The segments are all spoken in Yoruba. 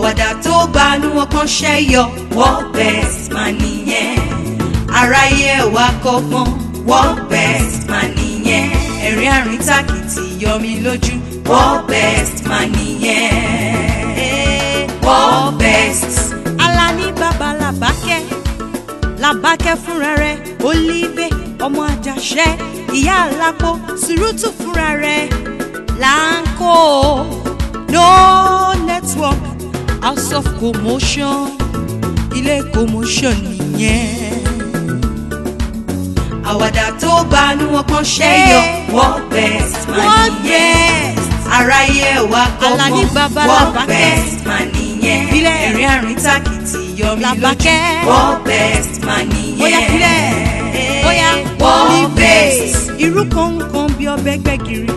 àwàdà tó gbanú ọkàn ṣẹ́yọ Worldbest máa nìyẹn aráyé wa kọ́gbọ́n Worldbest máa nìyẹn ẹ̀rín àrùn tàkìtì yọmi lójú Worldbest máa nìyẹn Worldbest. Alani baba làbákẹ́ làbákẹ́ fúnra rẹ̀ Olive ọmọ àjàṣẹ ìyá àlápò sùrùtù fúnra rẹ̀ là ń kó no network house of commotion ilé commotion nìyẹn. àwàdà tó bá ní wọn kàn ṣe yọ wọ́n best man nìyẹn aráyé wa gbọ́mọ wọ́n best man nìyẹn ẹ̀rín àrùn tàkìtì yọmi lójú wọ́n best man nìyẹn wọ́n best. irú kan bí ọbẹ̀ gbẹ̀gìrì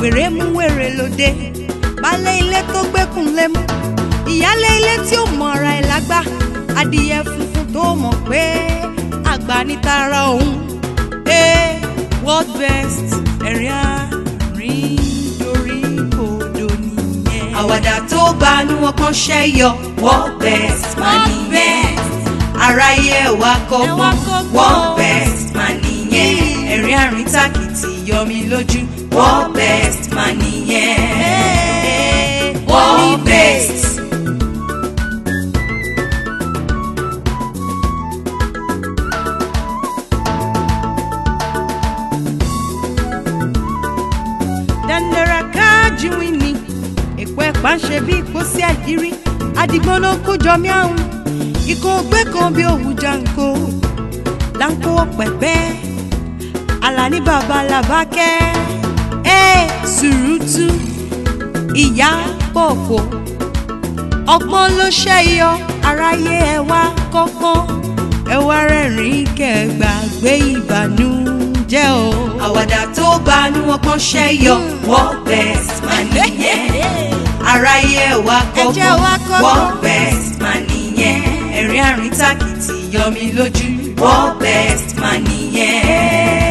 wèrè mú wèrè lóde balẹ̀ ilé tó gbẹ́kùn lé ìyálé ilé tí ó mọ ara ẹ̀ lágbá adìyẹ funfun tó mọ̀ pé àgbà ní tara òun ẹ world best ẹ̀rín àárín dorí kodò nìyẹn. àwàdà tó bá ní wọn kàn ṣe yọ world best máa nìyẹn aráyé wa kọ́gbọ́n world best máa nìyẹn ẹ̀rín àárín tàkìtì yọ mí lójú world best máa nìyẹn world best. ajíwìn ni èkó ẹ̀pà ń ṣe bí ìkó sí àdírí adigun ló kó jọ mí àrùn ikú ogbé kan bí òwú janko là ń kówó pẹ̀pẹ́ Àlàní bàbá làbákẹ́ ẹ̀ sùrùtù ìyá pọ̀pọ̀ ọgbọ́n ló ṣẹ́yọ aráyé ẹ wá kọ́kọ́ ẹ wá rẹ́rìn-ín kẹ́ gbàgbé ìbànú jẹ́ o. àwàdà tó bá ní wọn kàn ṣe yọ world best man nìyẹn aráyé wa kọ́kọ́ world best man nìyẹn ẹ̀rín àrìn tàkìtì yọ mí lójú world best man nìyẹn.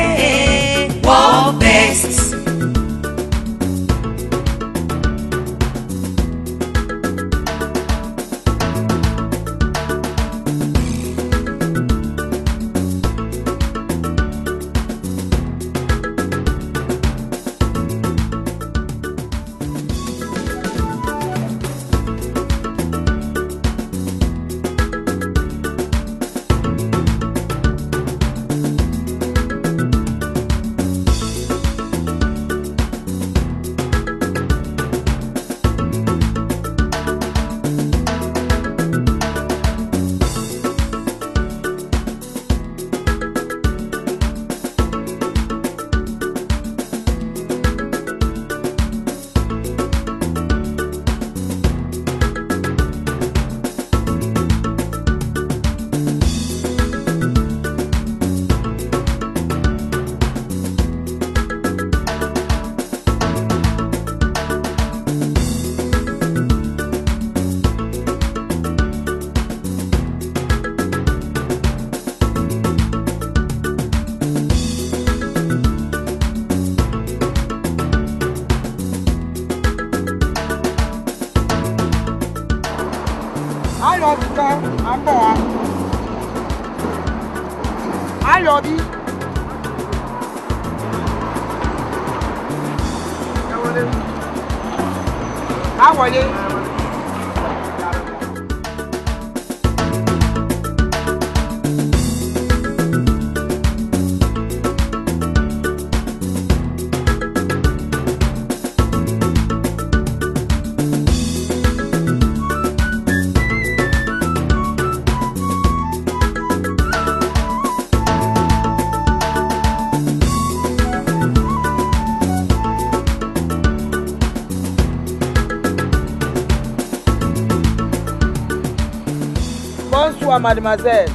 wa mademoiselle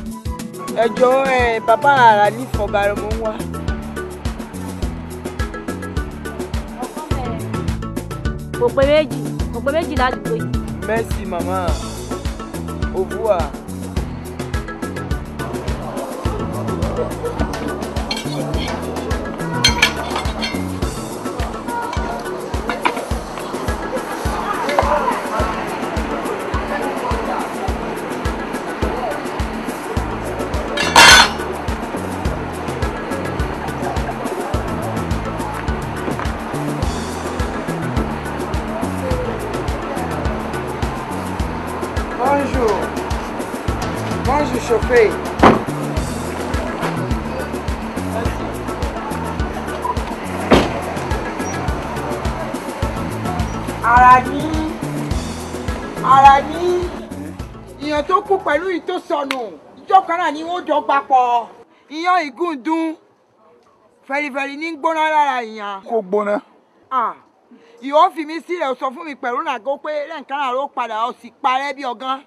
ẹ jọ̀ọ́ ẹ bàbá ara ní ìfọ̀gàrà mo ń wá. kò pé méjì kò méjì ládùúgbò yìí. merci mama au revoir. sọnù ìjọ kan náà ni wọ́n jọ papọ̀. iyán ìgúndún fẹ̀rìfẹ̀rì ní gbóná lára ìyàn. kò gbóná. ìwọ fi mi sílẹ̀ sọ fún mi pẹ̀lú nàgó pé lẹ́ǹkan náà ló padà ọ sì parẹ́ bí ọgán.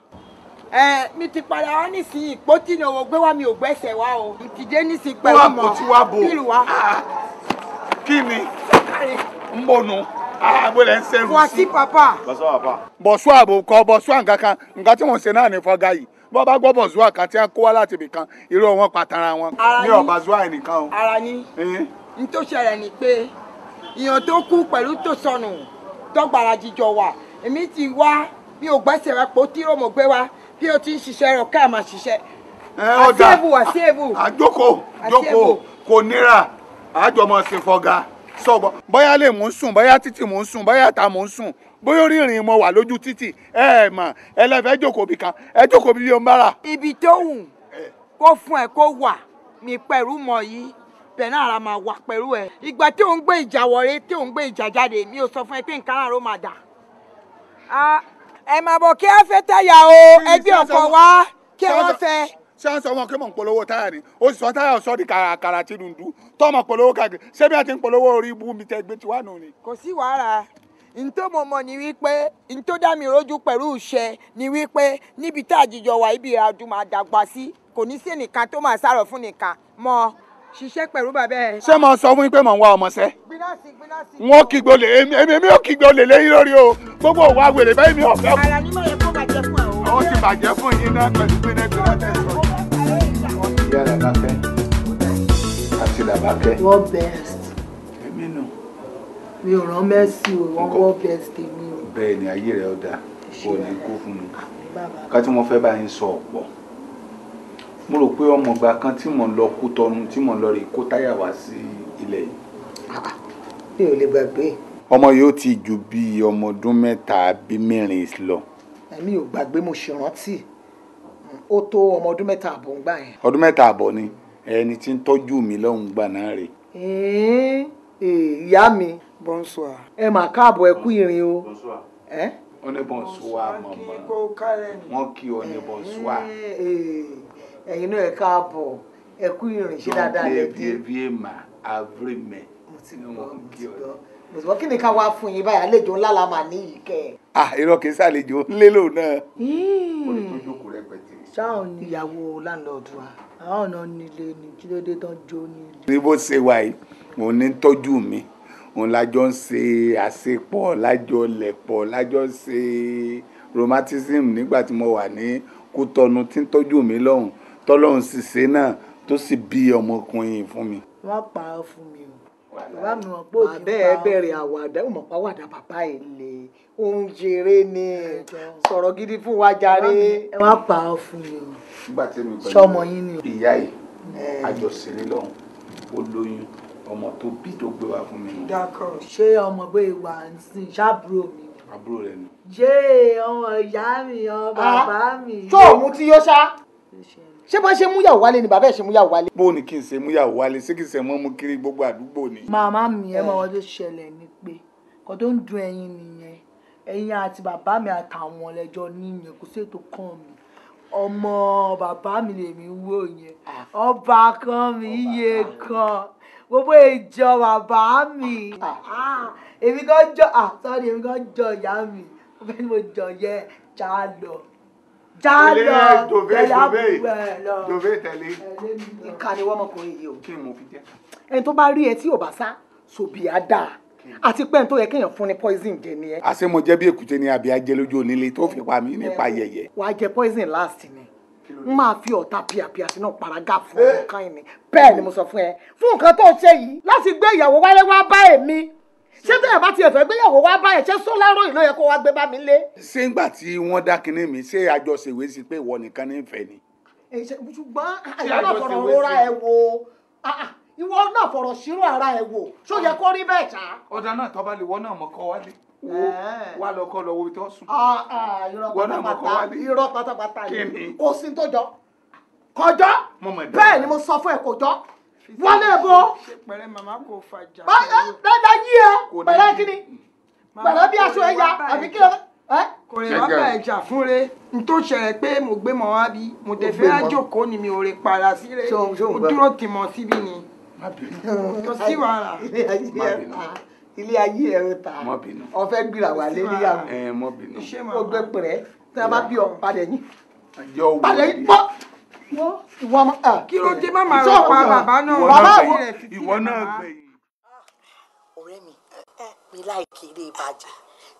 ẹ mi ti padà wá nísìnyí ìpótí ni òwò gbé wá mi ò gbẹ́sẹ̀ wá o. mi ti dé nísìnyí pẹ̀lú mọ́ wọ́n wá. Ah, kí ni ń bò nù àbúlẹ̀ ah, ń ṣerú sí. wàá àbò kọ bọ̀sùn àǹkankan nǹkan tí wọ́n ṣe náà ní fọ́gá yìí bọ́ bá gbọ́ bọ̀zúà kan tí wọ́n kó wá láti ibì kan wọn pàtàrà wọn ní ọ̀bàzúà ẹnìkan o. ara ní n tó ṣẹlẹ̀ ni pé èèyàn tó kú pẹ̀lú tó sọnù tọ́gbàrà jíjọ wà èmi ti wá mi ò gbẹ́sẹ̀ rẹ pò tí ròmò gbé wa bí o ti ń ṣiṣẹ́ rọ ká máa ṣiṣẹ́. àṣẹ́bù àṣẹ́bù. àjókò jókò kò nira àjọmọ̀ ṣe fọ́gà sọ̀gbọ́n. bóyá lè mò ń sùn bóyá títì mò ń sùn bóyá ta mò ń sùn bóyá orírin mo lójú títì ẹ mà ẹlẹ́fẹ̀ẹ́ jókòó bí kan ẹ ibi tó wù kó fún ẹ kó wà mí pẹ̀lú mọ̀ yìí bẹ́ẹ̀ náà ara máa wà pẹ̀lú ẹ. ìgbà tí ò gbé ìjà wọlé tí ò gbé ìjà mi ò sọ fún ẹ pé nǹkan dà. ẹ bọ̀ kí fẹ́ ẹgbẹ́ kí wọ́n sọ wọn kí mò ń polówó táyà ni ó sọ ntó mo mọ̀ ni wípé ntó dá mi rójú pẹ̀lú iṣẹ́ ni wípé níbi tá àjíjọ wà ibi àdùmàdàgbà sí kò ní sí nìkan tó máa sárọ̀ fún nìkan mọ́ ṣiṣẹ́ pẹ̀lú bàbá ẹ̀. ṣé mo sọ fún yín pé mò ń wá ọmọ sẹ́. gbinasi gbinasi. wọn kígbe olè èmi èmi ò kígbe olè lẹ́yìn lórí o gbogbo òwa wèrè bẹ́ẹ̀ mi ò fẹ́. ara ní mọ̀ yẹ kó bàjẹ́ fún àwọn. ó ti bàjẹ́ fún yín náà pẹ̀lú gbinẹ́gbinẹ́ tẹ̀sán. àti làbákẹ́. wọ́n bẹ̀rẹ̀ mi ò rán mẹ́sì o wọ́n wọ́ bẹ́ẹ̀sì mi o. bẹ́ẹ̀ ni ayé rẹ̀ ọ̀dà kò ní kú fún mi ah, ká tí mo fẹ́ bá yín sọ ọ̀pọ̀ mo rò pé ọmọ ìgbà kan tí mò ń lọ kú tọrun tí mò ń lọ rè kó táyà wá sí ilẹ̀ yìí. Ah, ah. mi ò lè gbàgbé. ọmọ yóò ti ju bí ọmọ ọdún mẹ́ta bí mẹ́rin lọ. èmi ò gbàgbé mo ṣe rántí ó tó ọmọ ọdún mẹ́ta àbọ̀ ń gbà yẹn. ọdún mẹ́ta àbọ̀ ni ẹni tí ń tọ́jú mi lọ́hùn-ún gbà náà rè. ìyá mi Bonsoir. ẹ mà káàbọ̀ ẹ kú ìrìn o. ẹ. wọ́n ní bonsoir mọ̀mọ́ wọ́n kí ọ ní bonsoir. Eh, ẹ̀yin náà ẹ káàbọ̀ ẹ kú ìrìn ṣe dáadáa lè dé. jọ́n bí ebi mà àbúrò mẹ́. mo ti gbọ́ mo ti gbọ́ mo ti gbọ́ kí ni ká wá fún yín báyìí àlejò ńlá la mà ní yìí kẹ́. ah irọ́ kì í ṣàlejò ńlé lòun náà. Hmm. ṣáà ni ìyàwó láńlọ́ọ̀dù wa àwọn ọ̀nà nílé ni kí ló dé tán jó nílé. bí bó ṣe wà yìí mò ní tọ́jú mi òun lájọ ń ṣe àṣepọ̀ lájọ lẹ̀pọ̀ lájọ ń ṣe romanticism nígbà tí mo wà ní kútọ́nu tí ń tọ́jú mi lọ́hùn tọ́lọ́hùn sì ṣe náà tó sì bí ọmọkùnrin fún mi. wọ́n pa á fún mi o bàbá mi wọn pò kí n pa ọ bẹ̀rẹ̀ àwàdà ó mọ̀ pa àwàdà bàbá ẹ̀ lè òun jèrè ni sọ̀rọ̀ gidi fún wa jàre. ẹ pa á fún mi o sọmọ yín ni. ìyá yìí àjọṣe lé ó lóyún ọmọ tó bí tó gbé wá fún mi. dàkọ ṣé ọmọ bó ìwà ń sìn mi. àbúrò rẹ ni. ṣé ọmọ ìyá mi ọmọ ah, bàbá mi. tó òun ti yọ ṣá ṣé bá ṣe múyàwó wálé ni bàbá ẹ ṣe múyàwó wálé. bó o kí n ṣe múyàwó wálé ṣé kí n ṣe mọ́ mú kiri gbogbo àdúgbò ni. màmá mi ẹ mọ eh. ohun tó ni pé kò tó ń dun ẹyin nìyẹn ẹyin àti bàbá mi àtàwọn lẹjọ níyẹn kò sí ètò kan mi ọmọ bàbá mi lèmi wò yẹn ah. ọba kan mi yé kan gbogbo ìjọ bàbá mi ah, èmi kan jọ ah, sorry èmi kan jọ ìyá mi mo fẹ́ ni mo jọ yẹ já lọ já lọ tẹ̀lé àbúrò ẹ̀ lọ ìka ni wọ́n mọ̀kùnrin yìí o ẹni tó bá rí ẹ tí ò bá sá sòbí á dáa àti pé n tó yẹ kéèyàn fún ni poison jẹ nìyẹn. àṣé mo jẹ bí èkúté ni àbí ajẹ lójú onílé tó fi pa mí nípa yẹyẹ. wàá jẹ poison last ni ma máa fi pia pia sínú paraga fún ọkàn yìí ni bẹ́ẹ̀ ni mo sọ fún ẹ fún nǹkan tó ṣe yìí láti gbé ìyàwó wálé wá bá èmi ṣé bẹ́ẹ̀ bá tiẹ̀ fẹ́ gbéyàwó wá bá ẹ̀ ṣé sólárò yìí ló yẹ kó wá gbé bá mi lé. ṣé ńgbà tí wọ́n dá kinní mi ṣé àjọṣèwé sí pé ìwọ nìkan ní ìfẹ́ ni. ṣùgbọ́n àyà náà fọ̀rọ̀ rora ẹ̀ wò ìwọ náà fọ̀rọ̀ ṣírò ara ẹ̀ wò ṣó yẹ kó rí bẹ́ẹ̀ ṣá. ọ̀dà náà tọ́ba lè wọ́n náà mọ̀ kọ́ wálé wà eh. lọkọ lọ wo ibi tó sùn. Ah, ah, irọ́ pátápátá irọ́ pátápátá yìí kò sí tó jọ kọjọ bẹ́ẹ̀ ni mo sọ fún ẹ kọjọ wọlé bo eh, dáadáa yí ẹ pẹ̀lẹ́ kíni pẹ̀lẹ́ bí aṣọ ẹ̀yà àbí kí ló eh? kò lè wá bá ẹja fúnre n tó ṣẹlẹ̀ pé mo gbé mọ wá bí mo tẹ fẹ́ àjòkó ni mi ò lè para sílé mo dúró tìmọ̀ síbí ni kò sí wàhálà ilé ayé ẹ̀rọ ta ọ̀fẹ́ gbìrà wà lé níyàwó ó gbé pẹ̀rẹ́ tí wọ́n bá bí ọ padà yín padà yín pọ́ ìwọ ọmọ ẹ kí ló dé má rọ pa bàbá náà bàbá ìwọ náà gbẹ̀yìn. ọ̀rẹ́ mi mi láìkí ilé ìbàjẹ́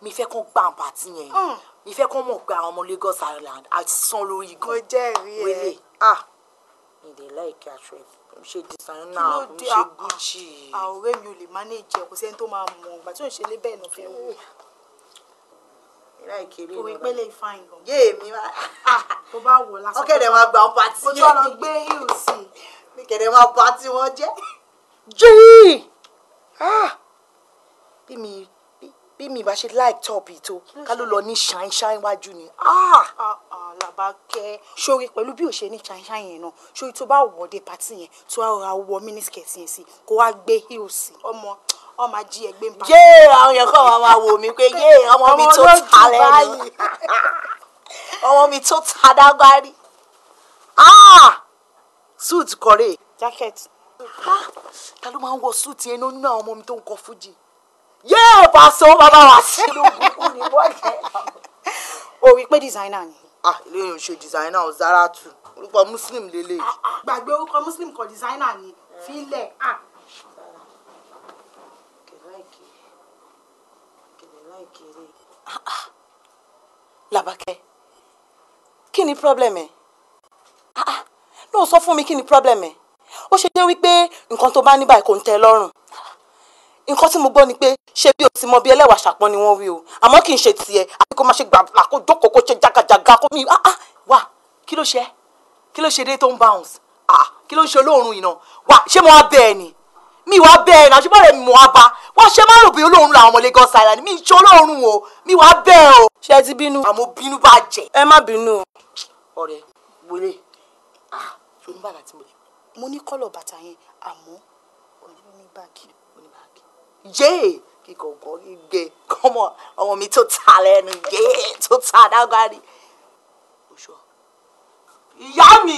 mi fẹ́ kó gbà bàtí yẹn mm. mi fẹ́ kó mọ̀ pé àwọn ọmọ Lagos Island àti san lórí gan. mo jẹ́rìí ah. mi lè láìkí aṣọ ẹ̀ n ṣe designer n ṣe Gucci. àwọn ọ̀rẹ́ mi ò lè manage ẹ̀ kò sẹ́ni tó máa mọ̀ ọ̀gbà tí ò ń ṣe lé bẹ́ẹ̀ náà fẹ́ wò ìrà ìkéré lọ. òwe pélé ìfàyàn. yé èmi wá. tó bá wọ lásán. ọkẹ́dẹ̀ máa gba ọ̀pá tí. ojú ọ̀nà gbé hìl sí i. mi kẹ̀dẹ̀ máa pa tí wọ́n jẹ́. jíì bí mi bí mi bá ṣe láì tó ká ló lọ ní ṣáínṣáín wájú ni. Làbákẹ́ sórí pẹ̀lú bí o ṣe ní ṣáínṣá yẹn náà sórí tó bá wọ̀de pàtì yẹn tó wá wọ mínísíkẹ̀tì yẹn sí kó wá gbé hílsì ọmọ ọmọ ají ẹgbẹ́ ń yé àwọn èèyàn kan máa wò mí pé yé ọmọ mi tó ta lẹ́nu ọmọ mi tó ta dágbárí ah! suit kọ̀rẹ́. jacket. Ah! ta ló máa ń wọ suit yẹn nínú àwọn ọmọ mi tó ń kọ fújì. yé pàṣẹ ó bàbá wa sí. ó rí pé designer ni ah eléyìí ò ṣe designer o Zaratu orúkọ muslim lélẹ̀. Ah, ah, gbàgbé orúkọ muslim kọ designer ni fílẹ̀ ah. làbàkẹ́ kí ni problem ẹ̀ náà ah, sọ fún mi kí ni problem ẹ̀ ó ṣe jẹ́ wípé nǹkan tó bá ní báyìí kò ń tẹ́ lọ́rùn nǹkan tí mo gbọ́ ni pé ṣé bí o ti mọ bí ẹlẹ́wà ṣàpọ́n ni wọ́n wí o àmọ́ kì í ṣe tiẹ̀ àbí kó má ṣe gbà kó jókòó kó ṣe jágajàga kó mi ah ah wà kí ló ṣe kí ló ṣe dé tó ń bounce ah kí ló ń ṣe olóòórùn iná Wa, ṣé mo wá bẹ́ẹ̀ ni mi wá bẹ́ẹ̀ náà ṣé bọ́ọ̀rẹ́ mi mọ̀ á bá wọ́n ṣe má rò bí olóòórùn làwọn ọmọ Lagos Island mi ṣe olóòórùn o mi wá bẹ́ẹ̀ o. ṣé ẹ ti bínú. àmọ́ bínú bá jẹ. ẹ má bínú o. ọ̀rẹ́ wọlé ah yorùbá làtí mo lè. mo ní kọ́lọ̀ bàtà yẹn àmọ́ òní ní báàgì yéè kí gọ̀ǹgọ̀ gbígbé kọ́mọ ọmọ mi tó ta lẹ́nu yéè tó ta dágbárí. ìyá mi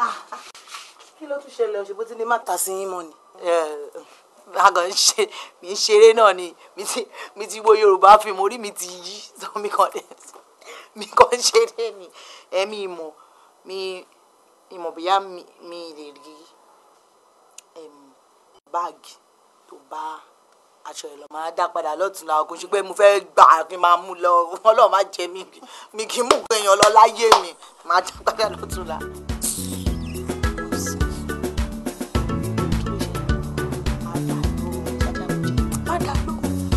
ah, ah. kí ló tún ṣẹlẹ̀ òṣèbó tí ni má ta sí yín mọ́ ni lágàn ń ṣe mi ń ṣeré náà ni mi ti wo yorùbá fíìmù orí mi ti yí tó mi kàn dé mi kàn ń ṣeré ni ẹ̀mí ìmọ̀ mi ìmọ̀ bóyá mi lè rí báàgì tó bá. Ba aṣọ ìlọ máa dá padà lọ́tùnla kò sí mo fẹ́ gbà kí n máa mú lọ ọlọ́run má jẹ mi mi kì í mú èèyàn lọ láyé mi máa dá padà lọ́tùnla.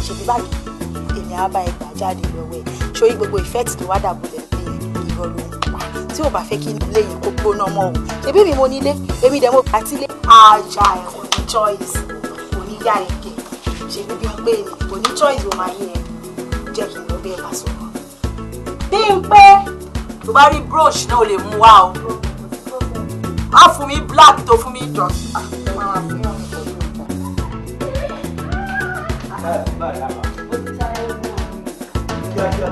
ṣèbí èmi á bá ẹ jáde lọ́wọ́ ẹ̀ sórí gbogbo ìfẹ́ tí wàá dàbọ̀lẹ̀ pé ìrọ̀ ló ń pa tí ò bá fẹ́ kí ilé yìí kó gbóná mọ́ o ṣèbí mi mo nílé èmi dẹ̀ mo gbà sílé àjà ẹ̀wọ̀n choice oníyá ẹ̀kẹ́ ṣe ní bí ń pè ní kò ní choice ó máa yé jẹ́ kí n lọ bẹ́ẹ̀ máa sọ̀rọ̀. bí n pé tó bá rí brooch náà ò lè mú wá o má fún mi black tó fún mi jọ. Ah, báyìí báyìí àwọn. Kíákíá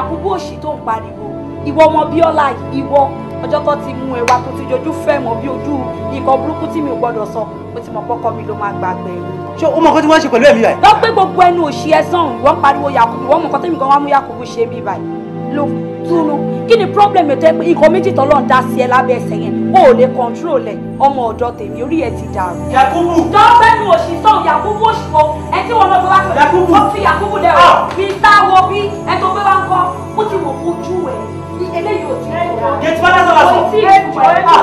jàkúbú òṣì tó ń pariwo ìwọ ọmọ bíọ́lá ìwọ ọjọ́ tó ti mú ẹwà tó ti jojú fẹ́ mọ́ bí ojú nǹkan burúkú tí mi ò gbọ́dọ̀ sọ mo ti mọ̀ pọ́kọ́ mi ló máa gbàgbẹ́ ṣé o mọ nǹkan tí wọ́n ṣe pẹ̀lú ẹ̀mí báyìí. lọ pé gbogbo ẹnu òṣì ẹ sàn ìwọ pariwo yakubu ìwọ mọ nǹkan tẹ́mi kan wá mú yakubu ṣe mí báyìí ló túnú kí ni problem ètò ẹ pé ikọ̀ méjì tọ́lọ́ ń dá sí ẹ lábẹ́ ẹsẹ̀ yẹn o ò lè control ẹ̀ ọmọ ọ̀dọ́ tèmi orí ẹ̀ ti dàrú. Yakubu. dọ́gbẹ́ mi ò sì sọ Yakubu òṣìwọ́ ẹ tí wọn lọ gbé wá pẹ̀lú. Yakubu ó fi Yakubu lẹ o fi tá a wọ bí ẹ tó gbé wá ń kọ́ ó ti wò ojú ẹ̀ bí eléyìí ò ti rẹ̀ wá. gẹ̀tì bàtà sọ̀rọ̀ sọ. kò tí ì jọ ẹ lọ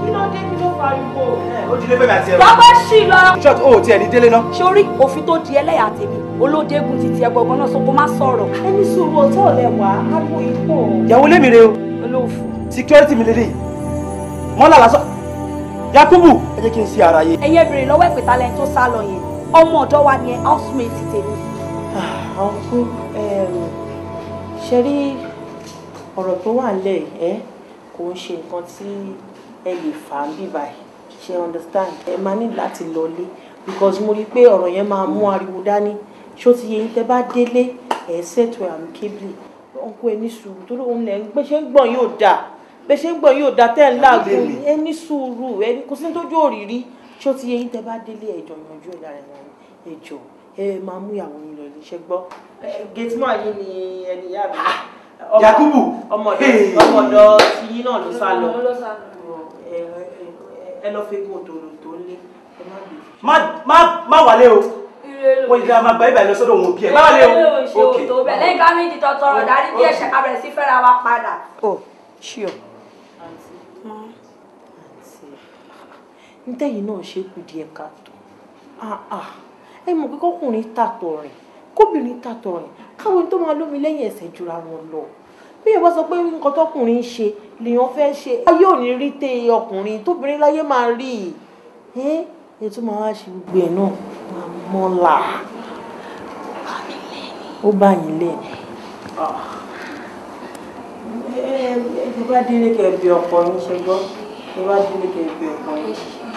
kí ló dé kí ló pariwo. ó dilé fẹ́mi àti ẹ̀rọ. dọ́gbẹ́ sì lọ. short o tiẹ̀ ní délé náà. sórí òfin tó di ẹlẹ́yà tèmi olódégún ti ti ẹgbọ̀gbọ́n náà sọ kó má sọ̀rọ̀. ẹni sùúrù ọ̀tọ̀ ọ̀lẹ̀ wá á kó ipò. ìyàwó lémi re o. olóòfò. security mi lélẹ́yìí wọ́n là lásán Yakubu ẹ jẹ́ kí n sí ara yé. ẹyẹ bèrè lọ́wọ́ ìpètà lẹ́yìn tó sá lọ yẹn ọmọ ọ̀dọ́ wa ni ẹ housemate tèmi. àwọn ah, fún ṣe rí ọ̀rọ̀ tó wà lẹ̀ ẹ́ kò ń ṣe nǹkan tí ẹ lè fà á bí báyìí ṣe understand ẹ máa ní láti lọlé because mo rí i pé ọ̀rọ̀ yẹn máa mú ariwo dání ṣó ti yẹ yín tẹ́ bá délé ẹ̀ ṣètò àmì kébìlì ọkọ ẹ ní sùúrù tó lóun lẹ́ ń gbé ṣe yóò dáa bẹ́ẹ̀ ṣe ń gbọ́ yóò da tẹ́ ẹ̀ láàgùn ẹ ní sùúrù ẹ kò sí tójú òrìrí ṣé ó ti yẹ yín tẹ́ bá délé ẹ̀jọ̀ yanjú ẹ̀ lára ẹ̀ ẹ̀jọ̀ ẹ máa mú ìyàwó yín lọ ilé iṣẹ́ gbọ́. gateman yìí ni ẹni ìyá mi. Yakubu ọmọdọ ti yín náà ló sá lọ ẹ lọ fẹgùn òdòdó tó ń lé ẹ má gbé. má wálé o wọ́n yìí dáa máa gba ibà lọ sọ́dọ̀ òun òbí ẹ̀ báwa lé o. ok lẹ́yìn ká méjì tọ̀tọ̀rọ̀ oh, dárí bí ẹ̀ṣẹ̀ ká bẹ̀rẹ̀ sí fẹ́ra wa padà. o ṣí o. nítẹ̀yìn náà ṣe kù díẹ̀ káàtó ẹ mọ̀ pé kọkùnrin tàtọ̀ rìn kóbìnrin tàtọ̀ rìn káwọn tó máa lómi lẹ́yìn ẹsẹ̀ jura wọn lọ bí ẹ bá sọ pé nǹkan tọkùnrin ń ṣe lèèyàn fẹ́ ṣe ayé ò ní rí tẹ ọkùnrin tóbìnrin láyé máa rí i ẹ ẹ tún máa wá ṣe gbogbo ẹ náà máa mọ́la ó bá yín lẹ́nu. ẹ ẹ bá délé kẹ bí ọkọ yín ṣe gbọ́ ẹ bá délé kẹ bí ọkọ yín ṣe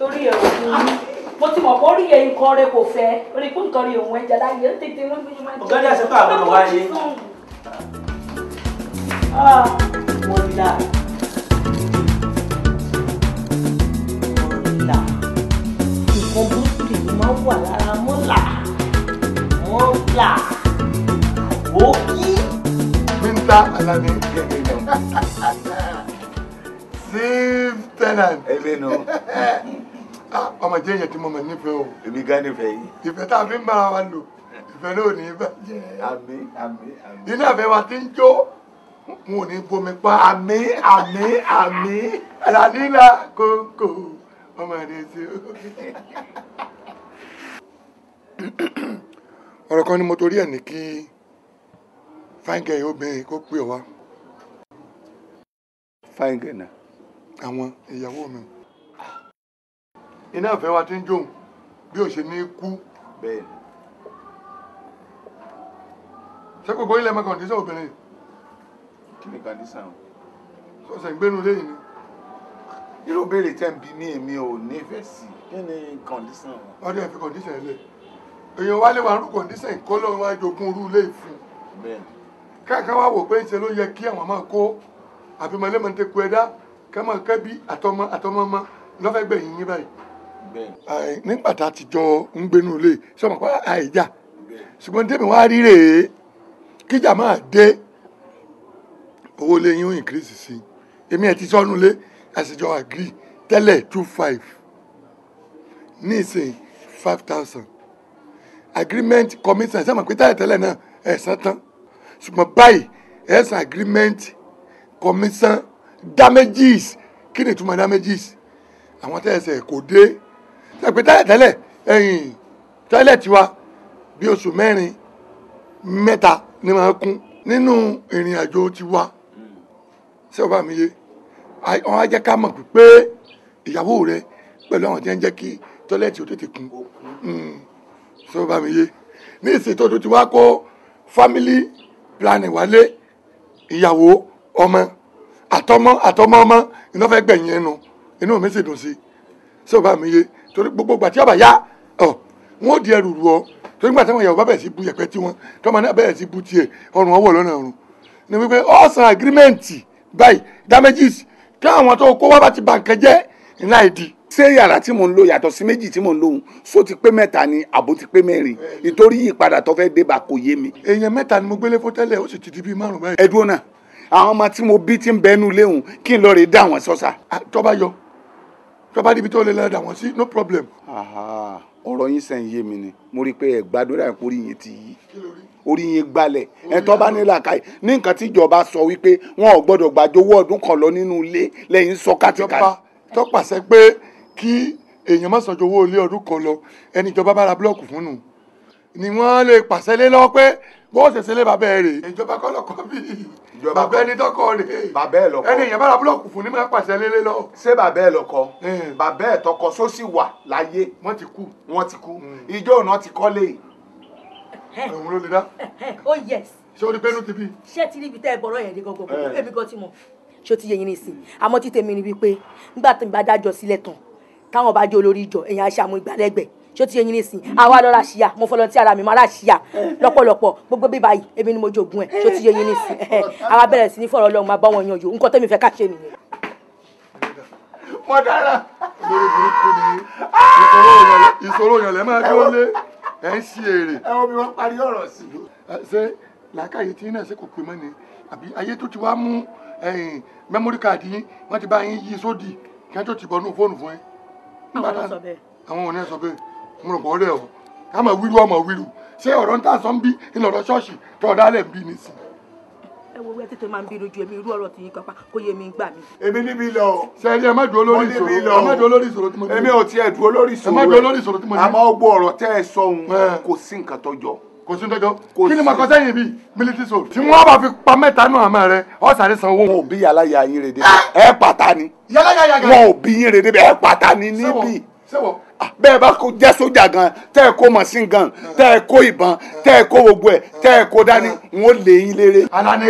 torí ẹ̀rọ mi mo ti mọ̀ bórí ẹ̀ nǹkan rẹ kò fẹ́ orí kú nǹkan rẹ òun ẹja láyé ó tètè wọ́n bí wọ́n. ọ̀gá ní àṣepọ̀ àbọ̀dọ̀ wá yé. mo rí la. nǹkan burúkú lè ní máa wà lára mọ́ là wọ́n là àwọ̀ kí. Binta Alani gẹ́gẹ́ náà. Steve Tennant. Ẹ̀mí nù. Ah, ọmọ jẹ́ èèyàn tí mo mọ̀ nífẹ̀ẹ́ o. èmi gan nífẹ̀ẹ́ yìí. ìfẹ́ tá a fi ń bára wa lò ìfẹ́ náà ò ní bàjẹ́. àmín àmín àmín. iná ìfẹ́ wa ti ń jó n ò ní bomi pa. àmín àmín àmín. àlàlílà kòkò ọmọ rẹ̀ ṣe o. ọ̀rọ̀ kan ni mo torí ẹ̀ ní kí fáńgẹ̀ obìnrin kó pè ọ wá. fáńgẹ̀ náà. àwọn ìyàwó mi iná ìfẹ́ wa ti ń jóun bí ò ṣe ní kú. bẹ́ẹ̀ ni. ṣé gbogbo ilẹ̀ mọ kọ̀ǹdíṣàn obìnrin. kí ni kọ̀ǹdíṣàn o. sọ̀sẹ̀ ń gbénu lẹ́yìn ni. irú béèrè tẹ́ ń bi mí èmi ò nífẹ̀ẹ́ sí kí ni kọ̀ǹdíṣàn o. ọdún ẹ̀ fi kọ̀ǹdíṣàn ẹ̀ lẹ̀ èèyàn wá lè wà rú kọ̀ǹdíṣàn ìkọ́lọ́ wa jogún irú ilé ìfún. bẹ́ẹ̀ ni. káàkiri wá wò pé ń ṣe ló yẹ kí àwọn máa kó àbímọ lẹ́mọ̀ọ́ nígbà tá a ti jọ ń gbénu lé sọmọ pé àìjà ṣùgbọ́n tèmi wá rí rèé kíjà máa dé owó lé yín ó increase sí i èmi ẹ̀ ti sọ́nu lé àṣejọ agree tẹ́lẹ̀ two five ní ìsìn five thousand agreement commitment sẹ́mi pé tẹ́lẹ̀ tẹ́lẹ̀ náà ẹ̀ sán tán ṣùgbọ́n báyìí ẹ̀ sàn agreement commission damages kí ni ìtumọ̀ damages àwọn tẹ́lẹ̀ sẹ̀ kò dé ẹgbẹ́ tẹ́lẹ̀ tẹ́lẹ̀ ẹ̀yìn tẹ́lẹ̀ tiwa bí oṣù mẹ́rin mẹ́ta ni màá kún nínú ìrìn àjò tiwa ṣé o bá mi yé wọn á jẹ́ ká mọ̀ pé ìyàwó rẹ pẹ̀lú àwọn tí kí tọ́lẹ̀tì ò tètè kún hmm. ṣé o bá mi yé ní ìsìn tó ti wá kó family planning wálé ìyàwó ọmọ àtọmọ àtọmọ ọmọ iná fẹ́ gbẹ̀yìn ẹnu inú mi sì dùn sí ṣé o bá mi yé torí gbogbo ìgbà tí a bá yá ọ wọn ò di ẹrù rù ọ torí gbà táwọn ìyàwó bá bẹ̀rẹ̀ sí bu yẹ̀pẹ̀ tiwọn tọ́mọ náà bẹ̀rẹ̀ sí bu tiẹ̀ ọrùn ọwọ́ lọ́nà ọrùn ni wípé ọ̀sán agirímẹ́ǹtì báyìí damages tí àwọn tó kó wá bá ti bà nǹkan jẹ́ ńlá ìdí ṣé yàrá tí mò ń lò yàtọ̀ sí méjì tí mò ń lò ń so ti pé mẹ́ta ni àbò ti pé mẹ́rin nítorí ìpadà tó fẹ́ dé bá kò yé mi. èèyàn mẹ́ta ni mo gbélé fún ó sì ti di bíi márùn-ún báyìí. ẹ dúró náà àwọn ọmọ tí mo bí ti ń bẹnu léhùn kí n lọ rè dá wọn sọ́sà. tó bá yọ tó bá níbi tó lè lọ́dà wọ́n sí no problem. ọ̀rọ̀ yín sẹ́yìn yé mi ni mo rí i pé ẹ̀ gbàdúrà ẹ̀ kórìí yín ti yí orí yín gbalẹ̀ ẹ̀ tó bá ní làkàyè ní nǹkan tí ìjọba sọ wípé wọn ò gbọ́dọ̀ gbàjọwọ́ ọdún kan lọ nínú ilé lẹ́yìn sọ kátikáti. tó pàṣẹ pé kí èèyàn má sọjọ owó ilé ọdún kan lọ ẹni ìjọba búlọ̀kù fún nù ni wọ́n lè pàṣẹ lé lọ́wọ́ pé bó ṣẹ̀ṣẹ̀ lé bàbá ẹ rè. ìjọba kọ́ lọ́kọ́ bí bàbá ẹni dọ́kọ̀ rè. bàbá ẹ lọ́kọ. ẹni ìyẹn bára búlọ̀kù fún ní máa pàṣẹ lélẹ́ lọ. ṣé bàbá ẹ lọ́kọ. bàbá ẹ tọkọ só sì wà láyé. wọ́n ti kú. wọ́n ti kú. ìjọ mm. ònà ti kọ́lé. òun ló le dá. oh yes. ṣé o ní pẹ́ẹ́nu ti bí. ṣé ti níbi tẹ́ ẹ bọ̀rọ̀ yẹn ní gọ́gọ́ èmi gan ti mọ̀ ṣé o ti yẹ yín nísìn àmọ́ títẹ̀mí ni wípé nígbà tó ń bá dájọ́ sílẹ̀ tán táwọn bá jẹ́ olórí ìjọ èèyàn aṣàmú ìgbàlẹ́gbẹ̀ẹ́ ṣó ti yẹyin nísìn àwa lọ́ra ṣíyà mo fọlọ́ tí ara mi máa ra ṣíyà lọ́pọ̀lọpọ̀ gbogbo bí báyìí èmi ni mo jogún ẹ̀ ṣó ti yẹyin nísìn àwa bẹ̀rẹ̀ sí ní fọ̀rọ̀ lọ́hùn máa bá wọn yanjú nǹkan tẹ́mi fẹ́ ká ṣe nìyẹn. mo lórí burúkú ni ah! ìṣòro òyìnlẹ̀ máa dúró lé ẹ̀ ń ṣe èrè. ẹ wo bí wọ́n parí ọ̀rọ̀ sí i. ṣé làákàyè tí náà ṣe kò pé mọ́ ni àbí ayé tó ti wá mú mẹ́mórì káàdì yín wọ́n ti bá yín yí sódì kí wọ́n tó ti bọ̀ nù fóònù fún yín. àwọn ò sọ bẹ́ẹ̀. àwọn ò ní sọ bẹ́ẹ̀ mo rò pọ̀ rẹ̀ o ká mọ̀ wíru ọmọ wíru ṣé ọ̀rọ̀ ń tà sọ́n bí ìlọ̀rọ̀ ṣọ́ọ̀ṣì tó ọ̀dà lẹ̀ ń bí ni sí. ẹ wo wẹ́ẹ́ tètè máa ń bí lójú ẹ̀mí irú ọ̀rọ̀ tìyín pápá kó yé mi gbà mí. èmi níbi lọ o. sẹ́ni ẹ má dúró lórí ìṣòro ẹ má dúró lórí ìṣòro tí mo ní. èmi ò tiẹ̀ dúró lórí ìṣòro ẹ má dúró lórí ìṣòro tí mo ní. àmọ́ gbogbo ọ̀rọ̀ tẹ́ ẹ sọ òun eh. kò sí nǹkan tó jọ kò sí dọjọ kí ni màkọ sẹyìn bíi military soul. tí wọn bá fi pa mẹ́ta náà àmọ́ rẹ ọsàrẹ san owó. wọn ò bí yàrá yà yín rèé débẹ ah! ẹ pàtà ni. yàrá yà yà gàdá. wọn ò bí yín rèé débẹ ẹ pàtà ni níbí. Ah, bẹ́ẹ̀ bá kó jẹ́ sójà gan tẹ́ ẹ kó machine gan tẹ́ ẹ kó ìbọn tẹ́ ẹ kó gbogbo ẹ̀ tẹ́ ẹ kó dání n ó lè yín lére. Alani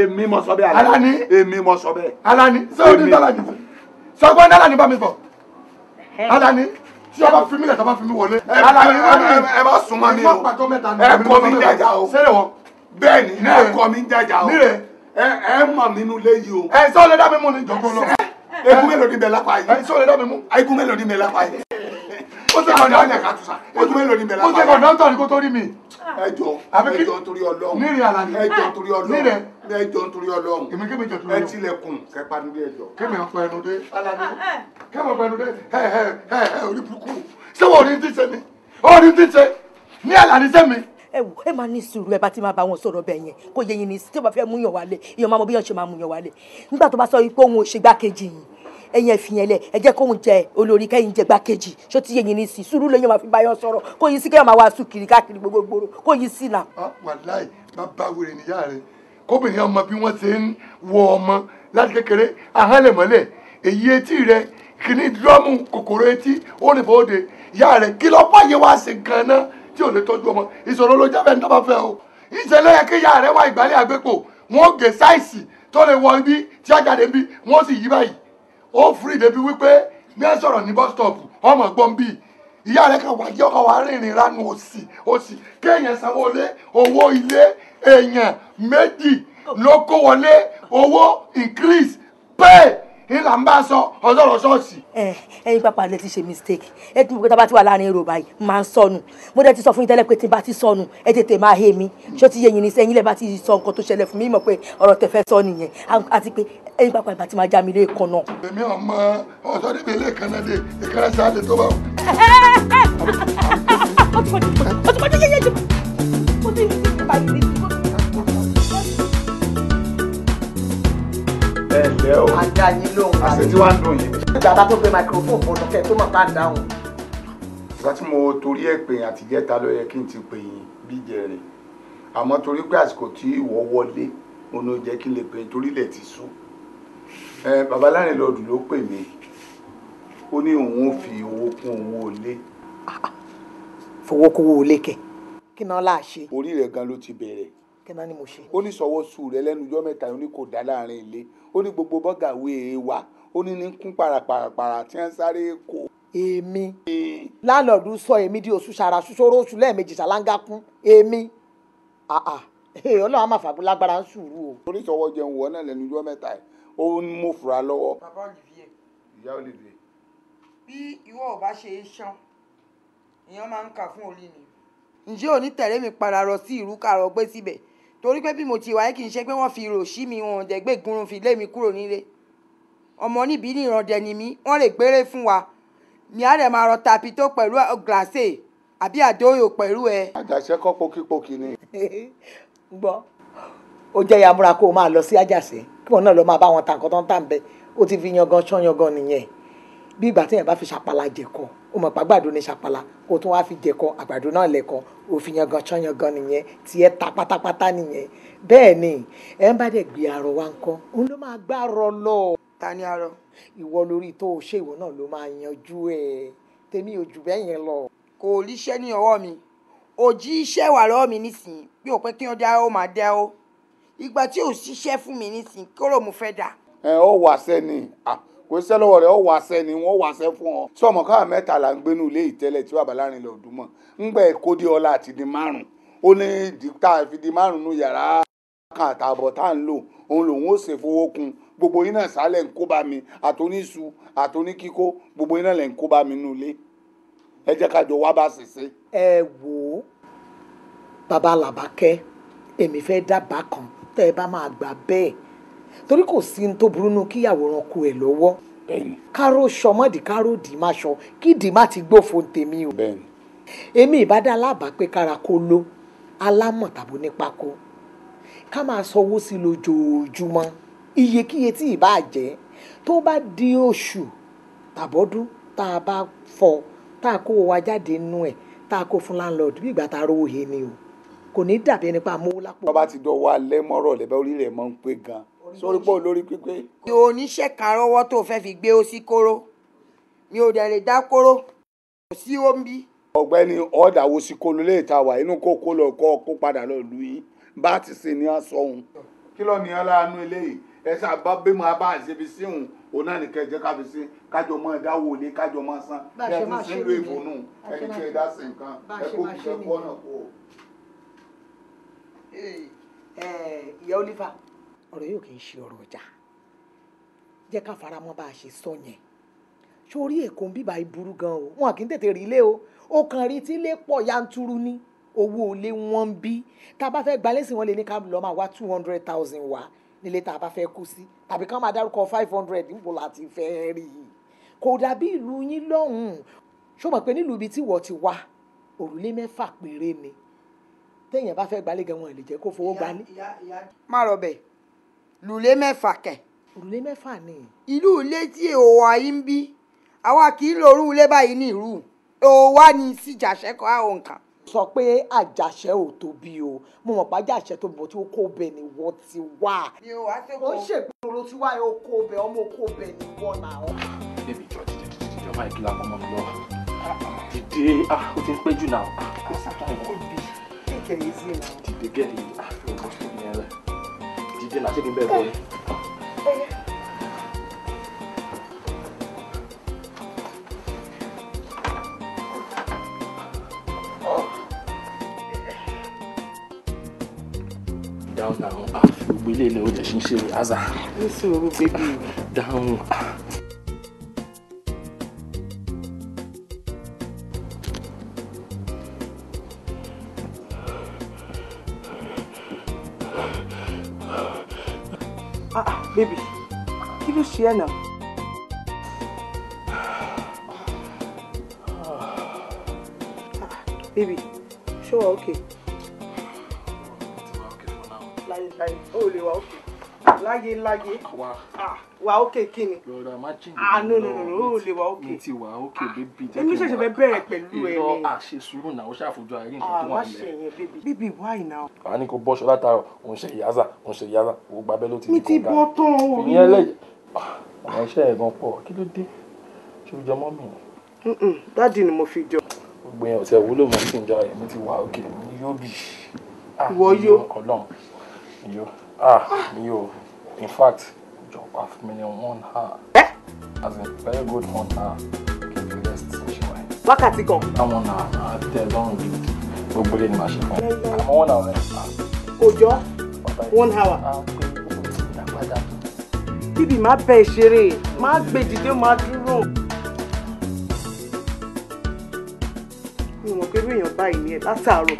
èmi mọ sọ bẹ́ẹ̀ Alani èmi mọ sọ bẹ́ẹ̀. Alani ṣé o ní dọ́là nìyí sọgbọ́n dọ́là ní bá mi bọ̀ Alani tí ọba fi mí lẹ̀ tọ́ba fi mí wọlé. Alani ẹ bá sùn mọ́ mi o ẹ kọ́ mi jàjà o bẹ́ẹ̀ ni ẹ kọ́ mi jàjà o ẹ mọ̀ mi nulẹ̀ yìí o. ẹ sọ lẹ́dá mi mú ni jọ̀gbọ́n náà egun mélòó ni bẹ lápá yìí. ẹni sọ̀rọ̀ ẹ̀dọ́ mi mú. egun mélòó ni bẹ lápá yìí. ó ti kọ̀dọ̀ ọ̀nà kàtó sa egun mélòó ni bẹ lápá yìí. ó ti kọ̀dọ̀ ọ̀tọ̀ ni kò tó rí mi. ẹjọ ẹjọ torí Ọlọ́run nírìn àlàní ẹjọ torí Ọlọ́run ẹjọ torí Ọlọ́run èmi kébè jọ torí Ọlọ́run ah, ah. ẹ tilẹ̀kùn kẹpa nílé ẹjọ. kémi ọ̀pọ̀ ẹnu dé alani kémi ọ̀pọ̀ ẹnu dé ẹ ẹ ẹ orí burúkú sẹ́wọ̀n orí ti sẹ́mi orí ti sẹ́ ní àlàní sẹ́mi ẹ wò ẹ máa ní sùúrù ẹ bá ti máa bá wọn sọ̀rọ̀ bẹ́ẹ̀ yẹn kó yẹ yín ní sí tí ó bá fẹ́ mú yàn wálé ìyàn máa mọ bí yàn ṣe máa mú yàn wálé nígbà tó bá sọ wípé òun ò ṣe gbákejì yìí ẹ̀yin ẹfin yẹn lẹ ẹ jẹ́ kóun jẹ olórí kẹ́yìn jẹ gbákejì ṣó ti yẹ yín ní sí sùúrù lẹ́yìn máa fi bá yàn sọ̀rọ̀ kó yín sí kẹ́yìn máa wá sùn kiri káàkiri gbogbogbòrò kó yín sí nà. Ah, wàláì bàbá wèrè níyà rẹ kóbìnrin ọmọ bí wọn ṣe ń tí ò lè tọ́jú ọmọ ìṣòro ló jábẹ́ ní tọ́ba fẹ́ o ìṣẹ̀lẹ̀ yẹ kí ìyá rẹ wá ìgbálẹ̀ àgbẹ̀pọ̀ wọ́n gé sáìsì tó lè wọ ibi tí a jáde bí wọ́n sì yí báyìí ó fúri débi wípé bí wọ́n sọ̀rọ̀ ní bus stop ọmọ gbọ́n bíi ìyá rẹ kan wájú ọkọ wa rìnrìn ránu òsì òsì kéèyàn sanwó lé owó ilé èèyàn méjì ló kó wọlé owó increase pay ìlà ń bá sọ ọ̀sọ̀rọ̀ ṣọ́ọ̀ṣì. ẹyin pápá lè ti ṣe mistake ẹ ti mọ̀ pé tá a bá ti wà láàrin èrò báyìí máa ń sọnù mo dẹ̀ ti sọ fún yín tẹ́lẹ̀ pé tí n bá ti sọnù ẹ tètè máa hé mi ṣó ti yẹ yín ní sẹ́yìn lẹ́ bá ti sọ nǹkan tó ṣẹlẹ̀ fún mi mọ̀ pé ọ̀rọ̀ tẹ fẹ́ sọ nìyẹn àti pé ẹyin pápá ìbá ti máa já mi lé kan náà. èmi ọmọ ọ̀sọ́ níbi ilé kan dé ìkẹrẹ sáà pẹ̀lẹ́ o àdá yín lóhùn àṣẹ tí wàá dùn yín. bàbá tó gbé microphone fún ọ̀nàkẹ́ tó mọ̀ ká ń dáhùn. ìgbà tí mo torí ẹ̀ pè yín àtijẹ́ta ló yẹ kí n ti pè yín bí jẹrin àmọ́ torí pé àsìkò tí ìwọ wọlé mo ní o jẹ́ kí n lè pè yín torí ilẹ̀ ti sú. bàbá láàrin lọ́dún ló pè mí ó ní òun ò fi owó kún owó ilé. fowó kówó ilé kẹ kí náà láà ṣe. orí rẹ̀ gan ló ti bẹ̀rẹ̀ kíná ni mo ṣe. ó ní sọ̀wọ́ sù rẹ lẹ́nu ọjọ́ mẹ́ta ó ní kò dá láàrin ilé ó ní gbogbo bọ́gà wéé e wa ó ní ní kún parapara tí wọ́n sáré kó. èmi lálọ́ọ̀dù sọ èmi di oṣù sara ṣoṣoro oṣù lẹ́ẹ̀mejì ṣàlángá kún èmi ọlọ́run àmà fàbí lágbára ń sùúrù o. ó ní sọ̀wọ́ jẹun wọ náà lẹ́nu ọjọ́ mẹ́ta ẹ̀ ó ń mú fura lọ́wọ́. bàbá Olivier. ìyá Olivier. bí ìwọ ò bá ṣe é ṣan èèyàn máa ń kà fún orí ni ǹjẹ́ ò ní tẹ̀lé mi padà rọ sí ìrúkàrọ̀ gbé síbẹ̀ torí pé bí mo ti wáyé kì í ṣe pé wọ́n fi rò sí mi wọn dẹ̀ gbé ìgúnrún fi lé mi kúrò nílé ọmọ níbi ní ìrandẹ̀ ni mí wọ́n lè gbére fún wa mi á rẹ̀ máa rọ tàbí tó pẹ̀lú uh, glacé àbí àdóyò pẹ̀lú ẹ. àjàṣe kọ́ pokípokí ni. gbọ́ ó jẹ́ ìyàmúra kó o máa lọ sí àjàṣe kí wọn náà lọ máa bá wọn ta nǹkan tó ń tà ń bẹ ó ti fi yangan ṣán yangan nìyẹn bí ìgbà téèyàn bá fi ṣàpàlà jẹ̀kọ̀ọ́ ó mọ̀ pàgbàdo ní ṣàpàlà kó tún wá fi jẹ̀kọ àgbàdo náà lẹ̀kọ òfin yangan tán yangan nìyẹn tiẹ̀ ta pátápátá nìyẹn bẹ́ẹ̀ ni ẹ ń bá dẹ̀ gbé arọ wa ń kọ́ òun ló máa gbá arọ lọ. ta ni arọ. ìwọ lórí tó o ṣe ìwọ náà ló máa yanjú ẹ tèmi ò jù bẹ́ẹ̀ yẹn lọ. kò ríṣẹ́ ní ọwọ́ mi òjì iṣẹ́ wà lọ́wọ́ mi nísìnyí bí òpin kí wọ́n dá ó máa dá ó ìgbà tí ò ṣiṣẹ́ fún mi nísìnyí kóró kò sí lọ́wọ́ rẹ̀ ọ wàṣẹ ni wọ́n wá wàṣẹ fún ọ. sọmọ káà mẹ́ta là ń gbénu ilé ìtẹ́lẹ̀ tí bàbá láàrin lọ dùn mọ́ ńgbẹ́ kódé ọlá àti di márùn ó ní tá a fi di márùn yàrá kan àtààbọ̀ tá à ń lò òun lòun ó ṣe fowó kun gbogbo iná sálẹ̀ ń kó bá mi àtòníṣu àtòníkíkó gbogbo iná lẹ̀ ń kó bá mi nù ilé ẹ jẹ́ ká jọ wá bá ṣe ṣe. ẹ wò ó bàbá làbákẹ́ èmi fẹ́ dábàá kan tẹ́ ẹ bá máa gbà bẹ́ẹ̀ torí kò sí ní tó burú nu kíyàwó ran ku ẹ̀ lọ́wọ́ káró sọmọdì káró dì kí dì má ti gbófo tèmi o èmi ìbádá alábàá pé kára kó ló alámọ̀ tàbí onípákó ká máa sanwó sí lójoojúmọ́ iyekíye tí ìbá jẹ́ tó bá di oṣù tàbọ́dún tá a bá fọ tá a kó wa jáde nú ẹ̀ tá a kó fún landlord bí ìgbà tá a rówó he ni o kò ní dàbí ẹni pa amówó lápò. bá a bá ti dọ̀wọ́ alẹ́ mọ́rọ̀ lẹ́bẹ̀ẹ́ orí rẹ̀ máa ń pé gan sórí pọ̀ lórí pípé. oníṣẹ́ kan rọ́wọ́ tó fẹ́ fi gbé ó sí kóró mi ò dẹ̀ lè dá kóró kò sí omi. ọ̀gbẹ́ni ọ̀dà wo sí kolo lè ta wà inú kókó lọ kọ́ kó padà lọ lù yín bá ti ṣe ní asọ̀hún. kí ló ní aláàánú eléyìí ẹ sábà bí mo bá ṣe fi sí òun òun náà nìkan jẹ́ ká fi sí kájọ mọ́ ẹ̀dá wò lé kájọ mọ́ san bí ẹ ti sí ìlú ìbònú ẹni tí ẹ dá sí nǹkan ẹ kó kí ẹ kọ́ náà kó. ìyá onífà ọ̀rọ̀ yóò kì í ṣe ọ̀rọ̀ ọjà jẹ́ ká faramọ́ bá a ṣe sọ yẹn sórí èkó ń bíbá ìburú gan o wọn kì í tètè rí ilé o ó kàn rí tí ilé pọ̀ yanturu ní owó ilé wọn ń bí tá a bá fẹ́ gbalẹ̀ sí wọn lè ní ká lọ́ọ́ máa wá two hundred thousand wá nílé tá a bá fẹ́ kú sí tàbí ká máa dárúkọ five hundred níbo láti fẹ́ rí i kò dàbí ìlú yín lọ́hùn-ún ṣó mọ̀ pé nílùú ibi tí wọ́n ti wá òrùlé mẹ́fà péré ni téèyàn bá fẹ́ gbalẹ̀ gan wọn lè jẹ́ kó fowó gbalẹ̀. má rọ lùlé mẹ́fà kẹ̀. òrùlé mẹ́fà ni. ìlú ilé tí èèwọ̀ ayé ń bí àwa kì í lo orú ilé báyìí ní ìlú òwá ni síjàṣẹ́ kọ́ àwọn nǹkan sọ pé àjàṣẹ ò tóbi o mo mọ̀ pé àjàṣẹ tó bọ̀ tí ó kó bẹ̀ ni wọ́n ti wà. ó ń ṣègbè ló ti wá ó kó bẹ̀ ọmọ kó bẹ̀ ni wọ́n nà ọ́. bébí jọ dídí dídí jọ máa mi lọ dídí ah, ó ti pẹ́ jù náà. dídí gẹ́gẹ́ dìde náà ṣé kí n bẹ́ẹ̀ bọ́ ni. dáhùn dáhùn ah, gbogbo ilé ilé ó jẹ́ ṣe ń Sienna. Baby, sure, wà okay? Láyé ó lè wà okay. Láyé láyé. Wà okay kí ni? Yọ̀ọ̀dà Ah no no no ó lè wà okay. Mi ti wà okay ah, bébí. Èmi ṣẹ̀ṣẹ̀ fẹ́ bẹ̀rẹ̀ You ẹ̀. Irọ́ àṣe sùúrù náà ó ṣàfojú àárí nǹkan ah, tó wà Ah, what's ṣe baby? Baby, why now? I need to bọ́ṣọ látàárọ̀, òun ṣe ìyáza, òun ṣe ìyáza, òun gbabẹ́ ló ti di kọ̀ọ̀gá. Mi ti Ah, ọmọ iṣẹ́ ẹ̀ gan pọ̀ kí ló dé ṣé o jọ mọ́ mi ni. ni mo fi jọ. gbogbo yẹn ọ̀sẹ̀ wúlò mọ́ sí ìjọ rẹ̀ mi ti wà òkè ah, mi yóò bì. yó ọlọ́run yó ah mi yó in fact jọ pa fún mi ní one hour. ẹ. as in very good one hour kí n rest ṣe wáyé. wákàtí kan. táwọn náà á tẹ lọ́rùn mi gbogbo lè ní màá ṣe fún mi. àwọn one hour kò jọ one hour. àpè ah, ìdàgbàdàgbà tíbi má bẹ́ẹ̀ ṣeré má gbé dìde má dúró. mi mọ̀ pé irú báyìí ni ẹ̀ látàárọ̀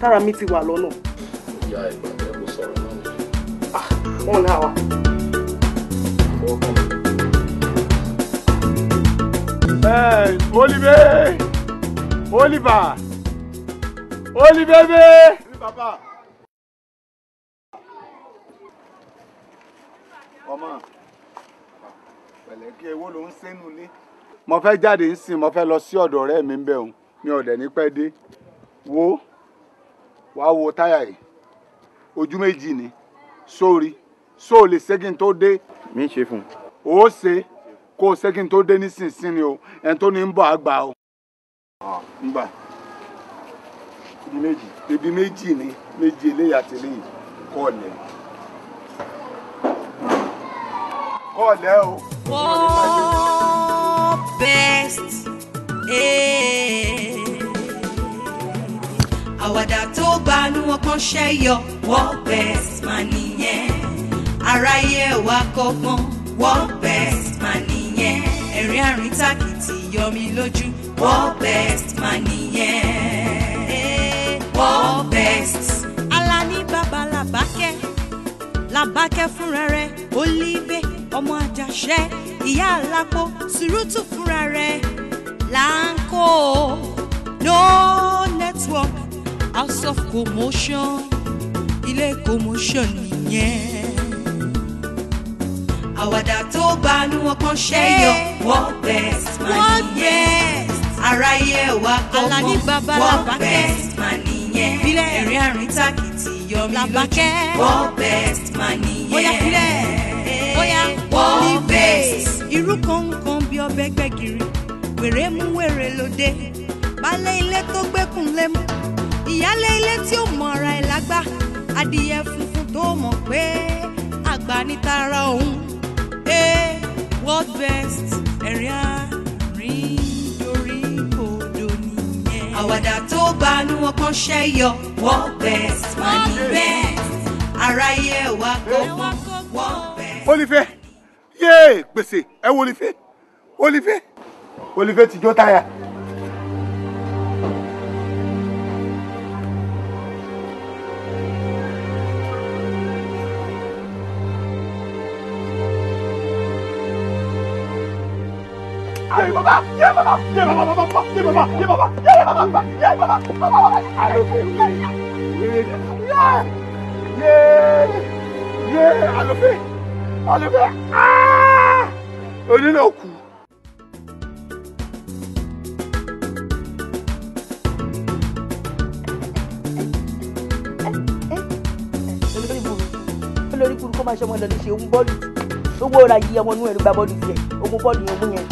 tára mi ti wà lọ́nà. ìyá ìgbà bẹ́ẹ̀ kò sọ̀rọ̀ náà ni. ah náà wà. Hey, Oliver! Oliver! Oliver! Oui, papa! bí èwo ló ń sẹ́nu lé. mo fẹ́ jáde ń sìn mo fẹ́ lọ sí ọ̀dọ̀ ọ̀rẹ́ mi ń bẹ̀ òun mi ò dẹ̀ ní pẹ́ dé wo wàá wo táyà yìí ojú méjì ni sórí só o lè ṣégin tó dé. mi ṣe fún un. ó ṣe kó o ṣégin tó dé nísinsìnyí o ẹni tó ní ń bọ̀ á gbà o. Ah, ń gbà ibi méjì ibi méjì ni méjì eléyà tẹ̀lé yìí kọ́ ọ̀lẹ́. kọ́ ọ̀lẹ́ o for best. àwàdà tó gbanú ọkàn ṣẹ́yọ world best mà nìyẹn aráyé wa kọ́gbọ́n world best mà nìyẹn ẹ̀rín àrùn tàkìtì yọmi lójú world best mà nìyẹn world best. Alani bàbá làbákẹ́ làbákẹ́ fúnra rẹ̀ ó ọmọ àjàṣẹ́ ìyá àlápò sùrùtù fúnra rẹ̀ là no network house of commotion ilé commotion nìyẹn. àwàdà tó bá ní wọn kàn ṣe yọ wọ́n best man nìyẹn aráyé wa kọ́mọ wọ́n best man nìyẹn ẹ̀rín àrìn tàkìtì yọmi lójú wọ́n best man nìyẹn bóyá ní bẹ́ẹ̀ irú kan kan bí ọbẹ̀ gbẹ̀gìrì wèrè mú wèrè lóde balẹ̀ ilé tó gbẹ́kùn lé mú ìyálé ilé tí ó mọ ara ẹ̀ lágbá adìyẹ funfun tó mọ̀ pé àgbà ní tara òun ẹ world best ẹ̀rín àárín dorí kodò nìyẹn. àwàdà tó gbanú wọn kan ṣẹ́yọ world best money best aráyé wa kọ́kọ́ world best. Olífẹ́ yéé gbèsè ẹ wo Olífẹ́ Olífẹ́ Yeah, ti Yeah, táyà. Yeah, bàbá! Yé bàbá! Yeah, bàbá! Yeah, bàbá! Yé bàbá! Yé bàbá! Yé bàbá! Yeah. Yeah. Yeah. Yé! Yé! Àlòfẹ́! Ah! olùfẹ́ onínà kú. olórí burúkú máa ṣe ọmọ ìlọrin ṣe ń bọ́ọ̀lù owó ọ̀la yí ọmọ inú ẹ̀rú gba bọ́ọ̀lù tiẹ̀ ọmọ bọ́ọ̀lù yẹn mú yẹn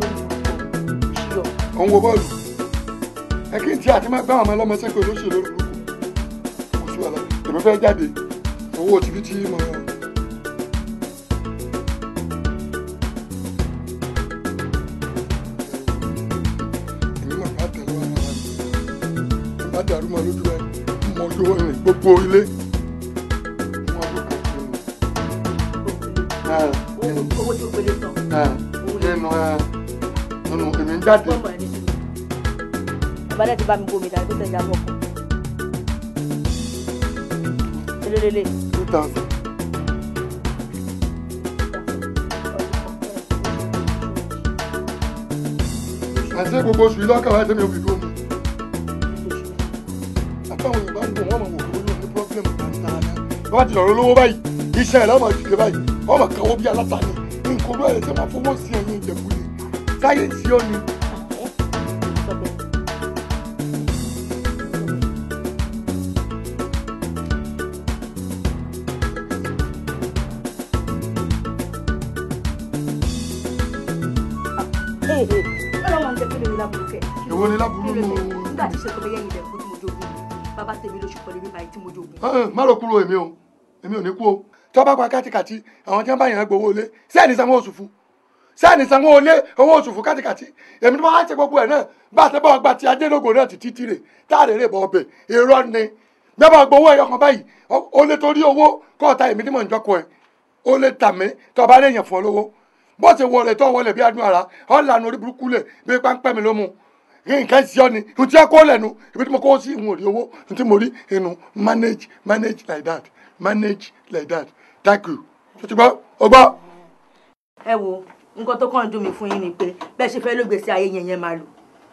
lórí burúkú ṣí ọ. òun wo bọ́ọ̀lù ẹ kí n ti àti máa gbá àwọn ọmọ ọlọ́mọ sẹ́kọ̀ọ́ lóṣèlú lórí burúkú kò sí wàhálà èmi fẹ́ jáde owó tìbítì mọ̀ ọ́. epo ilé. owó tó gbélé tán. nínú ah, nínú èmi ń jáde. àbálẹ̀ ti bá mi bomi dàbí tó tẹ̀jà bọ̀ kù. lélelele. two thousand. àti gbogbo oṣù yìí lọ́kàn láti mi ò fi dúró. tó ti lọ́ọ́ lówó báyìí iṣẹ́ ẹ̀ lọ́mọ ìdílé báyìí ọmọ kan ó bí aláta nǹkan bẹ́ẹ̀ tí wọ́n fọwọ́ sí ẹ̀yìn ìjẹ̀bù ni táyé tí ó ìwọ ni lábúrú nù. nígbà tí ṣe tó bẹ ìdẹ̀kú tí mo jogun bàbá tèmi lóṣù pẹ̀lú mi báyìí tí mo jogun. má lọ kúrò èmi o èmi ò ní kú o tó bá pa kátikàti àwọn tí wọn bá yàn án gbowó ilé sẹ́ẹ̀nì sanwó oṣù fún sẹ́ẹ̀nì sanwó ilé owó oṣù fún kátikàti èmi tó bá ṣe gbogbo ẹ̀ náà bá a ṣe bá wọn gba ti adélógo náà ti títí rè táàrè rè bọ̀ ọbẹ̀ èrò ni bẹ́ẹ̀ gbowó ẹ̀yọ kan báyìí ó lé torí owó kọ́ọ̀ta èmi tí mò ń jọkọ ẹ̀ ó lé tàmí tó bá lè yàn fún ọ lówó bó ṣe wọlé tó wọlé bí adùn ara ọ lànà orí burúkú lẹ̀ bí páńpẹ́ mi ló mu nǹkan ṣe ọ ni ntí kó lẹ̀ nu ibi tí mo kó sí ìwọ̀n òrí owó ntí mo rí inú manage manage like that manage like that thank you ṣe ti gbọ́ o gbọ́. ẹ wo nǹkan tó kàn ń dùn mí fún yín ni pé bẹ́ẹ̀ ṣe fẹ́ ló gbèsè ayé yẹn yẹn máa lò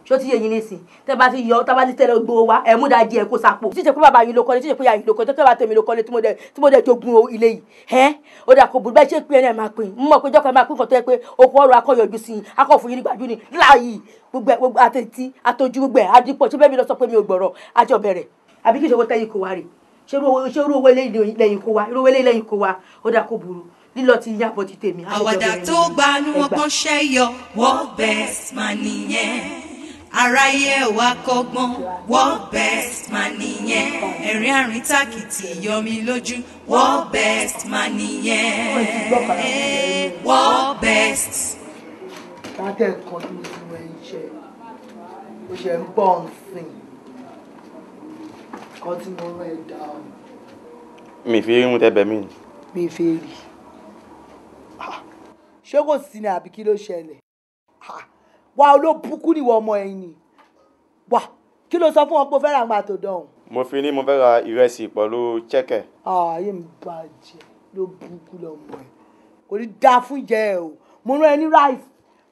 ṣó ti yé yín nísìn tẹ bá ti yọ tá bá ti tẹ̀lé gbogbo wa ẹ mú dájú ẹ kó sápò. títí pé bàbá yìí ló kọ́lé títí pé yàrá yìí ló kọ́lé tẹ́tẹ́ bá tẹ̀mí ló kọ́lé tí mo dẹ̀ jogun ilé yìí. ẹ ó dà kó burú bẹ́ẹ̀ ṣe pé ẹni ẹ̀ máa pín mọ̀ pé jọ́kọ̀ ẹ̀ máa pín kọ́ tó yẹ pé okùn ọ̀rọ̀ akọ̀yọ̀jú sí i akọ̀fún yìí nígbàjú ni láàyè gbogbo àtẹ̀tí àtọ́jú gbogbo ẹ̀ adìpọ̀ ṣé bẹ́ẹ̀ mi lọ sọ pé mi ò gbọ̀rọ̀ àjọbẹ̀rẹ̀ àbí kí ìṣòwò tẹ́yìn kò wá rè ṣé irú owó eléyìí lẹ́yìn kó wa irú owó eléyìí lẹ́yìn kó wa ó dà kó burú lílọ ti yá ti tèmi. àwàdà tó gbanú wọn kan ṣẹ́yọ world best man nìyẹn aráyé wa kọ́gbọ́n world best man nìyẹn ẹ̀rín àrín tàkìtì yọmi lójú world best man nìyẹn world eh, best. látẹ̀kọ́ ló ń ṣe ó ṣe ń bọ̀ ń sìn nǹkan tí mo rán ẹ dá o. mi fi irun tẹ́bẹ̀ mí. mi fi rí ṣé kò sí ni àbí kí ló ṣẹlẹ̀ wá olóbùkú nìwọ ọmọ ẹ̀yìn ni wá kí ló sọ fún wọn pé o fẹ́ ra àgbà dán. mo fi ní mo fẹ́ ra ìrẹsì pẹ̀lú chẹ́kẹ̀. ààyè mi bàjẹ́ ló burúkú lọ́mọ ẹ̀ kò ní dáa fún ìjẹ ẹ o mo rán ẹ ní rice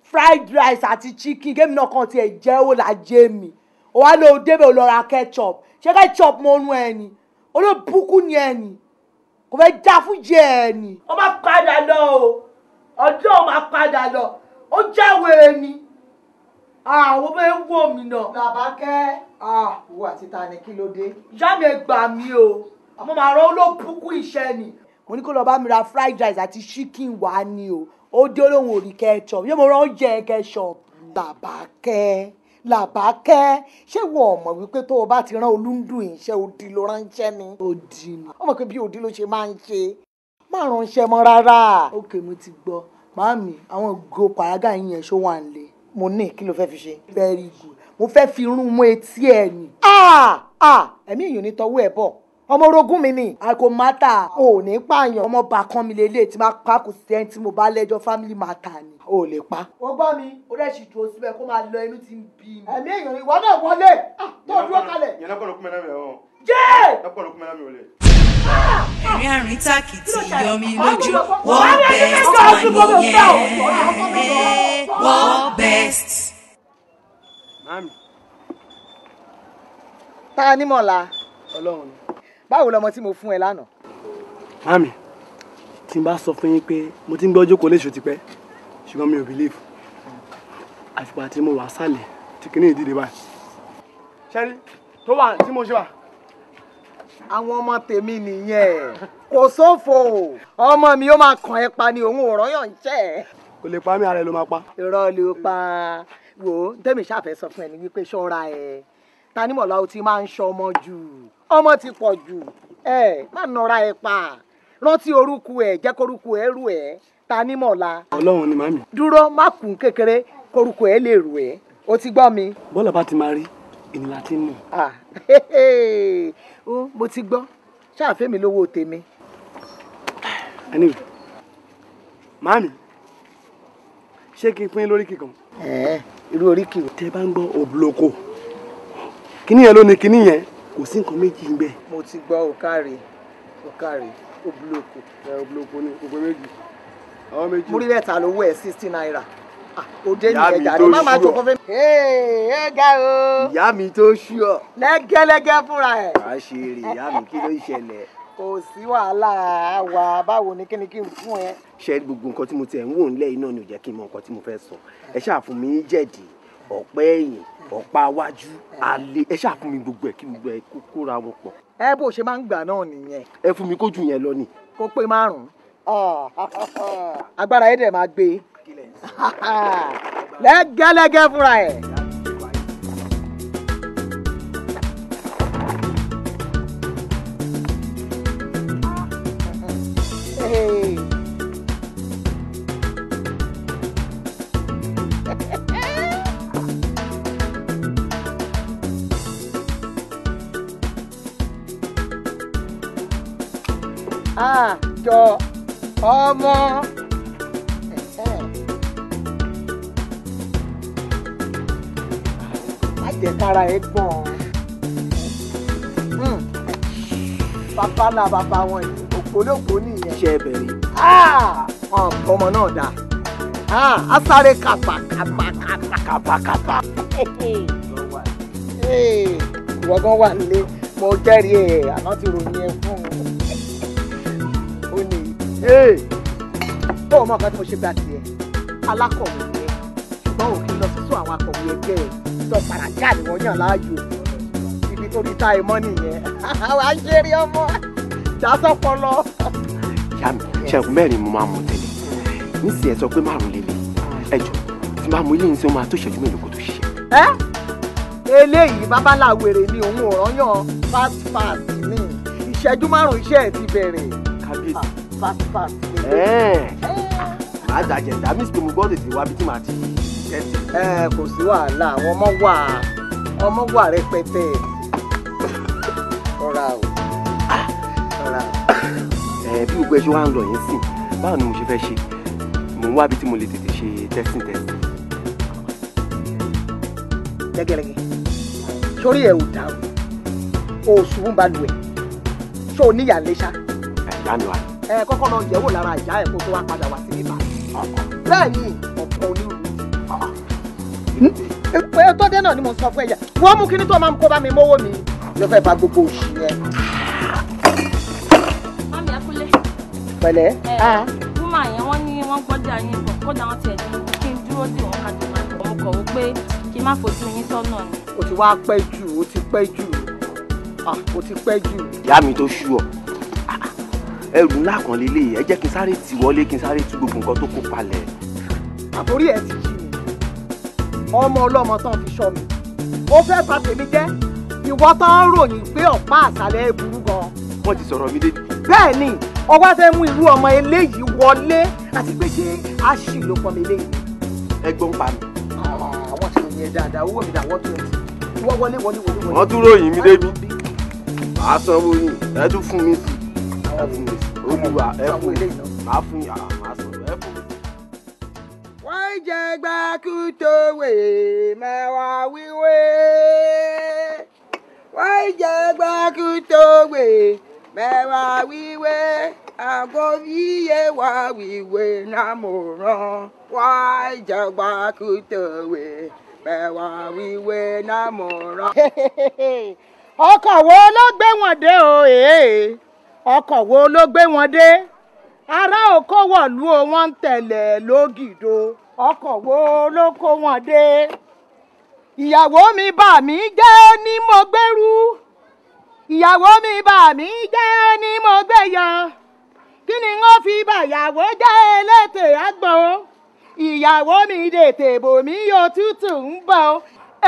fried rice àti chicken gémi náà kàn tiẹ̀ jẹ́ ó là jẹ́ mi ò wá lóò débẹ̀ ò lọ ra ketchup ṣé ká chop ọmọ ọnu ẹ ni olóbùkún ni ẹ ni kò fẹ́ já fún jẹ ẹ ni. ó máa padà lọ o ọjọ́ ó máa padà lọ ó jáwèé ni àwọn bẹ́ẹ̀ ń wò mí náà. bàbá kẹ́ wo àti ta ni kí ló dé. ìyá mi gbà mí o àmọ́ màá rán olóbùkún iṣẹ́ ni. mo ní kó lọ bá mi ra fried rice àti chicken wá ni o ó dé olóhùn òrì kẹ́ẹ̀tọ̀ yóò mo rán oúnjẹ kẹ́ẹ̀tọ̀ bàbá kẹ́ làbákẹ́ ṣé wọ ọmọ wípé tó o bá ti rán olúndùn iṣẹ́ odi ló ránṣẹ́ ni. odi ni. ọmọ pé bí odi ló ṣe máa ń ṣe má ránṣẹ́ mọ́ rárá. ok mo ti gbọ́ màámi àwọn ìgò pàrágà yín yẹn ṣó wà ń lé. mo ní kí ló fẹ́ fi ṣe. very good mo fẹ́ fi irun mú etí ẹ̀ ni. ah ah ẹ̀mí èèyàn ní tọwọ́ ẹ̀ bọ̀ ọmọ orogún mi ni àgò mata ò ní pààyàn ọmọ bàkan mi lélẹ̀ tí máa pa sí ẹni tí mo bá lẹ́jọ́ family mata ni ò lè pa. ó gbọ́ mi ó rẹ̀ sì dúró síbẹ̀ kó máa lọ inú ti ń bí mi. ẹ̀mí èèyàn ìwọ náà wọlé ah, tó dúró kalẹ̀. ìyẹn lọ́pọ̀ ló náà mi ò. jẹ́ lọ́pọ̀ ló náà mi ò lè. Ah! ẹ̀rín àrín tàkìtì yọ mi lójú wọ́n bẹ́ẹ̀ sànìyẹn wọ́n bẹ́ẹ̀ báwo lọmọ tí mo fún ẹ lánàá. mami tí n bá sọ fún yín pé mo ti ń gbọ́ jókòó léṣu tipẹ́ ṣùgbọ́n mi ò believe àfipá tí mo wà sálẹ̀ tí kìnìún ìdílé báyìí. ṣẹ́rí tó wà tí mo ṣe wà. àwọn ọmọ tèmi nìyẹn kò sófo ọmọ mi ó máa kàn ẹ́ pa ni òun ò rọ́yọ̀ ń kò lè pa mí ara ẹ ló máa pa. irọ́ ló pa wò tẹ́mi ṣàfẹ́ sọ fún ẹ ní wípé ṣọ́ra ẹ̀ ta ni mọ̀lá ti máa ń ṣọmọ jù ọmọ ti pọ̀ jù ẹ má nọra ẹ pa rántí orúkú ẹ jẹ́ korúkú ẹ rú ẹ ta ní mọ̀la. ọlọ́run ni màmí. dúró má kùn kékeré korúkú ẹ lè rù ẹ o ti gbọ́ mi. bọ́lá bá ti máa rí ènìyàn ti ń mọ̀. mo ti gbọ́ ṣáàfẹ́ mi lówó tèmi. anyway màmí ṣé kí n pín lórí kíkan. irú oríkì. tẹ bá ń gbọ́ òbúlóko kíní yẹn ló ní kíní yẹn kò sí nǹkan méjì ń bẹ. mo ti gbọ́ òkàrè òkàrè obuloko. ẹ obuloko ni gbogbo méjì àwọn méjì. múrí lẹ́ta ló wẹ̀ sixty naira òde ni ẹ̀dá rẹ̀ má máa tó kọ́ fẹ́. ẹ ga o. ìyá mi tó ṣú ọ. lẹ́gẹ́lẹ́gẹ́ fúnra ẹ̀. wàá ṣe rè ìyá mi kí ló ṣẹlẹ̀ kò sí wàhálà wà báwo ni kíni kí n fún ẹ. ṣe gbogbo nǹkan tí mo ti ń wò ńlẹ̀ iná ni ò jẹ́ kí n mọ nǹkan tí mo fẹ́ sọ ẹ ṣáà fún mi jẹ̀dí ọ̀pẹ́ ẹ̀yìn ọ̀pá iwájú eh. alẹ́ ẹ ṣáà fún mi gbogbo ẹ̀ kí gbogbo ẹ̀ kóra wọn pọ̀. ẹ bó ṣe máa ń gbà náà nìyẹn. ẹ fún mi kó jù yẹn lọ ni. kó pé márùn-ún agbára yẹn dẹ̀ máa gbé lẹ́gẹ́lẹ́gẹ́ fúnra ẹ̀. àwùjọ ọmọ. àjẹkára ẹ gbọ̀n hmm. bàbá náà bàbá wọn yìí òpólópó nìyẹn. iṣẹ́ bẹ̀rẹ̀. Ah! wọn ọmọ náà dà á ah! sáré kàpà kàpà kàpà kàpà kàpà. ìwọ gan wà nílé mo jẹ́rìí ẹ̀ àná ti ròyìn ẹ fún tó o mọ nǹkan tí mo ṣe gba tiẹ̀ alákọ̀wé rẹ ṣùgbọ́n òkè lọ sí sún àwọn akọ̀wé ẹgbẹ́ ẹ lọ pàràgà ni wọ́n yàn láàyò ibi tó rí táì mọ́ nìyẹn àwọn àṣírí ọmọ jásọ̀pọ̀ lọ. ṣẹ́gun mẹ́rin mo máa mú tẹ́lẹ̀ nísìnyẹ sọ pé márùn lélẹ̀ ẹ jọ tí máa mú ilé yìí sí ó máa tó ìṣẹ́jú mélòó kó tó ṣiṣẹ́. ẹ eléyìí babaláwo èrè ni òun ò rányàn fast fast ní ìṣẹ́jú márùn-ún iṣẹ́ ẹ̀ ti bẹ̀rẹ̀ fast fast. Eh, màá dàjẹ̀ dá mí sùkúrú gbọ́dọ̀ ti wá bí tí màá ti tẹ̀sí. ẹ kò sí wàhálà àwọn ọmọ wà ọmọ wà rẹpẹtẹ rọra o rọra o. ẹ eh, bí gbogbo ẹ ṣe wá ń lọ yẹn sìn báwo ni mo ṣe fẹ́ ṣe mò ń wá bí tí mo lè tètè ṣe testing test. gẹ́gẹ́rẹ́gẹ́ sórí ẹ̀ ò dà o òṣùwọ̀n balùwẹ̀ ṣó o níyàlé ṣá. ẹ̀ lánàá ẹ kọ́kọ́ lọ yẹ̀wò lára ìyá ẹ̀ kó tó wá padà wá sí ibà bẹ́ẹ̀ ni ọ̀pọ̀ hmm? onírúurú. ẹ tó náà ni mo sọ fún ẹ̀yà wọ́n mú kíní tó máa ń kó bá mi mówó mi ló fẹ́ ba gbogbo òṣì yẹn. mami akunle. pẹ̀lẹ́. ẹ wúmà yẹn wọ́n ní wọ́n gbọ́dọ̀ àyìn bọ̀ kódà wọ́n tiẹ̀ dín kí n dúró dè wọ́n ká tó máa bọ̀ mo kọ̀ pé kí n má fojú yín sọ́nà ni. o ti wá pẹ́ jù o ti pẹ́ jù o ti pẹ́ jù. ìyá mi tó ṣú ọ ẹrù ńlá kan lélẹ̀ ẹ jẹ́ kí n sáré tì wọlé kí n sáré tú gbogbo nǹkan tó kó palẹ̀. àbórí ẹ ti jí mi ọmọ ọlọ́mọ tán fi sọ mi ó fẹ́ bà tèmi jẹ́ ìwọ tán ń ròyìn pé ọ̀pá àṣálẹ́ burú gan. wọ́n ti sọ̀rọ̀ mi dé. bẹ́ẹ̀ ni ọwọ́ fẹ́ mú irú ọmọ eléyìí wọlé àti pé ṣé a ṣì ló pọ̀ mi léyìí. ẹgbọ́n pa mi. àwọn ah, ti ròyìn ẹ dáadáa owó mi dàwọ́ tó ẹ ti wọ́n wọlé wọlé wọlé. wọ́n tún ròyìn mi débi olùwà ẹ̀fún máa fún yàrá máa sọ̀rọ̀ ẹ̀fún. wọ́n jẹ gbàkútòwé mẹ́wàá wíwé wọ́n jẹ gbàkútòwé mẹ́wàá wíwé àgọ́ yíyé wá wíwé náà mo rán wọ́n jẹ gbàkútòwé mẹ́wàá wíwé náà mo rán. ọkọ̀ wo ló gbé wọn dé o èé. Eh? ọkọ̀ wo ló gbé wọn dé ará òkòwòlú o wọ́n ń tẹ̀lẹ̀ lógìdó ọkọ̀ wo ló kó wọn dé ìyàwó mi bà mí jẹ́ ní mo gbẹ́rú ìyàwó mi bà mí jẹ́ ní mo gbẹ̀yà kí ni wọ́n fi bàyàwó jẹ́ elétè àgbọ̀n ìyàwó mi dètè bòmí òtútù ń bọ̀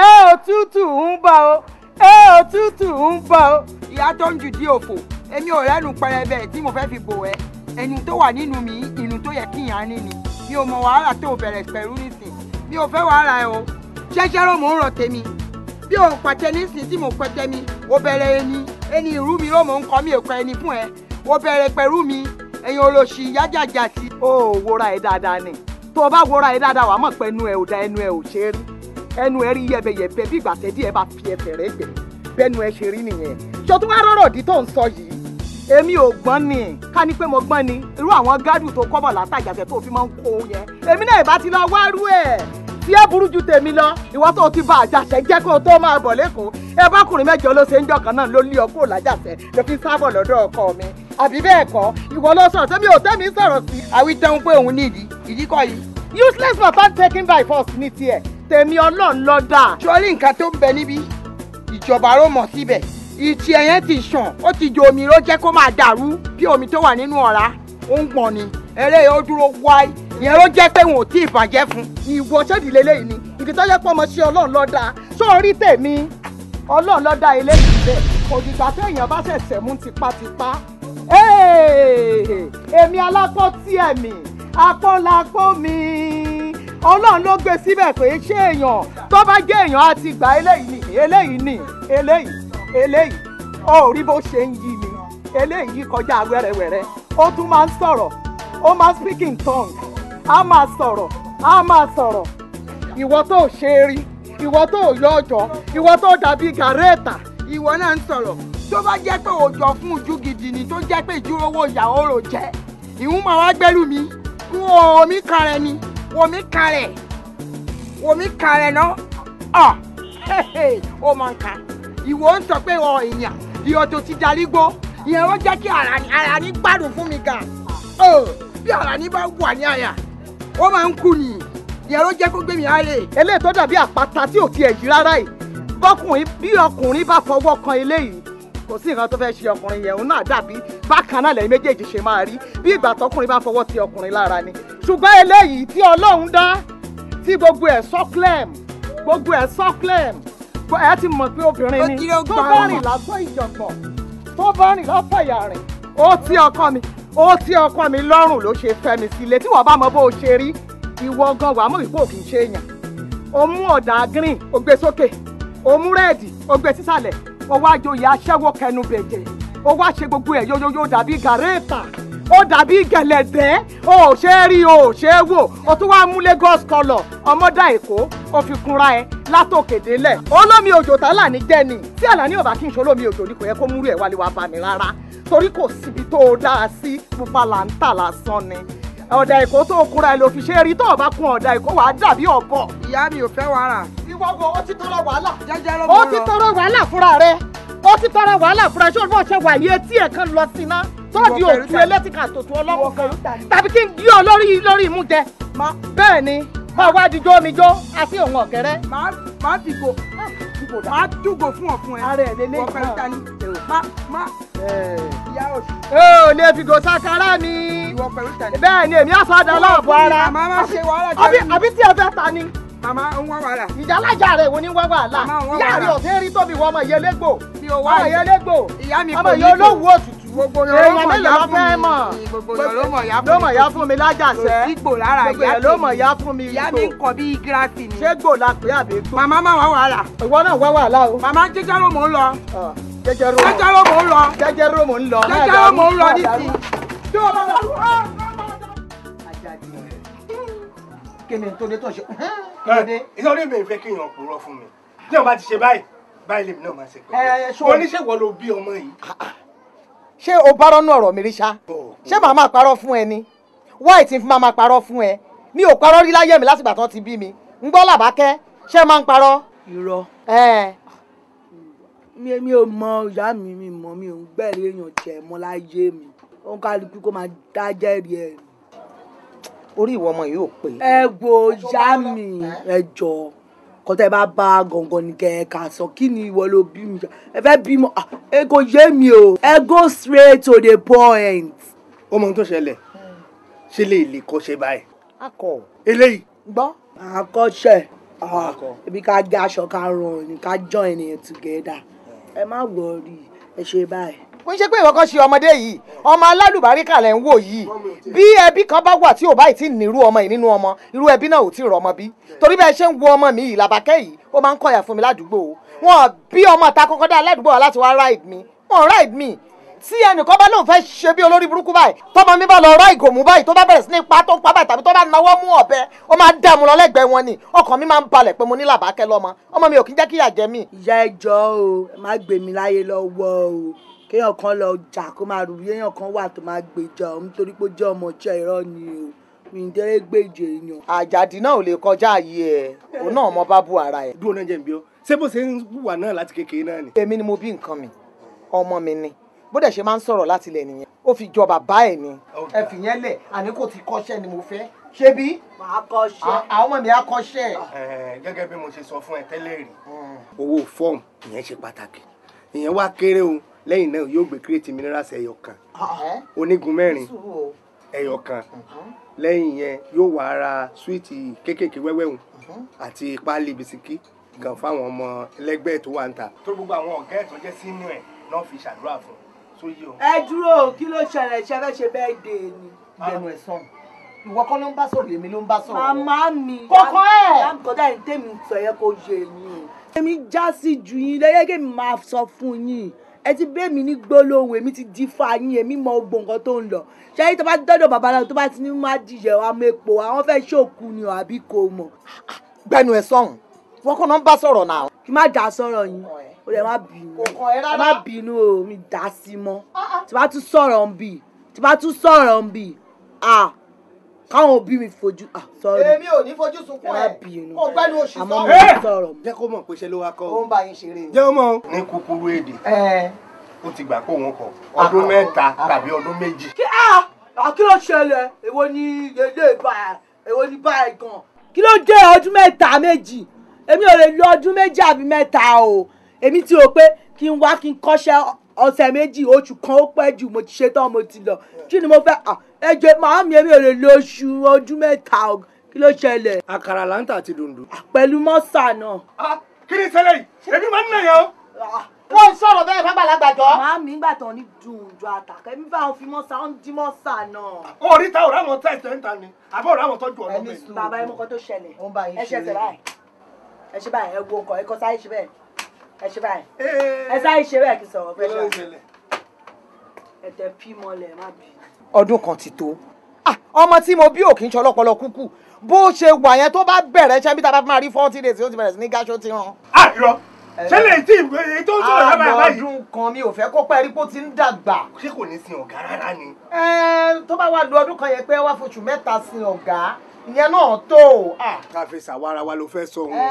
ẹ òtútù ń bọ̀ ẹ òtútù ń bọ̀ ìyá tó ń jù dí òfò èmi ò rẹ́nu pẹrẹbẹ tí mo fẹ́ fi bò ẹ́ ẹnu tó wà nínú mi ìnù tó yẹ kíyàn á ní ni mi ò mọ wàhálà tó bẹ̀rẹ̀ pẹ̀lú nísìn mi ò fẹ́ wàhálà ẹ o ṣẹ́ṣẹ́ ló mò ń rọ tèmi bí o pàtẹ nísìn tí mo pẹtẹ mi o bẹ̀rẹ̀ ẹni ẹni ìrú mi ló mò ń kọ́ mi èkó ẹni fún ẹ o bẹ̀rẹ̀ pẹ̀lú mi ẹ̀yin olóṣì yájàjà sí. o ò wora ẹ dáadáa ni tó o bá wora ẹ dáadáa wàá mọ̀ pé ẹnu ẹ ò da ẹnu ẹ ò ṣe é rí ẹnu ẹ rí yẹbẹyẹbẹ bí ìgbà tẹ́dí ẹ bá fi ẹsẹ̀ rẹ gbẹ bẹ́nu ẹ ṣe rí nìyẹn ṣọtún wá rọ̀rọ̀ dí tó ń sọ yìí èmi ò gbọ́n ni ká ní pé mo gbọ́n ni irú àwọn gádù tó kọ́bọ̀ látàjàfẹ́ tó fi máa ń kó yẹn èmi náà ìbá ti lọ wárú ẹ̀ tí ẹ burú ju tèmi lọ ìwọ tó ti bá àjàṣẹ jẹ kó tó máa bọ̀ lẹ́kọ̀ọ́ ẹ bákùnrin mẹ́jọ ló ṣe ń jọkàn náà ló lé ọ kúrò ló fi sábọ̀ lọ́dọ̀ ọkọ mi àbí bẹ́ẹ̀ kọ́ ìwọ ló sọ̀rọ̀ sẹ́mi ò tẹ́mi sọ̀rọ̀ sí. àwi tẹun pé òun ní ìdí ìdí kọ́ yìí. useless man and taken by force ní tiẹ̀ tèmi ọlọ́run lọ́dà. sọ́rí nǹkan tó ń bẹ níbí ìjọba ró mọ̀ síbẹ̀ ìtì ẹ̀yẹn ti sàn ó ti jo omi ló jẹ́ kó máa dàrú bí omi tó wà nínú ọ̀rá ó ń gbọ̀n ni eré ó dúró wáyé ìyẹn ló jẹ́ pé wọn ò tí ì bàjẹ́ fún. ìwọ ṣèdí lélẹ́yìí ni ìdí tó yẹ pé ọmọ ṣe ọlọ́run ló dá sórí tèmi ọlọ́run ló dá eléyìí bẹ́ẹ̀ òdìgbà téèyàn bá ṣẹ̀ṣẹ̀ mú tipátipá. èmi alákọ̀ tí mi apọ́lápọ́ mi ọlọ́run ló gbé síbẹ̀ pé ṣé èèyàn tó bá jẹ́ èèyàn á ti gbà eléyìí ni eléyìí ni eléyìí eléyìí ó rí bó ṣe ń yí mi eléyìí kọjá wẹ́rẹ́wẹ́rẹ́ ó tún máa ń sọ̀rọ̀ ó máa ń speak in tongue á máa sọ̀rọ̀ á máa sọ̀rọ̀ ìwọ tó ṣe é rí ìwọ tó yọ ọjọ́ ìwọ tó dàbí gàrẹ́ẹ̀tà ìwọ náà ń sọ̀rọ̀ tó bá jẹ́ pé òòjọ́ fún ojú gidi ni tó jẹ́ pé ìdúrówó ìyàwó rò jẹ́ ìhun máa wá gbẹ́rù mi wo omi kan rẹ ni wo mi kan rẹ wo mi náà ọ̀ ó máa ń kan ìwọ ń sọ pé ọ èèyàn ìyọ tó ti darígbó ìyẹn ó jẹ́ kí ara ní gbádùn fún mi gan bí ara ní bá wà ní àyà ó máa ń kú nìyí ìyẹn ló jẹ́ kó gbé mi ayé. eléyìí tó dàbí àpáta tí ò tiẹ̀ yí rárá yìí bọ́kùnrin bí ọkùnrin bá fọwọ́ kan eléyìí kò sí nǹkan tó fẹ́ ṣe ọkùnrin yẹn òun náà dàbí bákan náà lẹ́yìn méjèèjì ṣe máa rí bí ìgbà tọkùnrin bá fọwọ́ ti ọkùnrin lára ni. ṣùgbọ́n eléyìí tí ọlọ́run dá tí gbogbo ẹ̀ sọ́klẹ̀m gbogbo ẹ̀ sọ́klẹ̀m ẹ ti mọ̀ pé obìnrin ni tó bá rìn lágbọ́ ìjọ̀gbọ̀n tó bá rìn lọ́fẹ̀yà rìn ó ti ọkọ mi ó ti ọkọ mi lọ́rùn ló ṣe fẹ́ mi sílé tí wọ́n bá mọ bó o ṣe rí ìwọ gan wàá mọ̀ ìpò kì í ṣe èèyàn o mú ọ̀dà green o gbé sókè o mú rẹ́ẹ̀dì o gbé sísàlẹ̀ o wá joyè aṣẹ́wó kẹnu bẹ̀jẹ̀ o wá ṣe gbogbo ẹ̀ yóyóyó dàbí gàrẹ́ẹ̀tà ó dàbí gẹ̀lẹ̀dẹ́ ó ṣe rí ó ṣe wò ó tún wá mú Lagos colour ọmọdà èkó ó fi kunra ẹ látòkè délẹ̀ olómi òjò tálà ní jẹ́ni tí àlàní ọ̀bà kí n ṣe olómi òjò ní kò yẹ kó múrú ẹ̀ wálé wá bá mi rárá torí kò síbi tó o dáa sí pupa là ń tà lásán ni ọ̀dà èkó tó o kunra ẹ ló fi ṣe rí tó o bá kun ọ̀dà èkó wàá dàbí ọ̀bọ. ìyá mi ò fẹ́ wàrà. ìwọ ó ti tọrọ wàhálà. jẹjẹrẹ ó ti tọrọ wàhálà fúnra ṣé olùfọ̀ ṣe wàyí etí ẹ̀ kan lọ sí iná tó òkú elétíkà tòtò ọlọ́wọ́ kan tàbí kí n gí ọ lórí lórí imú jẹ bẹ́ẹ̀ ni máa wá dijó omijó àti òun ọ̀gẹ́rẹ́. máa dìgbò ah, máa dùgbò fún ọ̀fun ara ẹ̀ lélẹ́yìn kan ọ̀fẹ́ tani má má ìyá òsì. ẹ ò lè fìgò sakara mi bẹ́ẹ̀ ni èmi àsọdà lọ́ọ̀bù ara àbí tí ẹ fẹ́ ta ni màmá ń wá wàhálà. ìyálàjà rẹ̀ wo ni wá wàhálà. màmá ń wá wàhálà. ìyá rẹ̀ ọ̀tẹ́ rí tóbi wọ ọmọ ìyẹlẹ́gbò. mi ò wá ìyẹlẹ́gbò. ìyá mi kò ní kò ọmọ ìyẹlẹ́gbò òtútù gbogbo yẹn mọ̀ ya fún mi gbogbo yẹn mọ̀ ya fún mi ló mọ̀ fún mi lájàsẹ́ gbogbo yẹn mọ̀ ya fún mi ìyá mi ń kọ bí gíráàsì ni ṣé gbò pé àbí tó. màmá má wá wàhálà. ìwọ náà wá wàhálà o. màmá jẹjẹrò mò ń lọ. jẹjẹrò mò ń lọ jẹjẹrò mò ń lọ jẹjẹrò mò ń lọ nísìnyí. kí ni tó dé tó ṣe. ìsọ̀rí mi fẹ́ kéèyàn purọ́ fún mi tí wọ́n bá ti ṣe báyìí báyìí lèmi náà máa ṣe pé mo ní ṣèwọ́ ló bí ọmọ yìí. ṣé o bá rọ́nú ọ̀rọ̀ mi rí ṣá ṣé màá máa parọ́ fún ẹ ni wáì tí n fi máa máa parọ́ fún ẹ mi ò parọ́ rí láyé mi látìgbà tán ti bí mi ń gbọ́ làbákẹ́ ṣé máa ń parọ́. irọ́ mi ò mọ ìyá mi mi mọ mi ò ń gbẹ̀rẹ̀ èèyàn jẹ̀ mọ́ láyé mi ó ń kálukú kó máa dájẹ́ ẹ̀ ni orí ìwọ ọmọ yìí ò pé. ẹ wo ìyá mi ẹ jọ kọtẹ bá bá gọ̀ǹgọ̀ ní kẹ̀kẹ́ sọ kí ni ìwọ ló bí mi ẹ fẹ́ bímọ ah, ẹ kò yé mi o ẹ go straight to the point. ó mọ ohun tó ṣẹlẹ̀ ṣe lè lè kọ́ṣẹ́ báyìí. akọ. eléyìí. gbọ́. àkọ́ṣẹ́ ibi ah, ká gé aṣọ ká rọrùn ká join ènìyàn together ẹ má wọrí ẹ ṣe báyìí kò ń ṣe pé ìwọ kan ṣe ọmọdé yìí ọmọ alálùbárí kàlẹ̀ ń wò yìí bí ẹbí kan bá wà tí ò báyìí tí ì nírú ọmọ yìí nínú ọmọ irú ẹbí náà ò tí ì rọ ọmọ bí torí bẹ́ẹ̀ ṣe ń wo ọmọ mi yìí làbákẹ́ yìí ó máa ń kọ̀yà fún mi ládùúgbò wọn bí ọmọ ta kọ́kọ́ dá aládùúgbò láti wá ride mi wọn ride mi tí ẹnìkan bá lóun fẹ́ ṣe bí olórí burúkú báyìí tọ́mọ mi bá lọ rọ kéèyàn kan lọ jà kó máa rò yéèyàn kan wà tó máa gbèjà òun torí pé ó jẹ́ ọmọ ìjọ irọ́ ni o ìdẹ́rẹ́ gbèjè èèyàn. àjàdí náà ò lè kọjá ààyè ẹ òun náà mọ bá bu ara ẹ. dúró náà jẹ́ ìbí ọ́ ṣé bó ṣe ń wà náà láti kékeré náà ni. èmi ni mo bí nǹkan mi ọmọ mi ni bó dẹ̀ ṣe máa ń sọ̀rọ̀ láti ilẹ̀ nìyẹn ó fi jọ bàbá ẹ̀ ni ẹ fi yẹn lẹ̀ àní kò ti kọ́ṣẹ́ ni mo fẹ́ ṣé bí. màá kọ́ṣẹ́. àwọn ọmọ mi á kọ́ṣẹ́. gẹ́gẹ́ bí mo ṣe sọ fún ẹ tẹ́lẹ̀ rí hmm. owó fọ́ọ̀mù ìyẹn ṣe pàtàkì ìyẹn wá kéré o lẹ́yìn náà yóò gbé kírètì minerals ẹyọ kan ah. onígun mẹ́rin ẹyọ kan uh-huh. lẹ́yìn yẹn yóò wá ra súwìtì kéékèèké wẹ́wẹ́ hùn uh-huh. àti páálí bisikí kan fáwọn ọmọ ẹlẹ́gbẹ́ tó wà ń ta. tó gbogbo àwọn ọ̀gá ẹ̀ tó jẹ́ sínú ẹ̀ náà fi ṣàdúrà fún un. ẹ dúró kí ló ṣẹlẹ̀ ṣe fẹ́ ṣe bẹ́ẹ̀ dé ni. ìdẹnu ah. ẹ̀ sàn ìwọ kọ́ ló ń bá sọ̀rọ̀ èmi ló ń bá sọ̀rọ̀. màmá mi kọ́kọ́ ẹ̀. láǹkọ́dá ẹ̀ ń tẹ̀mí sọ kó yé mi. èmi já sí ju yín lẹ́yẹ́gẹ́ mi máa sọ fún yín ẹ ti bẹ́ẹ̀ mi ní gbólóhùn èmi ti di fa yín èmi mọ gbogbo nǹkan tó ń lọ ṣáyé tó bá dọ́dọ̀ babaláwo tó bá ti ní má dìyẹ̀ wa mọ epo àwọn fẹ́ ṣòkú ni ọ̀ àbí kò mọ̀. gbẹnu ẹ sọhùn wọn kàn ń bá sọ̀rọ̀ náà. kí má dà sọ̀rọ̀ yín o lè má bínú o má bínú o mi dà sí mọ́ ah, ah. tí bá tún sọ̀rọ̀ ń bì tí bá tún sọ̀rọ̀ ń bì ah káwọn òbí mi fojú ah sorry. èmi ò ní fojú sunkún ẹ kó gbẹ́nu oṣù sọ̀rọ̀. ẹ sọ̀rọ̀ jẹ́ kó mọ̀ pé ṣe ló wá kọ́. ó ń bá yín ṣeré ni. jẹ́ ó mọ̀. ní kúkúrú èdè ó ti gbà pé òun kọ ọdún mẹ́ta tàbí ọdún méjì. kí á ah, ah, kí ló ṣẹlẹ̀ èwo ni èdè ìbáyà èwo ni báyà gan. kí ló jẹ́ ọdún mẹ́ta méjì èmi ò lè lo ọdún méjì àbí mẹ́ta o èmi ti rò pé kí n wá kí n kọ́ṣẹ́ ọ̀sẹ̀ méjì oṣù kan ó pẹ́ jù mo ti ṣetán mo ti lọ kí ni mo fẹ́ ah, ẹjọ màámi èmi ò lè lo oṣù ọdún mẹ́ta kí ló ṣẹlẹ̀. àkàrà láǹtà àti dòǹdò. Ah, pẹ̀lú mọ́sà náà. Ah, kí ni ṣẹlẹ̀ yìí èmi máa ń nàyàn o. Ah. wọ́n sọ̀rọ̀ bẹ́ẹ̀ fẹ́ gbàlagbà jọ. màámi ìgbà tán ní dùndùn àtàkẹ́ mi bá wọn fi mọ́sà ó ń di mọ́sà náà. oríta ò ráwọn tẹ̀ tẹ̀ ń ta ni àbọ̀ ráwọn tọ́jú ọ̀nà bẹ́ẹ̀. bàbá ẹ mọ́kọ́ tó ṣẹlẹ̀ ẹ ṣẹ̀ṣẹ̀ báyìí ẹ ṣe báyìí ẹ wo nǹkan ẹ kọ́ sáyé ṣe bẹ́ẹ̀ ẹ ṣe báyìí ẹ sáyé ṣe bẹ́ẹ̀ kì í sọ̀rọ̀ bẹ́ẹ̀ ṣe. ẹ tẹ fí mọ́lẹ̀ má bì í ọdún kan ti tó ah, ọmọ tí mo bí òkè ń ṣọlọpọlọ kúkú bó ṣe wà yẹn tó bá bẹ̀rẹ̀ ṣẹ́ bí tàbá máa rí forty days ó ti bẹ̀rẹ̀ sí ní gáṣó ti rán. àìrọ ah, eh. ṣé lè tí èyí tó ń sọ̀rọ̀ lábẹ́ àbá yìí. ọdún kan mi ò fẹ́ kó pẹ́ rí bó ti ń dàgbà. ṣé kò ní sin ọ̀gá rárá ni. ẹ eh, tó bá wà lu ọdún kan yẹn pé wá foṣù mẹ́ta sin ọ̀gá ìyẹn náà tó o. Ah. káfí sàwárà wa ló fẹ́ sọ wọn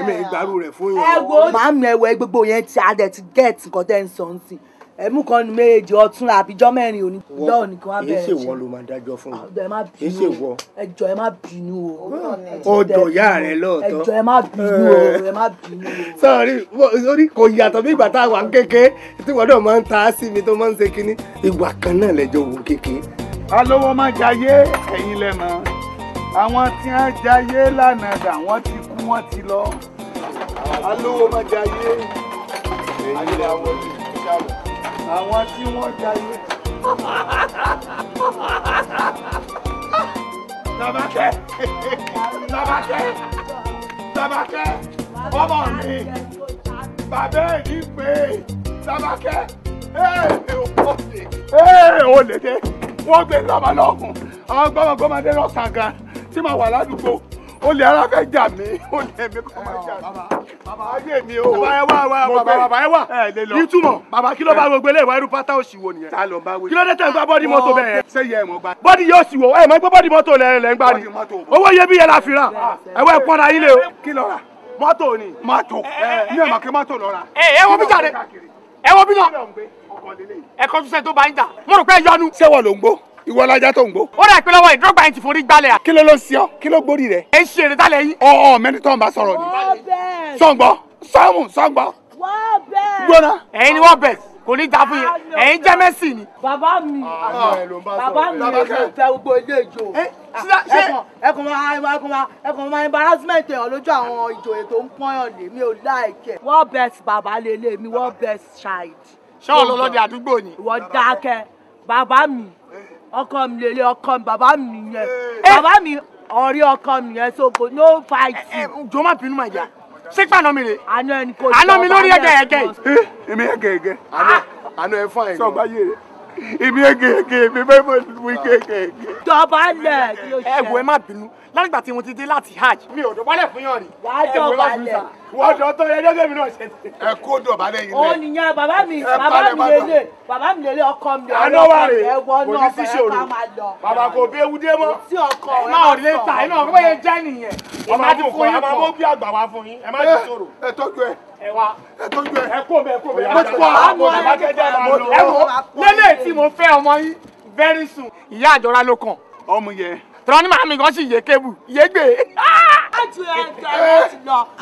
èmi ìgbàrú rẹ̀ fún yín. ẹ wo màmí gbogbo yẹn ti adẹ ti gẹ̀ẹ́tì nǹkan tẹ́ ń sọ ń sìn ẹmú kan ní méje ọtún àbíjọ mẹ́rin òní bẹ́ẹ̀ òní kan wá ṣe. èyí ṣèwọ ló máa dájọ́ fún mi. ọ̀dọ̀ ẹ má ẹ má bínú o. ọ̀dọ̀ ìyá rẹ lóòótọ́. ẹjọ́ ẹ má bínú o eh. ẹ má bínú o. sọrí sọrí kò yàtọ̀ bí ìgbà tá a wà ń tí wọ́n náà máa ń ta sí mi tó máa ń ṣe kínní ìwà kan náà lẹ́jọ́ wò kéke. alówó má jayé ẹ̀yin lẹ mọ̀ àwọn tí wọ́n jayé lánàá dà wọ́n ti kú wọ́n ti lọ alówó má jayé ẹ̀yin lẹ àwọn tí wọ́n jayé. Tabakẹ́ Tabakẹ́ Tabakẹ́ ọmọ mi bàbá ẹ̀ ní pé Tabakẹ́ ee olè dé wọ́n gbé lọ́mọ lọ́gùn àwọn gbọ́mọgbọ́mọdé lọ́sàn-án gan tí màá wà ládùúgbò olè ara fẹ́ jà mí olè mi kọ́ máa jà mí. bàbá ayé mi o. bàbá ẹ wá wá bàbá bàbá ẹ wá. ẹ lè lọ ìtumọ̀ bàbá kí ló bá gbogbo eléyìí wá irú pátá òsì wo nìyẹn. ta ló bá wí. kí ló dé tẹ̀ ń gba bọ́dì mọ́tò bẹ́ẹ̀. ṣé yẹ ẹ̀mọ́ gba. bọ́dì yóò sì wò ẹ̀ mọ́ gbọ́ bọ́dì mọ́tò lẹ̀ lẹ́ ń gbà ni. owó yẹ bí yẹ la fi ra ẹ wá ẹ pọ́nra yín lé o. kí ló rà mọ́tò ni. mọ́tò ní ọ̀nà kí mọ́tò lọ ra. ẹ wọ́n bí jáde ẹ wọ́n bí náà ẹ kọ́ tún sẹ́ni tó bá ń jà mo rò pé ẹ yọnu. sẹ́wọ̀n ló ń gbó ìwọ lajá tó ń gbó. ó rà pé lọ́wọ́ ìdúrógbà yẹn ti forí gbalẹ̀ à. kí ló ló ń sọ kí ló gbórí rẹ. ẹ ń ṣe èrèta lẹ́yìn. ọ ọ mẹni tó ń bá sọ̀rọ̀ ni. sọ̀ngbọ́ sọ́mù sọ̀ngbọ́. wọ́ọ̀ bẹ́ẹ̀. gbóná. ẹ̀yin ni wọ́ọ̀ bẹ̀ kò ní dàbí yẹn ẹ̀yin jẹ́ mẹ́sì ni. bàbá mi ah, bàbá mi ò fẹ́ gbogbo ilé ìjò. Eh, ah, ẹkùn máa ẹkùn máa ẹkùn máa embarrassment ẹ̀ lójú àwọn ìjòyè tó ń pọ́nyàn lé mi ò láìkẹ́. wọ́ọ̀ bẹ́ẹ̀ bàbá lélẹ̀ mi wọ́ọ̀ bẹ́ẹ̀ ṣáìd. ṣé ọlọ́lọ́dẹ àdúgbò ni. ìwọ dákẹ́ bàbá mi ọkọ mi lè lé ọkọ mi bàbá mi yẹn eh. bàbá mi ọ̀rẹ́ ọkọ mi yẹn sóko no fight. Eh, eh, jọ má bínú màjà ṣé pàánù mi rè. àná ẹni kò jọ àná mi lórí ẹgẹ ẹgẹ yìí. èmi ẹgẹ ẹgẹ àná ẹ fún àyè. sọgbà yé rẹ èmi ẹgẹ ẹgẹ èmi bẹ́ẹ̀ mọ̀ ní ẹgẹ ẹgẹ. dọ̀bálẹ̀ kí ló ṣe. ẹ wo ẹ má bínú látìgbà tí mo ti dé láti hajj. mi ò dọ̀bálẹ̀ fún yàn rí. wàá dọ̀bálẹ̀. wọ́n jọ tó yẹ dẹ́gbẹ́ mi náà ṣe. ẹ kó dọ̀bálẹ̀ yìí lẹ. ó nìyẹn bàbá mi bàbá mi lélẹ̀ bàbá mi lélẹ̀ ọkọ mi. àná wà rè é kò ní sí ṣòro bàbá kò bí ewu dé mọ́. tí ọkọ rẹ máa ń sọ ẹ náà bóyá jẹ́ nìyẹn. ọmọ àbúkọ ẹ máa mọ́ bí àgbà wá fún yín ẹ má ti ṣòro. ẹ tọ́jú ẹ ẹwà ẹkọ bẹ ẹkọ bẹ ẹkọ àmọ́ ẹkọ lélẹ̀ tí mo fẹ́ ọmọ yín very soon ìyá àjọra ló kàn ọmọ yẹn tọ́ ní màmí kan sì yé kébù yé gbé.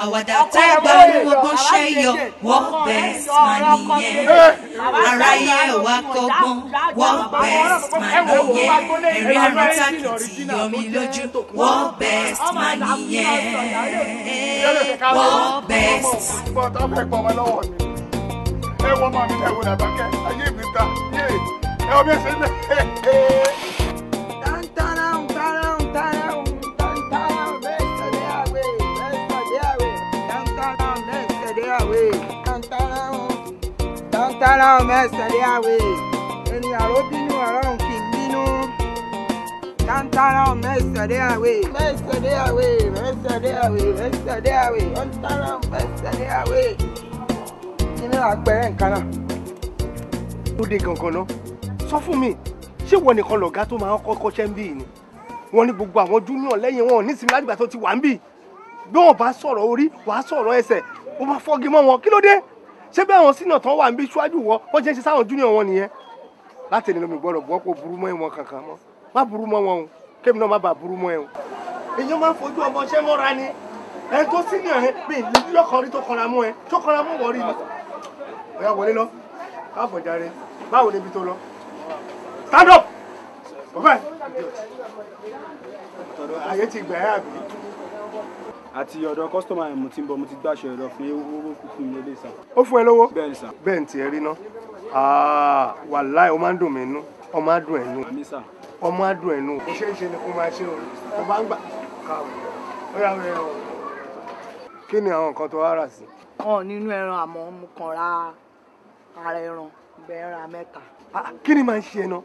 àwàdà tágbà olúwogbó ṣe yọ work best man nìyẹn aráyé ẹ̀wà kọ́gbọ́n work best man nìyẹn ẹ̀rí àrùntàkìtì yọmí lójú work best man nìyẹn work best. ẹ wọ́n máa mi ẹ wò ayé mi ta ẹ ọ bí ẹ ṣe ń bẹ̀. we. àwẹ̀ tọ́ntara ọmọ ẹsẹ̀lẹ̀ àwẹ̀ ènìyàn ló bínú ọlọ́run kì í bínú tọ́ntara ọmọ ẹsẹ̀lẹ̀ àwẹ̀ mẹ́sẹ̀lẹ̀ àwẹ̀ mẹ́sẹ̀lẹ̀ àwẹ̀ mẹ́sẹ̀lẹ̀ àwẹ̀ tọ́ntara ọmọ ẹsẹ̀lẹ̀ àwẹ̀ nínú àpẹẹrẹ nǹkan náà. ó de gangan lọ sọ fún mi ṣé wọn nìkan lọ̀gá tó máa ń kọ́kọ́ ṣẹ́ ń bì ni wọn ní gbogbo àwọn júnior lẹ́yìn wọn nísìnyí látìgbà tó ti wà ń bì bí wọn bá sọ̀rọ̀ orí wàá sọ̀rọ̀ ẹsẹ̀ mo máa fọ́gi mọ́ wọn kí ló dé ṣé bí àwọn senior tán wà níbi ṣíwájú wọ wọ́n ṣe ń ṣe sáwọn junior wọn nìyẹn láti ẹni lómi gbọ́dọ̀ bọ́ kó burú mọ́ wọn kankan mọ́ má burú mọ́ wọn o kémi náà má bàa burú mọ́ ẹ o. èèyàn máa ń fojú ọmọ ṣẹ́ mọ́ra ni ẹ tó senior ẹ mi ìlú lọ́kàn tó kọra mọ́ ẹ tó kọra mọ́ wọ́ọ́rì ni. ọ̀yà wọlé lọ káàbọ̀ báwo ni ibi tó lọ stand up. ọ̀fẹ́ ayé ti gbà ẹ́ àbí àti ọ̀dọ̀ kọ́sítọ́mà yẹn mo ti ń bọ̀ mo ti gbàṣọ ẹ̀rọ fún owó fún mi lélẹ̀ sà. ó fún ẹ lówó. bẹ́ẹ̀ ni sà. bẹ́ẹ̀ ni tiẹ̀ rí ná ah, wàláì ó máa ń dùn mí nú ọmọ á dùn ẹnu ọmọ á dùn ẹnu. kò ṣeé ṣe ni kò máa ṣe o kò bá ń gbà káwé ó yà wẹ̀ o. kí ni àwọn nǹkan tó wá rà sí. ọ nínú ẹran àmọ́ mo kàn ra ara ẹran bẹ́ẹ̀ ra mẹ́ta. Ah, kí ni máa ń ṣe ẹ ná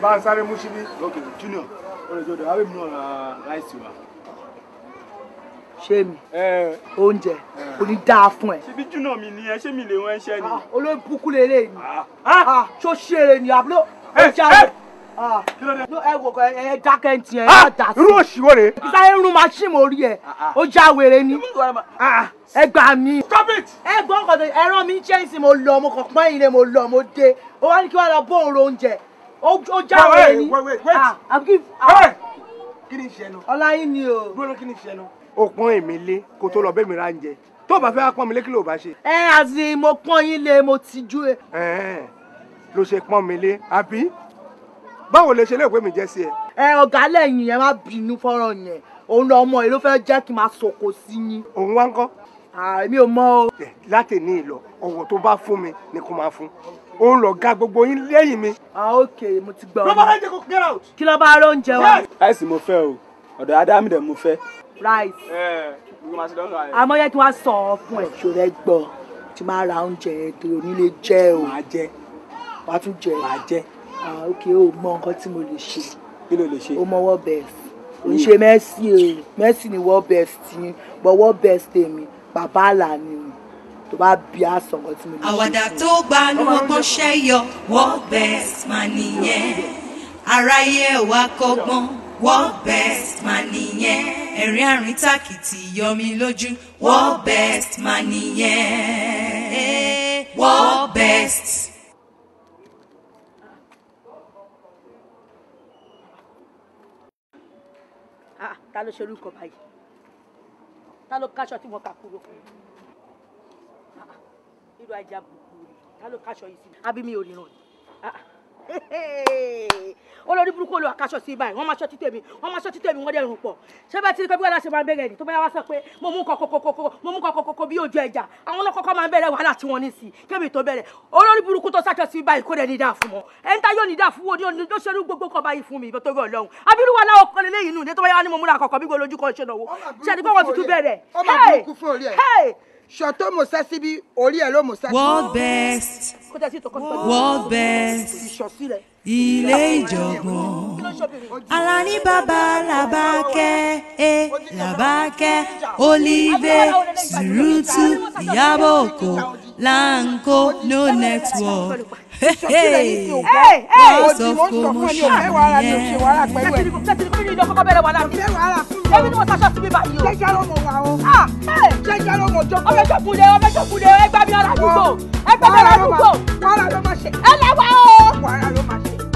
bá a sáré mú junior ọ̀rẹ́ jọdọ àwọn èmi náà ra ráìsì wa. ṣé mi oúnjẹ kò ní dáa fún ẹ. ṣebí junior mi ni ẹ ṣé mi lè wọn ẹṣẹ ni. Ah, olórí kúkú lélẹ̀ ni ah. Ah, ṣó ṣeré ni àbúrò ọjà rẹ ẹ wò ẹ dákẹ́ ń tiẹ̀ ẹ dà sí. irú òṣìwò rè. ìsáyé ń rún máṣíìnì orí ẹ ó já wèrè ni ẹ gbà mi. stop it. ẹ gbọ́ ọkọ̀ tó ẹ̀rọ mi ń mo lọ mo kàn pọ́n ilé mo lọ mo dé ó wá ní kí wọ́n lọ bóun ro ó já wèrè ni àbí ah, ah. kí ni ìṣẹ́ náà. ọláyín ni o. dúró kí ni ìṣẹ́ náà. o pọ́n èmi lé kó tó lọ bẹ́ẹ̀ mi ra ń jẹ tó o bá fẹ́ wá pọ́n mi lé kí ló bá ṣe. ẹ àti mo pọ́n yín lé mo ti jú e. ló ṣe pọ́n mi lé àbí báwo lè ṣe léèpé mi jẹ́ sí ẹ. ẹ ọ̀gá lẹ́yìn yẹn má bínú fọ́rọ̀ yẹn òun lọ ọmọ yìí ló fẹ́ jẹ́ kí n máa sọ̀kò sí yín. òun wá ń kọ́. Ah, èmi ò o. láti ní ìlọ ọ̀wọ̀ tó bá fún mi ni kò máa fún òun lọ ga gbogbo yín lẹ́yìn mi. ah ok mo ti gbà lọ́ba rẹ̀ ń get out. kí ló bá rọ oúnjẹ wa. rice mo fẹ́ o ọ̀dọ̀ adámi dẹ̀ mo fẹ́. rice. àmọ́ eh, yẹ kí wọ́n sọ ọ fún ẹ. ṣòro ẹ gbọ́ tí máa ra oúnjẹ yẹn tó onílé jẹ́ o. màá jẹ. wàá tún jẹ. màá jẹ. ah ok o mọ nǹkan tí mo lè ṣe. kí ló lè ṣe. o mọ wọ́ọ̀ bẹ́ẹ̀ kò ń ṣe mẹ́sì o mẹ́sì ni wọ́ọ̀ bẹ́ẹ̀ sí bọ́ wọ́ọ̀ bẹ́ẹ̀ sí tèmi bàbá àlà o tó bá bí a sọ̀rọ̀ tí mo lè ṣe. àwàdà tó gbanú ọgbọ́n ṣẹ́yọ world best man nìyẹn aráyé wa kọ́gbọ́n world best man nìyẹn ẹ̀rín àrín tàkìtì yọmi lójú world best man nìyẹn world best. Ah, ta ló ṣerú nǹkan báyìí ta ló káṣọ tí mo kà kúrò irú ajá burúkú rẹ̀ ta ló káṣọ yìí sí mi mi ò ríran ni ah, ah. olórí burúkú olú àkáṣọ sí báyìí wọ́n máa ṣọ́ títẹ̀ mi wọ́n máa ṣọ́ títẹ̀ mi wọ́n dẹ̀ rùn pọ̀ ṣé bá ti rí pé bí ṣe máa ń bẹ̀rẹ̀ ni tó bá wá sọ pé mo mú kọ̀kọ̀ mo mú kọ̀kọ̀ bí ojú ẹja àwọn ọlọ́kọ̀ọ́kọ́ máa ń bẹ̀rẹ̀ wàhálà tí wọ́n ní sí kébì tó bẹ̀rẹ̀ olórí burúkú tó ṣàṣọ sí báyìí kó dẹ̀ ní dáa fún ṣọtó musa síbi orí ẹ world best world best ìṣọ̀sí rẹ̀ ilé ìjọ̀gbọ̀n Alani bàbá làbákẹ́ e làbákẹ́ olive surutu ìyàbọ̀ òkò lanko no network house of commotion yẹn ebi ni mo sasọ síbi báyìí o. jẹjẹ ló mọ wa o. jẹjẹ ló mọ jọgbọ. ọmọ ẹjọ kule ọmọ ẹjọ kule ẹgbẹ mi ara dùgbò ẹgbẹ mi ara dùgbò. wàhálà ló ma ṣe. ẹ lẹ o. wàhálà ló ma ṣe.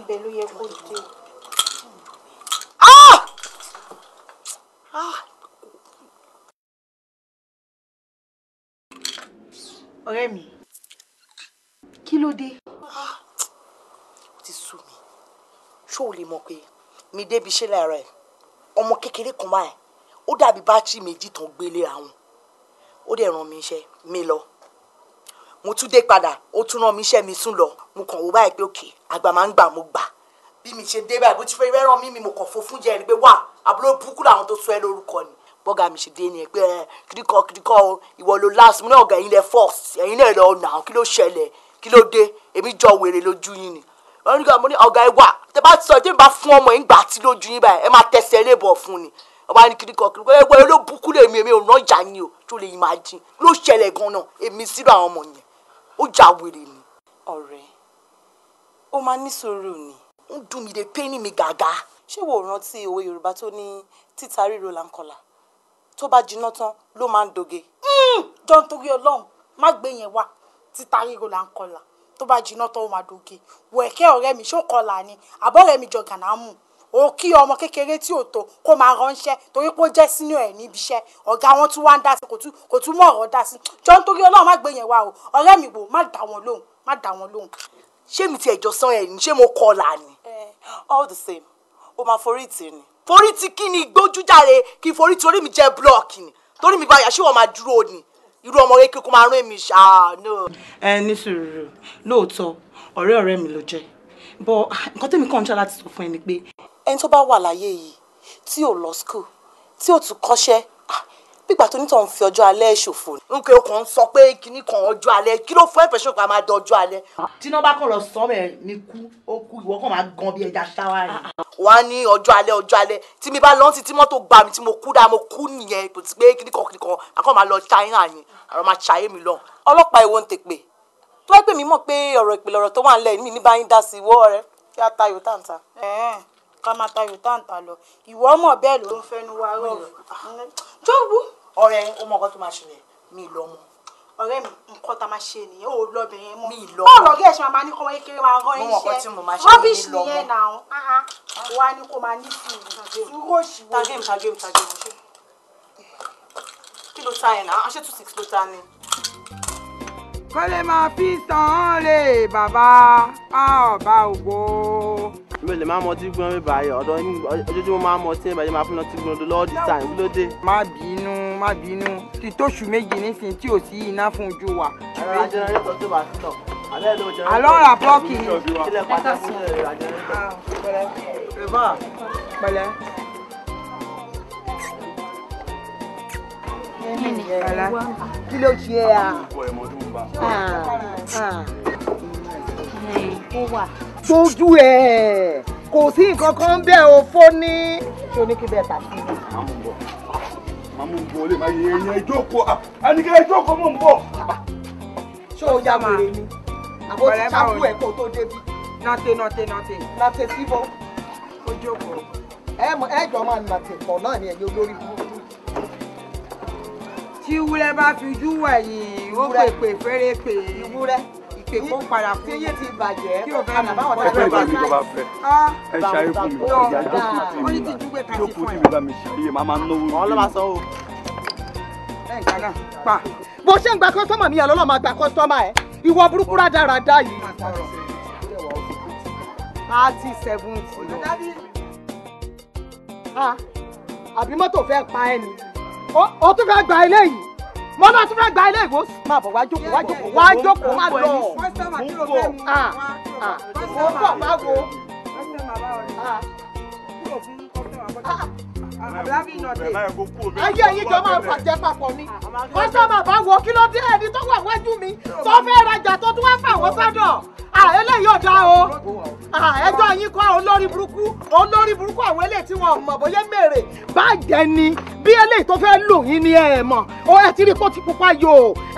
ibẹ̀ ló yẹ kó dé. Ah! Ah! ọ̀rẹ́ mi kí ló dé. Ah! ti sú mi ṣó o lè mọ̀ pé mi débi ṣe lára ẹ̀ ọmọ kékeré kan báyìí ó dàbí bátìrì méjì tán gbélé àwọn ó mo tún dé padà ó tún rán mi iṣẹ́ mi sùn lọ mo kàn wò báyìí pé òkè àgbà máa ń gbà mo gbà bí mi ṣe dé báyìí bó ti fẹ́ rẹ́ràn mí mi mo kàn fún fún jẹ́ ẹni pé wà àbúrò burúkú làwọn tó sọ ẹ lórúkọ ni bọ́gà mi ṣe dé ni ẹ pé ẹ kìdíkọ kìdíkọ ìwọ ló last mo ní ọ̀gá ẹ̀yin lẹ first ẹ̀yin náà lọ nà kí ló ṣẹlẹ̀ kí ló dé èmi jọ wèrè lójú yín ni ọ̀gá mo ní ọ̀gá ẹ wà tẹ bá sọ tí mi bá fún ọmọ yín gbà tí lójú yín báyìí ẹ máa tẹsẹ̀ ilé ìbọn fún ni ọba ní kìdíkọ kìdíkọ ẹ wọ ẹ ló bukú lèmi èmi ò nájà ni o tó lè yín máa jin ló ṣẹlẹ̀ gan-an èmi sílò àwọn ọmọ yẹn ó jà wèrè ni. ọ̀rẹ́ ó máa ní ni. ó ń dùn mí de pẹ́ẹ́nì mi gàgà. ṣé wo rántí òwe yorùbá tó ní títa ríro là ń kọlà tó bá jiná tán ló máa ń doge. Hmm! jọ́n torí ọlọ́run má gbé yẹn wá títa ríro là ń kọlà tó bá jiná tán ó máa doge wẹ̀kẹ́ ọ̀rẹ́ mi ṣó kọlà ni àbọ̀rẹ́ mi jọ gànámù o kí ọmọ kékeré tí ò tó kó máa ránṣẹ́ torí pé ó jẹ́ sínú ẹ̀ níbi iṣẹ́ ọ̀gá wọn tún wá ń dá sí kò tún mọ̀ ọ̀rọ̀ dá sí jọ nítorí ọlọ́run má gbé yẹn wá o ọ̀rẹ́ mi wò má dá wọn lóhùn má dá wọn lóhùn. ṣé mi ti ẹ̀jọ̀ san ẹ̀ ní ṣé mo kọ́ là ni. all the same o máa forí tì ní. forí ti kí ni gbójújáre kí forí ti orí mi jẹ́ blọọkì ni torí mi gba yàtọ̀ wọn máa dúró ni irú ọmọ kékeré kó máa rán èmi ṣáà. ẹ ní sùúrù lóòótọ́ ọ̀rẹ́ ọ̀rẹ́ mi ló jẹ́ bọ́ nǹkan tẹ́mi kàn ń ṣe láti sọ fún ẹ ni pé ẹni tó bá wà láyé yìí tí ò lọ school tí ò tún kọ́ṣẹ́ gbígbà tó nítorí òun fi ọjọ́ alẹ́ ṣòfò. nǹkan ọkàn sọ pé kinní kan ọjọ́ alẹ́ kí ló fún ẹ̀fẹ̀ṣọ́ pa máa dọjọ́ alẹ́. tíná bá kàn lọ sọ́mẹ̀ ní kú ó kú ìwọ kàn máa gan bí ẹja ṣáwá rẹ̀. wà á ní ọjọ́ alẹ́ ọjọ́ alẹ́ tí mi bá lọ́ntì tí mọ́tò gbà mí tí mo kú dáa mo kú nìyẹn kò ti pé kinní kan kinní kan àkọ́ máa lọ China ni àrọ́ máa ṣayé mi lọ. ọlọ́pàá ìwọ ká máa tayò táǹtà lọ ìwọ ọmọ bẹ́ẹ̀ ló ń fẹnu wa rọ jọ̀wọ́. ọ̀rẹ́ o mọ nǹkan tó máa ṣẹlẹ̀ mi lọ mọ. ọ̀rẹ́ mi nǹkan tá a máa ṣe nìyẹn ò lọbìnrin mọ mi lọ mọ bọ́ọ̀lù ọ̀gá ẹ̀ṣin máa ní kọ́ wọ́n kéré máa rán iṣẹ́ rọ́bìṣì nìyẹn nà án ah. wá ní kó máa ní sùúrù òṣìwò. tagem tagem tagem kí ló ta ẹ̀ náà ṣé two six kọ́lé máa fi tàn án lè bàbá a ọba ògbó mi ò lè máa mọ ọtí gbọ́n mi báyìí ọ̀dọ́ ojoojúmọ́ máa mọ ọtí ìbàjẹ́ máa fún ọtí gbọ́n lọ́wọ́ di tàn kí ló dé. má bínú má bínú ti tóṣù méjì nísìnyí tí ò sí iná fún ojú wa. ẹ̀rọ ajẹrẹrẹ́tọ̀ tó bá tọ̀ alẹ́ ló jẹrẹ. àlọ́ra bọ́ọ̀kì ilẹ̀ pàtàkì ẹ̀rọ ajẹrẹrẹ́tọ̀ kí ló ṣe ẹ́ à. ó wà tójú ẹ̀ kò sí nǹkan kan bẹ́ẹ̀ o fóní ṣé o ní kí bẹ́ẹ̀ tà sí i. màmú ń bọ̀ lè má yẹ ẹyẹ ìjókòó ah, àníkẹ́ ìjókòó mò ń bọ̀. ṣé o ya wèrè ni àbó ti ṣáàpù ẹ̀ kó tó débi. nọ́ọ̀tẹ̀ nọ́ọ̀tẹ̀ nọ́ọ̀tẹ̀. nọ́ọ̀tẹ̀ síbọ̀. ó jókòó. ẹ jọ máa nàtẹ̀ pọ̀ náà ni ẹ̀yẹ olórí burúkú tí wúrẹ́ bá fi ojú wẹ̀yìn ó pèpè fẹ́rẹ́ pè é. ìwúrẹ́ pé kó ń padà kú tí yé ti bàjẹ́ kí o padà bá ọ̀tá rẹ̀ bá mi. ẹ ṣayé fún mi ọjà jókòó tì mí bá jókòó tì mí bá mi ṣayé màá máa náwó. ọlọ́wà sọ o. ẹ̀ ń kaná pa. bó ṣe ń gba kọ́sọ́mà mi ọlọ́lọ́ máa gba kọ́sọ́mà ẹ̀ ìwọ burúkú rádaràda yìí. thirty seventy. Ah, àbí mọ́tò fẹ́ pa ẹ́ ni ó tún fẹ́ gba eléyìí mo lọ tún fẹ́ gba ilé ìwò máa bọ̀ wá jókòó wá jókòó wá jókòó má lọ. Ah, ah, mo bọ̀ mo ah. bọ̀ má wo. Ah, ayé yìí jọ máa bàjẹ́ papọ̀ ni wọ́n sọ bàbá wo kí ló dé ẹni tó wà wájú mi tó fẹ́ rajà tó tún wá fà wọ́n sọ́dọ̀ eléyìí ò dá o ẹjọ́ yín kọ́ olórí burúkú olórí burúkú àwọn eléyìí tí wọ́n mọ̀ bóyá mèrè bàjẹ́ ni bí eléyìí tó fẹ́ lò yín ni ẹ mọ̀ ó ẹ ti rí kó ti pupa yò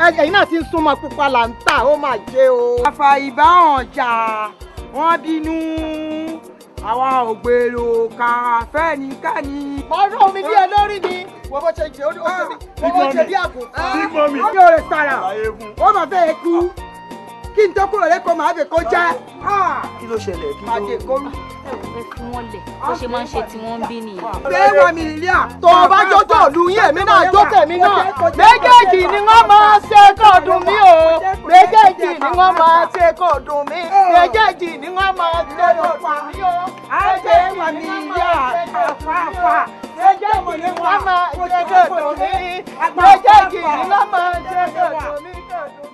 ẹ̀yin náà ti ń súnmọ́ pupa là ń tà ó máa jẹ́ o. àfàìbá ọ̀jà wọ́n bínú àwa ò gbèrò kàfẹ́ nìkànnì. ọdún mi bí olórí ni wọ́n bó ṣe jẹ́ ó ṣe ah, bí àgùntàn. Ah, ó yọ̀rẹ̀ sàrà ó mà fẹ́ kú kí n tó kúrò lẹ́kọ̀ọ́ máa fi kó ah! Ah! kí ló ṣẹlẹ̀ kí ló máa ẹ ò fẹ́ kí bó ah, ṣe máa ń ṣe tí wọ́n ń bí nìyẹn. bẹ́ẹ̀ wà mí nílé à. tó bá jó lu yín èmi náà jó tèmi náà. méjèèjì ni wọ́n máa ṣe kó dùn o. Eh! méjèèjì ni wọ́n máa ṣe kó dùn méjèèjì ni wọ́n máa ṣe kó dùn o. méjèèjì ni wọ́n máa ṣe kó dùn méjèèjì ni wọ́n máa ṣe kó dùn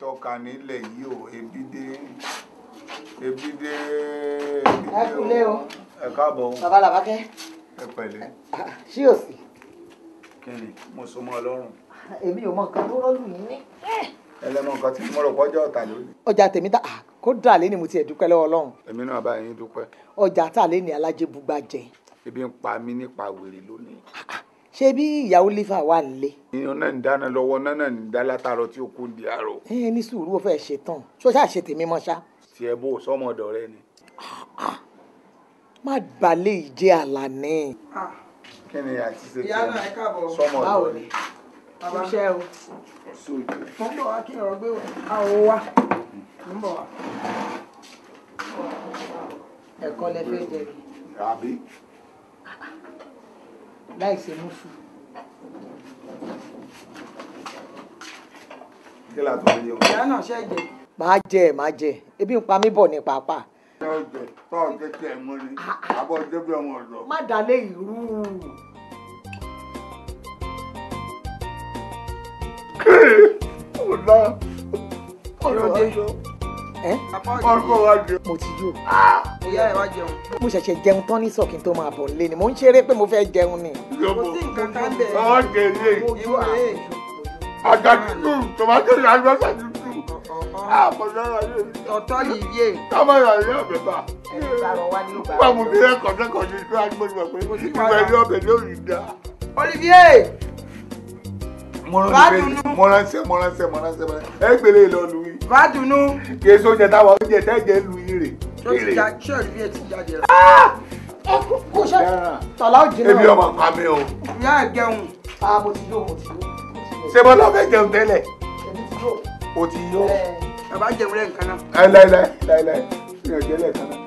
tọ́ka nílẹ̀ yìí o ebi dé ebi dé ebi dé o ẹ káàbọ̀ o bàbá làbákẹ́ ẹ pẹ̀lẹ́ ṣí ò sí. kí ni mo so mọ́ ọ lọ́rùn. èmi ò mọ nǹkan tó rọ́ọ̀lù yìí ní. ẹlẹ́mọ̀ nǹkan tí mo rò pọ́jọ́ ọ̀tà lónìí. ọjà tèmi ta kó dà lé ni mo tiẹ̀ dúpẹ́ lọ́wọ́ Ọlọ́run. èmi náà bá yín dúpẹ́. ọjà tà lé ni alájẹbùgbà jẹ. ebi ń pa mí nípa wèrè lónìí. Ah, ah, ṣé bí ìyá Oliver wà nílé. ìyẹn náà ń dáná lọ́wọ́ náà náà ń dá látàrọ tí ó kó di àárọ̀. ẹ ẹ ní sùúrù ó fẹ́ ṣe tán ṣọṣà ṣe tèmi mọ́ ṣá. tí ẹ bó sọmọdọ rẹ ni. má balẹ̀ ìjẹ àlàní. kí ni àti ṣe tí sọmọdọ rẹ. o. mo ń bọ̀ wá kí ọ̀rọ̀ gbé àwọ̀ wa mo ń bọ̀ wá. ẹ̀kọ́ lẹ fẹ́ jẹ. àbí láì ṣe mùsù. kí la tún lè yọ. ìyá náà ṣe jẹ. máa jẹ máa jẹ ebi ń pa mí bọ̀ ní pàápàá. tọ́ọ̀jẹ tọ́ọ̀jẹ tí ẹ mú ni ah, ah. àbọ̀ débi ọmọ ọ̀dọ́. má dalẹ̀ ìrú. kí ọ̀la ọ̀la ọ̀la. Eh? mo ti yó. Ah! ìyá ẹ wá jẹun. mo ṣẹ̀ṣẹ̀ jẹun tán ní sọ̀kì tó máa bọ̀ lé ni mo ń ṣeré pé mo fẹ́ jẹun ni. yọ̀bọ̀ ọ̀hún kẹ̀lé àgbàdo tó tòmátò ní agbẹ́sà tuntun àpọ̀jọ́ra ah! yé. tọ̀tọ̀ yìí yé. kámọ́ ìyá yé ọ̀bẹ bá. nígbà mo fi ẹ kọ̀ọ̀kọ̀ ní ìlú agbẹ́sà pé ìgbà ní ọbẹ̀ ní òrì dá. Olivier. mọ̀ránṣẹ́ mọ̀ránṣẹ́ mọ̀ránṣẹ́ mọ̀ránṣẹ́ ẹ gbélé lọ lùwí ìbádùnú. yéésù oúnjẹ táwọn oúnjẹ tẹ́jẹ̀ lu ire. ṣé o ti ja ṣé o rí bí ẹ ti jáde rẹ. Ah! ẹ kò ṣe tọ́lá ò jìnnà. ebi ọmọ pa mi o. ìyá ẹ jẹun. a ah, mo ti yó mo ti yó. ṣé mo lọ fẹ́ jẹun tẹ́lẹ̀. èmi ti yó. o ti yó. bàbá jẹun rẹ nǹkan náà. ẹ láì láì mi ò jẹ́ lẹ́ẹ̀kan náà.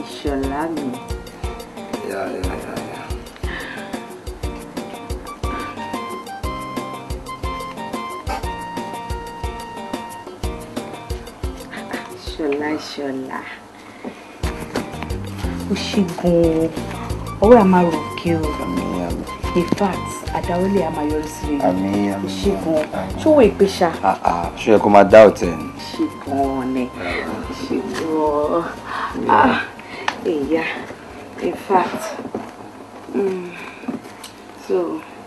ìṣọ̀lá mi. ṣọlá ṣọlá ó ṣe gan-an ọwọ́ ẹ̀ máa ròkè o in fact àdáwọ́lẹ̀ a máa yọrí sí rere ó ṣe gan-an ṣówó ìpè ṣá. Ah, ah, ṣó yẹ kó máa dá ọ̀tẹ̀ ni. ṣe gan-an ni ah, ṣe gan-an èyà in fact hmm. so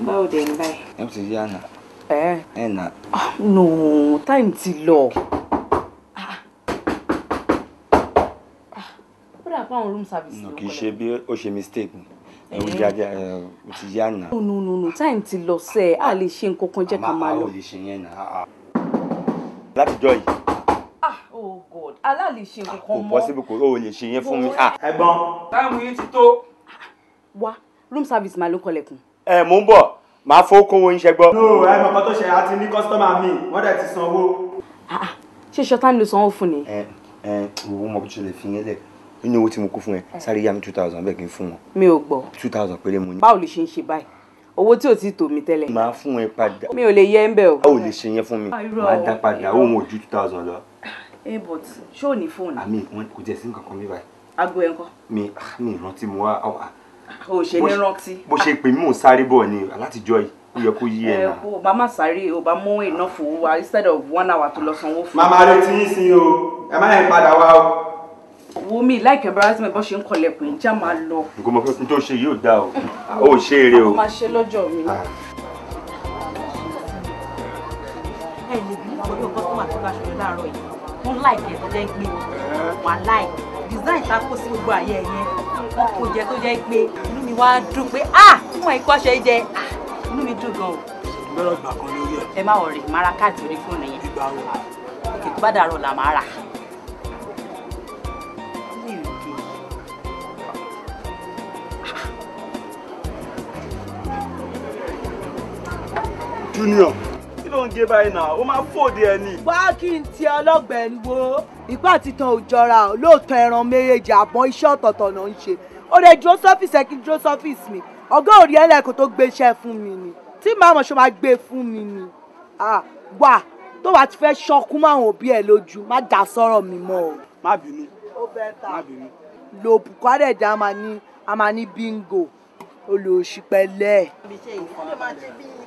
báwo dẹ̀ ń báyìí. ẹ ti yá nà. ẹ ẹ nà. no time ti lọ. ó dà pé àwọn room service ló kọlẹ̀. kì í ṣe bí ó ṣe mistake ẹ̀hún eh? jáde eh, ó ti yá nà. no no no time ti lọ sẹ́ ẹ̀ lè ṣe nǹkan kan jẹ́ ká máa lọ. àmọ́ àwọn ò ṣe yẹn nà ah, ah. látijọ́ yìí. ah oh god alá lè ṣe nǹkan kan mọ́. kò possible kò ó lè ṣe yẹn fún mi. Ah. ẹ̀gbọ́n táìmù yìí ti tó. wá room service máa ló kọlẹ̀kùn. ẹ eh, mò ń bọ̀ màá fọwọ́kún wo iṣẹ́ gbọ́. no ẹ mọ̀kọ́ tó ṣe àti ní kọ́sítọ́mà mi wọ́n dẹ̀ ti sanwó. ṣé ṣọtá ni ló sanwó fún ni. ẹ ẹ òun mọ̀ bí ṣe lè fi yẹn lẹ̀ nínú owó tí mo kó fún ẹ eh. sáré yá mi two thousand bẹ́ẹ̀ kí n fún wọn. mi ò gbọ́ two thousand péré mo ní. báwo lè ṣe ń ṣe báyìí owó tí ò ti tò mí tẹ́lẹ̀. màá fún ẹ padà. mi ò lè yẹ ń bẹ̀ o. báwo lè ṣe yẹn fún mi ah, màá dá padà òun ò ju two thousand lọ. ẹ eh, but ṣé ò ní fóònù. àmì ìwọ̀n kò jẹ́ sí nǹkan kan mi báyìí. aago ẹ̀ ń kọ́. mi ah, mi ìrántí mo wá ah, o ṣe ní rántí. bó ṣe pè mí mò sáré bọ̀ ni látijọ́ yìí ó yẹ kó yí ẹ eh, náà. o bá má sáré o bá mú enough wa instead of one hour tó lọ sanwó fún. màmá rẹ ti yín sí o ẹ má yẹn padà wá o wo mi like embarrassment bó ṣe ń kọlẹ̀kùn ìjà máa lọ. nǹkan mo fẹ́ fún tó ṣe yìí ò dáa o ó ṣe eré o. a máa ṣe lọ́jọ́ mi. Ah. ẹ lè bí ọdún ọgọ́ tó wà tó bá ṣe láàárọ̀ yìí wọ́n láìpẹ́ tó jẹ́ pé wà láì design ta kó sí gbogbo àyè ẹ̀yẹ wọ́n kò jẹ́ tó jẹ́ pé inú mi wá dùn pé ah fún wọn ikú ọṣẹ jẹ ah inú mi dùn gan o. gbẹ́rọ̀ gbà kan lórí ẹ̀. ẹ má wọrí màá ra káàdì orí fóònù yẹn. ìgbà wo. òkè tó bá dàrọ̀ là máa rà. junior. kí ló ń gé báyìí náà ó máa fòde ẹ ní. wá kí n ti ọlọ́gbẹ̀ẹ́ wo ìpá àtìtàn òjọra olóòótọ́ ẹran méjèèjì àbọ̀ iṣẹ́ ọ̀tọ̀ọ̀tọ̀ náà ń ṣe ó lè dúró sọ́fíìsì ẹ kí n dúró sọ́fíìsì mi ọgá òrí ẹlẹ́kọ̀ tó gbé iṣẹ́ fún mi ni tí màá mọ̀ ṣe máa gbé e fún mi ni wà tó bá ti fẹ́ ṣọkú máwọn òbí ẹ lójú má dà sọ́rọ̀ mi mọ́ o. má bínú má bínú. lo bùkọ́ àdẹ̀dẹ̀ a máa ní bingo olùsípẹ̀lẹ̀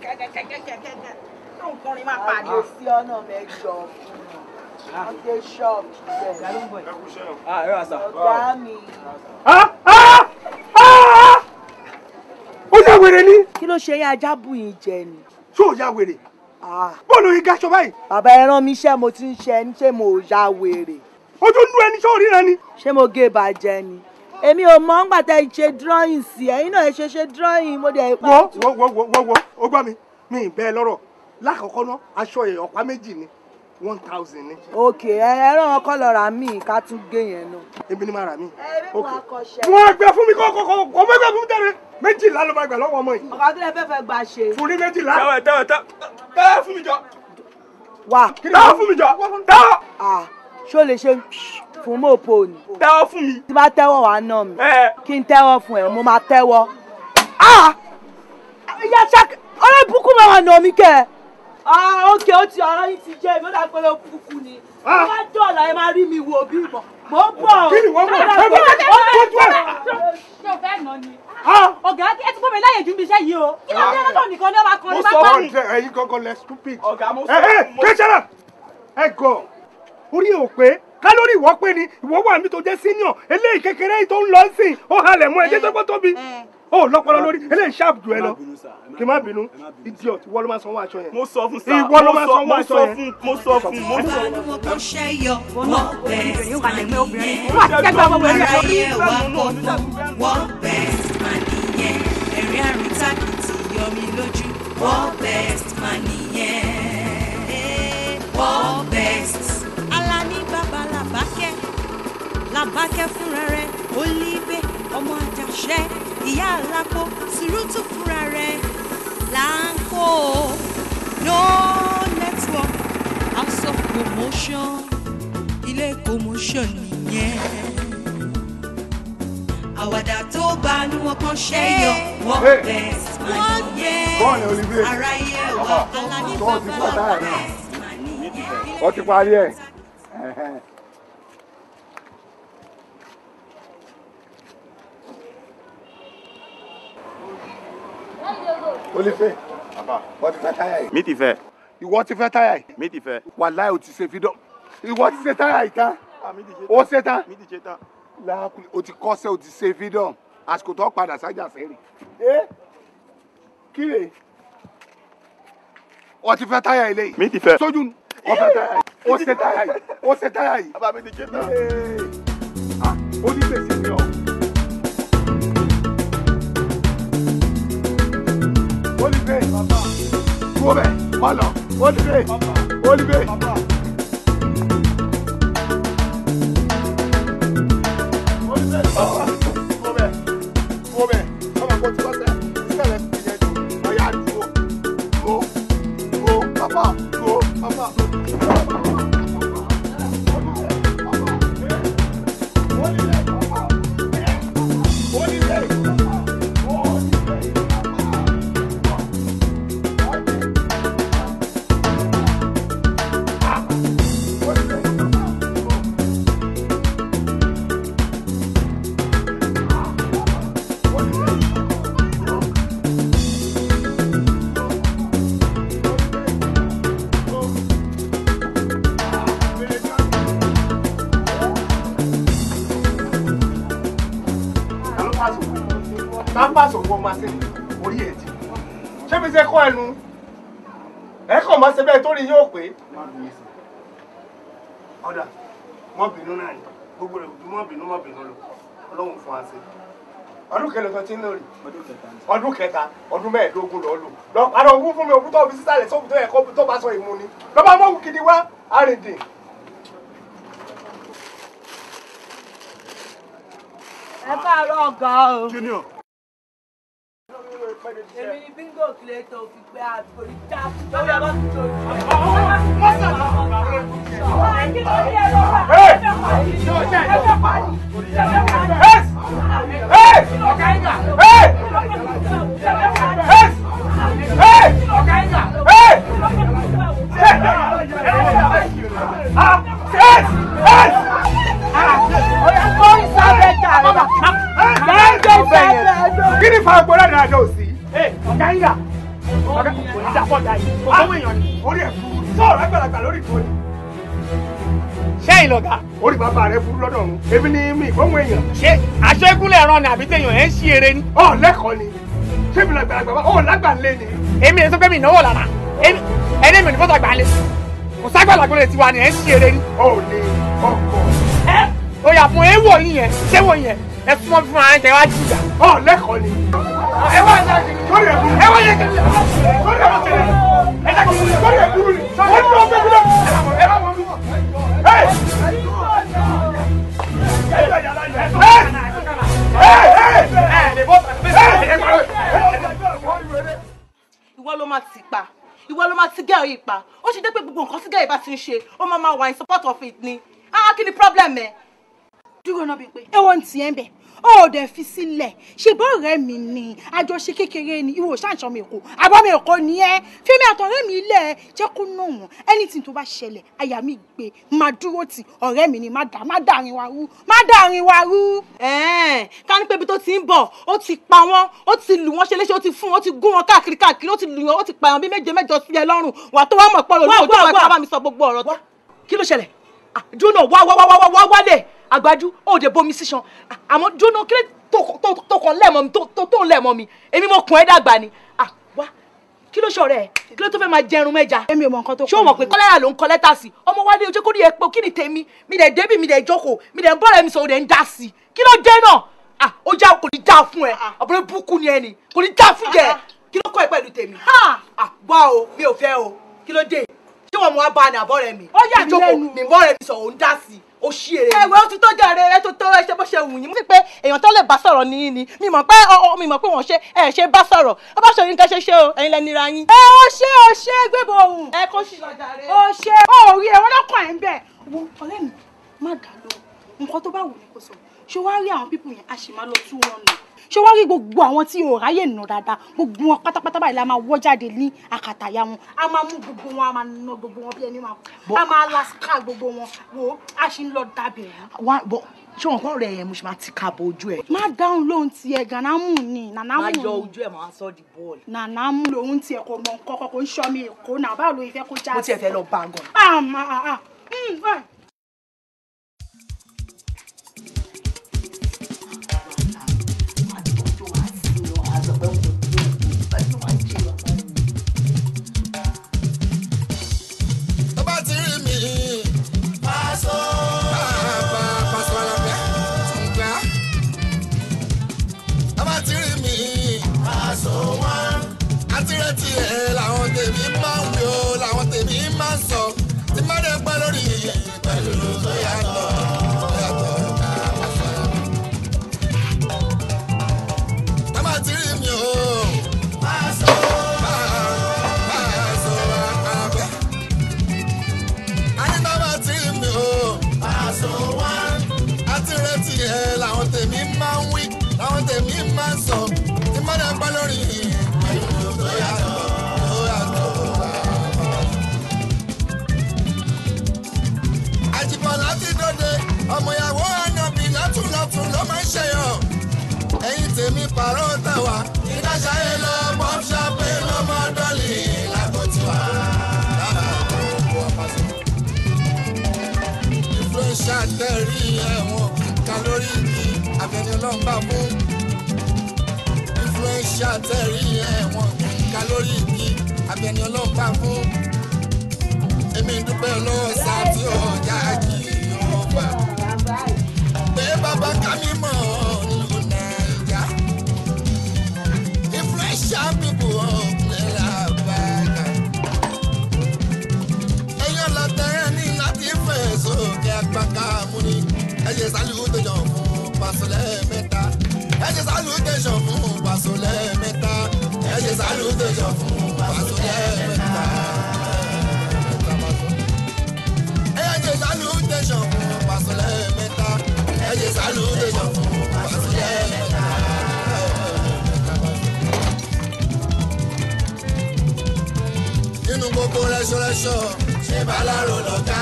kẹ́kẹ́kẹ́kẹ́kẹ́kẹ́ tó nǹkan rin máa pàdé. àyè sí ọ̀nà mẹ́jọ fún un ọ̀dẹ ṣọ́ọ̀bù bẹ́ẹ̀. Ah, ọ̀gá mi. Ah, ah, ó yà wèrè ni. kí ló ṣe yín ajá bù yín jẹ ni. ṣé ò yà wèrè. bọ́ọ̀lù yín gaṣọ báyìí. bàbá ẹran mi ṣe mo ti ń ṣe ẹni ṣé mo yà wèrè. ojú ń lu ẹni ṣé ò ríran ni. ṣé mo gé bàjẹ́ ni èmi ò mọ̀ ńgbà tẹ́ ṣe drawing sí ẹ̀yin náà ẹ ṣe ṣe drawing mo dẹ̀ ipa. wo wo wo wo wo ó gbọ́ mi mi ì bẹ́ẹ̀ lọ́rọ̀ lákọ̀ọ́kọ́ ná aṣọ ẹ̀ ọ̀pá méjì ni one thousand ni. ok ẹ ẹ ràn ọkọ lọ rà mí ká tún gé yẹn náà. èmi ni màá rà mí. ẹbí mo akọṣẹ. wọn gbẹ fún mi kó kó kó kó mẹgbẹ fún mi tẹrẹ méjìlá ló máa gbà lọ́wọ́ ọmọ yìí. ọkọ akílẹ̀ fẹ́ fẹ́ gbà ṣe. fún ní méjìlá. tẹwẹ tẹwẹ tẹ tẹ fún mi jọ. wà. tẹ fún mi jọ. tẹ. ṣó lè ṣe fún mọ́pò ni. tẹ́wọ́ fún mi. tí bá tẹ́wọ́ wàá nà mí. kí n tẹ́wọ́ fún ẹ mo máa tẹ́wọ́. Ah! ìyá sẹ́kì ọ̀rẹ́ ìbùkún máa wà nà mí kẹ́. ókè ah, ó ti ọ̀rọ̀ yìí ti jẹ́ èmi ó dà pé ni. wọ́n ah! á ẹ máa rí mi wò bí ìbọn. mo ń bọ̀. kí ni wọ́n mọ̀ ẹ bọ̀ tó tó ẹ̀. ṣé o fẹ́ nà ni? ọ̀gá ẹ ti fún mi láyè ju mi iṣẹ́ yìí o. kí ló dé lọ́dọ̀ nìkan ní ọba kan ní bá pàrọ̀. mo sọ ẹyin gangan lẹ stupid. ọ̀gá mo eh, sọ. Eh, ẹ ẹ kẹsàn-án ẹ gọ orí ò pé kálórì ìwọ pé ni ìwọ wà níbi tó jẹ́ senior eléyìí kékeré yìí tó ń lọ sí ó halẹ̀ mọ́ ẹ̀jẹ̀ tó pọ̀ tóbi eh, eh. ó lọ́pọ̀lọ́ lórí eléyìí sharp ẹ lọ kì má bínú idiot ìwọ ló máa sanwó aṣọ yẹn. mo sọ fún sa ìwọ ló máa mo sọ fún mo sọ fún mo sọ fún. wọ́n bẹ̀ sàníyẹ ara yẹ wà kọ́kọ́ wọ́n bẹ̀ sàníyẹ ẹ̀rín àrùn tákìtì yọ mi lójú wọ́n bẹ̀ làbákẹ́ fúnra rẹ̀ olíbẹ̀ ọmọ àjàṣẹ́ ìyá àlápò sùrùtù fúnra rẹ̀ láńkó no network house of promotion ilé promotion nìyẹn. àwàdà tó bá ní wọn kàn ṣe yọ wọn best man nìyẹn ara iye wa alábí wọn best man parí ẹ̀. olùfẹ́ wọ́n ti fẹ́ táyà yìí. mi ti fẹ́. ìwọ ti fẹ́ táyà yìí. mi ti fẹ́. wàláì o ti ṣe fídọ́ ìwọ ti ṣe táyà yìí ah, tán o ṣe tán làákùn o ti kọ́sẹ́ o ti ṣe fídọ́ àsìkò tó padà sájà sẹ́rì. ẹ kíre o ti fẹ́ táyà yìí lẹ́yìn. mi ti fẹ́. sójú o fẹ́ táyà yìí o ṣe táyà yìí o ṣe táyà yìí. Ah, o ní gbèsè. olùgbé kúrò bẹ̀ má lọ olùgbé olùgbé. olùgbé. dànù ẹ kàn má ṣe bẹ́ẹ̀ tó rí yóò pé. ọ̀dà mọ́ bínú náà ni gbogbo rẹ̀ mọ́ bínú mọ́ bínú lọ ọlọ́run fún wa ṣe ọdún kẹlẹ tó ti ń lórí ọdún kẹta ọdún mẹ́ẹ̀ẹ́dógún lọ lò lọ àrà òwú fún mi òkú tó fi sísàlẹ̀ sóògùn tó yẹ kó tó bá sọ ìmú ni lọba mọ òwú gidi wá àrìndì. ẹ káàárọ̀ ọ̀gá o. junior èmi ni bíngò kìlẹ̀tọ̀ fi pé àtòrí já lórí ọba tó Yes! Yes! Yes! bẹ yẹn kí ni fàgbọ́ rẹ̀ dáadé ò sí. ọ̀gá ń yà ọ̀gá kò ní dàpọ̀ dà yìí kò sówó èèyàn ni. orí ẹ̀ fún sọ̀rọ̀ àgbàlagbà lórí ìtòlì. sẹ́yìn lọ́gà. orí bàbá rẹ burú lọ́dọ̀ ọ̀run èmi ni mi ìgbóhùn èèyàn. ṣé àṣẹ́gúnlẹ̀ ẹ̀rọ ni àbí téèyàn ẹ̀ ń ṣí eré ni. ọ̀ lẹ́kọ̀ọ́ ni ṣé mi làgbàlagbà bá ọ̀ lágbà ńlẹ̀ ni. èmi ẹ̀ sọ pé mi ìnáwó lára ẹni mi ò ní fọ́tò àgbà ńlẹ̀ kò ságbàlagbà lè ti wà ni ó yà fún ewò yín yẹn ṣéwò yẹn ẹ fún wọn fún ara ẹ wá jìjà ọ lẹkọọ ni. ẹ wá ẹja kìíní ẹ wá ẹja kìíní lórí ẹ̀rọ tẹ̀lé ẹja kìíní lórí ẹ̀rọ burú ni wọ́n ti lọ fẹ́ fún lọ́wọ́ ẹ bá wọn lúwọ̀. ìwọ ló máa ti pa ìwọ ló máa ti gẹ́ ọ̀yìn pa ó ṣe dé pé gbogbo nǹkan tí gẹ́ ìbá ti ń ṣe ó máa máa wà in support of it ni ah kí ni problem ẹ. Eh? dúró náà Bímpé èwo ń tiẹ̀ ń bẹ̀ ó ò dẹ̀ fi sílẹ̀ ṣùgbọ́n ọ̀rẹ́ mi ni àjọṣe kékeré ni ìwò ṣàǹṣàn mi èkó àbọ̀ mi èkó ni ẹ́ fíìmù àtọ̀rẹ́ mi ilẹ̀ jẹ́ kó nà wọ́n anything tó bá ṣẹlẹ̀ àyà mi gbé máa dúró tì ọ̀rẹ́ mi ni má dà má dà àrin wa rú má dà àrin wa rú. ẹ̀ẹ́n ká ní pé ibi tó ti ń bọ̀ ó ti pa wọ́n ó ti lù wọ́n ṣe léṣe ó ti fún wọn ó ti gún wọn káàkiri káàkiri ó ti lù wọ́n ó ti pa wọn bí méje mẹ́jọ sí ẹ lọ́rùn kí ló ṣẹlẹ̀ àdúró ah, náà wá wá wá wá wá wálé àgbájú òde bomi sísan àmọ́ jóná kí tó kàn lẹ́ẹ̀mọ́ mi tó lẹ́ẹ̀mọ́ mi èmi mo kùn ẹ́ dàgbà ni wá kí ló ṣọ̀rẹ́ ẹ̀ kí ló tó fẹ́ máa jẹrun mẹ́ja. èmi ò mọ nǹkan tó kọ́ ṣé o mọ̀ pé kọ́lẹ́rà ló ń kọ́ lẹ́tà sí ọmọ wálé ojú kó ní epo kí ni tèmi mi dẹ̀ débì mi dẹ̀ jókòó mi dẹ̀ ń bọ̀rẹ̀ mi sọ òde ń dá sí i kí ló dé náà ó já kò ní já fún ẹ ọ̀bọ̀rẹ́ ah, ah. búkú ni ẹ ni kò ní já fún jẹ ah, kí ló kọ́ ẹ pẹ̀lú tèmi. gbọ́ o mi ò fẹ́ o kí ló dé ṣé wọn mọ abá ni àbọ̀rẹ̀ mi. ó yà jókòó mi bọ̀rẹ̀ mi sọ òun dá sí i ó ṣí èrè. ẹwẹ ó ti tó jàre ẹ tó tó ẹ ṣe bó ṣe wù yín mo fi pé èèyàn tó lè bá sọ̀rọ̀ ni ni mi mọ̀ pé mi mọ̀ pé wọ́n ṣe ẹ ṣe bá sọ̀rọ̀ ó bá ṣòyìn kan ṣe ṣe o ẹ̀yin lẹni ra yín. ẹ ó ṣe ó ṣe gbébọ òun. ẹ kó ṣì lọ jàre. ó ṣe ó rí ẹ wọn lọkàn ẹ ń bẹ. wo ọ̀rẹ́ mi má dà lọ nǹkan tó bá wù ní kò sọ ṣé wàá rí àwọn pípù yẹn a sì máa lọ tú wọn lọ ṣé wàá rí gbogbo àwọn tí ò ráyè nà dáadáa gbogbo wọn pátápátá báyìí la máa wọ́ jáde ní àkàtàyà wọn a máa mú gbogbo wọn a máa nà gbogbo wọn bí ẹni máa a máa la gbogbo wọn wò a ṣì ń lọ dábẹ̀. wá bọ ṣé wọn kọ́ rẹ̀ yẹn mo ṣe máa ti kàbọ̀ ojú ẹ̀. má dáhùn lóhun ti ẹ̀ gànámù ni nànámù ni. má yọ ojú ẹ̀ máa sọ di bọ́ọ̀lù. nànámù lòun ti ẹ̀ kò mọ nǹkan kọ́kọ́ kò ń ṣọ́ mi èkó náà báwo ló fẹ́ kó jáde. mo tiẹ̀ fẹ́ lọ bá a gan. Ah, ah, ah. Hmm, a gaban ku pẹ̀lú ayé ọmọ mi. tó bá ti rí mi. Paso. bàbá Paso Àlàbí ti gbà. tó bá ti rí mi. Paso wọn. àtirẹ̀tì ẹ̀ làwọn tèmi máa ń wí o pẹ̀lú tó yàtọ̀. ọmọ ìyàwó àyànbí látúlọ́tún ló máa ń ṣèyàn ẹ̀yìn tèmi pàrọ̀ tàwa ìdásáyé lọ pọ́ńṣápé lọ́mọ dọ́lì lágọ̀tìwá. ìfúrẹ́ṣà tẹ̀rí ẹ̀wọ̀n kíkà lórí mi abẹni ọlọ́mbà mú ìfúrẹ́ṣà tẹ̀rí ẹ̀wọ̀n kíkà lórí mi abẹni ọlọ́mbà mú èmi dúpẹ́ lọ́wọ́ sáà tí ọjà kì í ọba bàbá ká mi mọ̀ ọ̀dùn nàìjà. The fresh people ọ̀pẹ̀ làbàgà. Èèyàn lọ tẹ́rẹ̀ ní láti fẹ̀ sókè àgbàkà múni. Ẹ ṣe salutation fún Paso lẹ́ẹ̀mẹ́ta. Ẹ ṣe salutation fún Paso lẹ́ẹ̀mẹ́ta. Ẹ ṣe salutation fún Paso lẹ́ẹ̀mẹ́ta. Ẹ nínú gbogbo rẹsọrẹsọ ṣe bàlárò lọ́gá.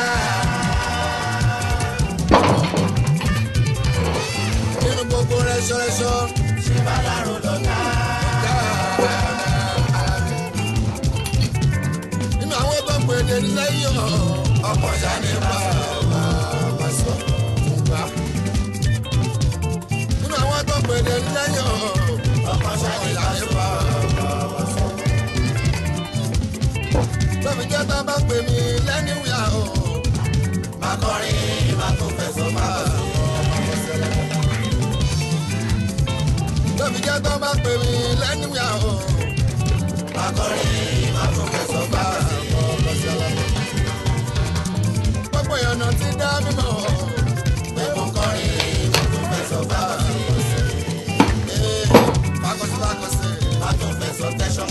nínú gbogbo rẹsọrẹsọ ṣe bàlárò lọ́gá. nínú àwọn tó ń pè é ní lẹ́yìn ọ̀pọ̀ ṣáà ní bá a. wèrè lẹ́yìn ọmọ ṣáàyè láyé wá. Lọ́mìjẹ́ tá a bá pè mí lẹ́ni wíyà o. Màkọ́rin ìbá tó fẹ̀sọ̀ máa bá lọ́mìjẹ́ tó bá pè mí lẹ́ni wíyà o. ìyànà ti dá mímọ́ pé mo kọrin. akọsí lakọsí. Atúnfẹ̀sọ tẹ̀sán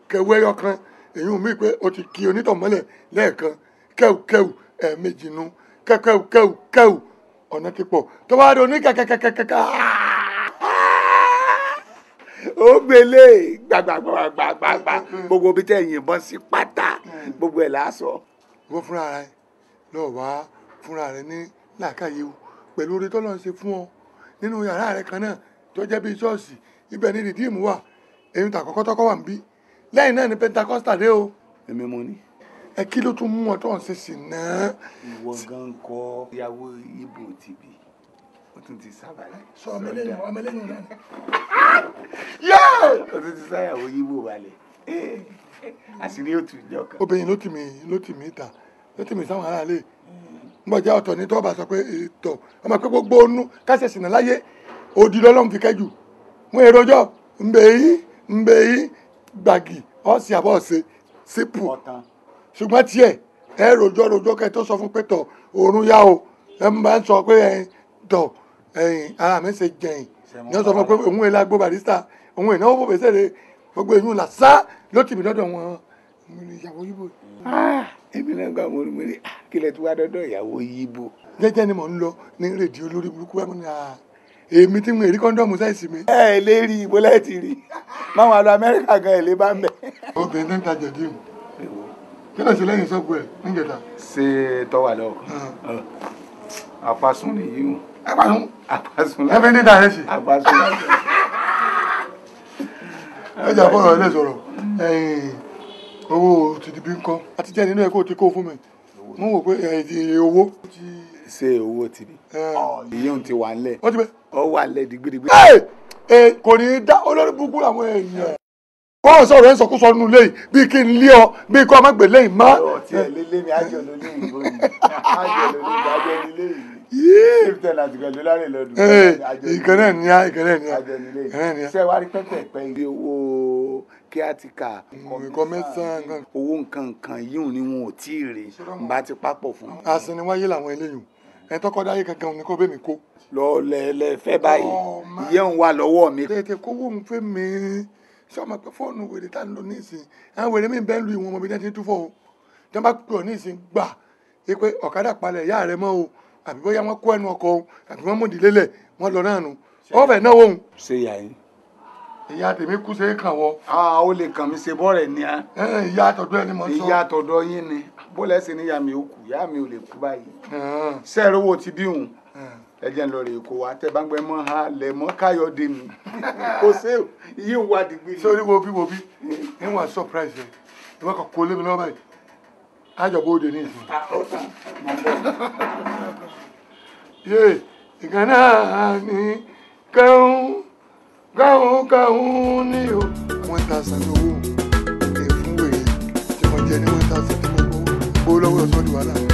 kẹwẹ́ yọkan èyí ò mí pé o ti kí onítọ̀ mọ́lẹ̀ lẹ́ẹ̀kan kẹwù kẹwù ẹ̀ẹ̀mejì nu kẹkẹwù kẹwù kẹwù ọ̀nà ti pọ̀ tó bá dọ̀ ní kàkàkàkàkà ó gbélé gbàgbàgbàgbàgbà gbogbo bí tẹ̀ yìnbọn sí pátá gbogbo ẹ̀ lásọ. wọ́n fúnra rẹ̀ lọ wá fúnra rẹ̀ ní làákàyè o pẹ̀lú orí tọ́lọ́ ṣe fún ọ nínú yàrá rẹ̀ kan náà tó jẹ́ bí ṣọ́ọ̀ṣì ibẹ̀ ni rìdíìmù wà èyí tàkọ́kọ́ tọ́kọ́ wà ń bí lẹ́yìn náà ni pentacostal dé o èmi mo ní ẹ kí ló tún mú ọ tó ń ṣe sí náà. ìwọ gan kọ ìyàwó ibo ti bì ó tún ti sábàlá. sọ ọmọ ẹlẹ́nu ọmọ ẹlẹ́nu náà. yóò. ó tún ti sáyàwó ibo balẹ̀ àṣírí ó tù jọ kan. obìnrin ló tì mí ló tì mí ta ló tì mí sáwọn aráàlú ngbọ̀jà ọ̀tọ̀ ní tọ́ọ̀bà sọ pé ètò ọmọ pé gbogbo onú kásẹ̀sì náà láyé òdi lọ́lọ́run fi kẹ́jù wọ́n èròjọ́ ńbẹ̀yìn ńbẹ̀yìn gbàgì ọ̀sìn àbọ̀ ọ̀sẹ̀ sípù ṣùgbọ́n tiẹ̀ ẹ rojọ́ rojọ́ kẹ́ tó sọ fún pé tọ̀ òórùn yá o ẹ máa ń sọ pé ẹ tọ̀ ẹ̀yìn ara mi ṣe jẹ̀yìn ní wọ́n sọ fún pé òun èlà gbó barista òun ìnáwó bò bẹ́sẹ̀ rẹ gbogbo èyí là sá ló tì mí lọ́dọ̀ wọn ìyàwó yíbo. Ah, èmi náà gba àwọn olùmọ̀lẹ́ ah, kílẹ̀ tí wàá dọ́dọ̀ ìyàwó yíbo. Mm. jẹ́jẹ́ ni mò ń lọ ní rédíò lórí burúkú bá mi àá èmi tí mo rí kọ́ńdọ́ọ̀mù sáìsì mi. ẹ ẹ lè rí ibo láti rí máwọn àlọ amẹ́ríkà gan ẹ̀ lè bá ń bẹ̀. obìnrin tó ń tajà díìmù kí ló ṣe lẹ́yìn sọ́ọ̀bù ẹ̀ níjẹta. ṣé tọ́wà lọ àpasùn ah. nìyí o. àpasùn àpasùn láti. ẹ fi ń dídá rẹ sí. àpasùn láti. ẹ jà fọ̀rọ̀ ẹ lè sọ̀rọ̀ owó tìdìbí ńkọ́ àtijọ́ nínú ẹ̀kọ́ ti kó fún mi mo wò pé owó ti ṣe owó tìbí ah. ìyóhùn ti wà ńlẹ̀ ó wà ńlẹ̀ dìgbìdìgbì. kò ní í dá olórí burúkú làwọn èèyàn kọ́ ọ̀sọ́ rẹ̀ ń sọkúsọ nínú ilé yìí bí kí n lé ọ bí kọ́ ọ má gbè lẹ́yìn mọ́. ọ̀rọ̀ tí ẹ lé lé mi ájọ ló ní ìbò yìí ájọ ló ní ìdájọ́ nílé yìí kíftẹ̀ láti pẹ̀lú lárè lọ́dún. ìkànnì ẹ̀ ní á ìkànnì ẹ̀ ní á ìkànnì ẹ̀ ní á. ṣé wàá rí pẹ́pẹ́pẹ́ ibi owó kí á ti kà nǹkan mẹ́sàn-án owó nǹkan nǹkan yìí ni wọn ò tí ì rí n bá ti pápọ̀ fún. àsìnìwáyé làwọn eléyìí ẹ tọkọ dáyé kankan ní kó bẹ́ẹ̀ mi kó. lọ lẹ lẹ fẹ báyìí oh, ìyẹn ń wà lọ́wọ́ mi. tètè kówó ń fẹ́ mi ṣé ọmọ pé fóònù wèrè tá à ń lò ní ìsìn àwọn wèrè mi bẹ́ẹ̀ lu ìwọ̀n ọmọbi náà ti ń túfọ̀ o tí wọ́n bá pè ọ́ ní ìsìn gbà é pé ọ̀kadà palẹ̀ ìyá rẹ mọ́ o àbí bóyá wọ́n kó ẹnu ọkọ̀ o àbí wọ́n mọ̀dí lélẹ̀ wọ́n lọ náà nu ó fẹ́ náwó òun. ṣe ìyá yín. ìyá tèmi kú ṣe é kàn wọ. Ah, ó lè kàn mí ṣe bọ́ọ̀rẹ̀ ni a. Ah. ìyá àtọ̀dọ̀ ẹni mọ̀ sọ. ìyá àtọ̀dọ̀ yín ni bó lẹ́sìn ní yàmi ó kù yàmi ò lè kú báyìí sẹ́ẹ̀rì owó ti bí òun ẹ̀jẹ̀ ń lọ rè kó wa tẹ́ bá ń gbẹ́ mọ́ ha lẹ̀ mọ́ káyọ̀dé mi kò sí yí ń wá dìgbì. sórí wo bí wo bí níwọ̀n surprise ẹ̀ ìwọ́n kan kó lémi lọ́wọ́ báyìí ájọpọ̀ òde ní ìsìn. Ah, yé ìkànnà ni kẹ́hún kẹ́hún kẹ́hún ní o. one thousand owó èfúnwèrè tí wọ́n jẹ ní one thousand gbowó lọ́wọ́ ọ̀tọ́ ni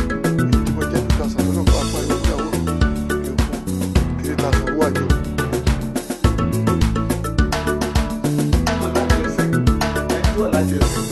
Thank you.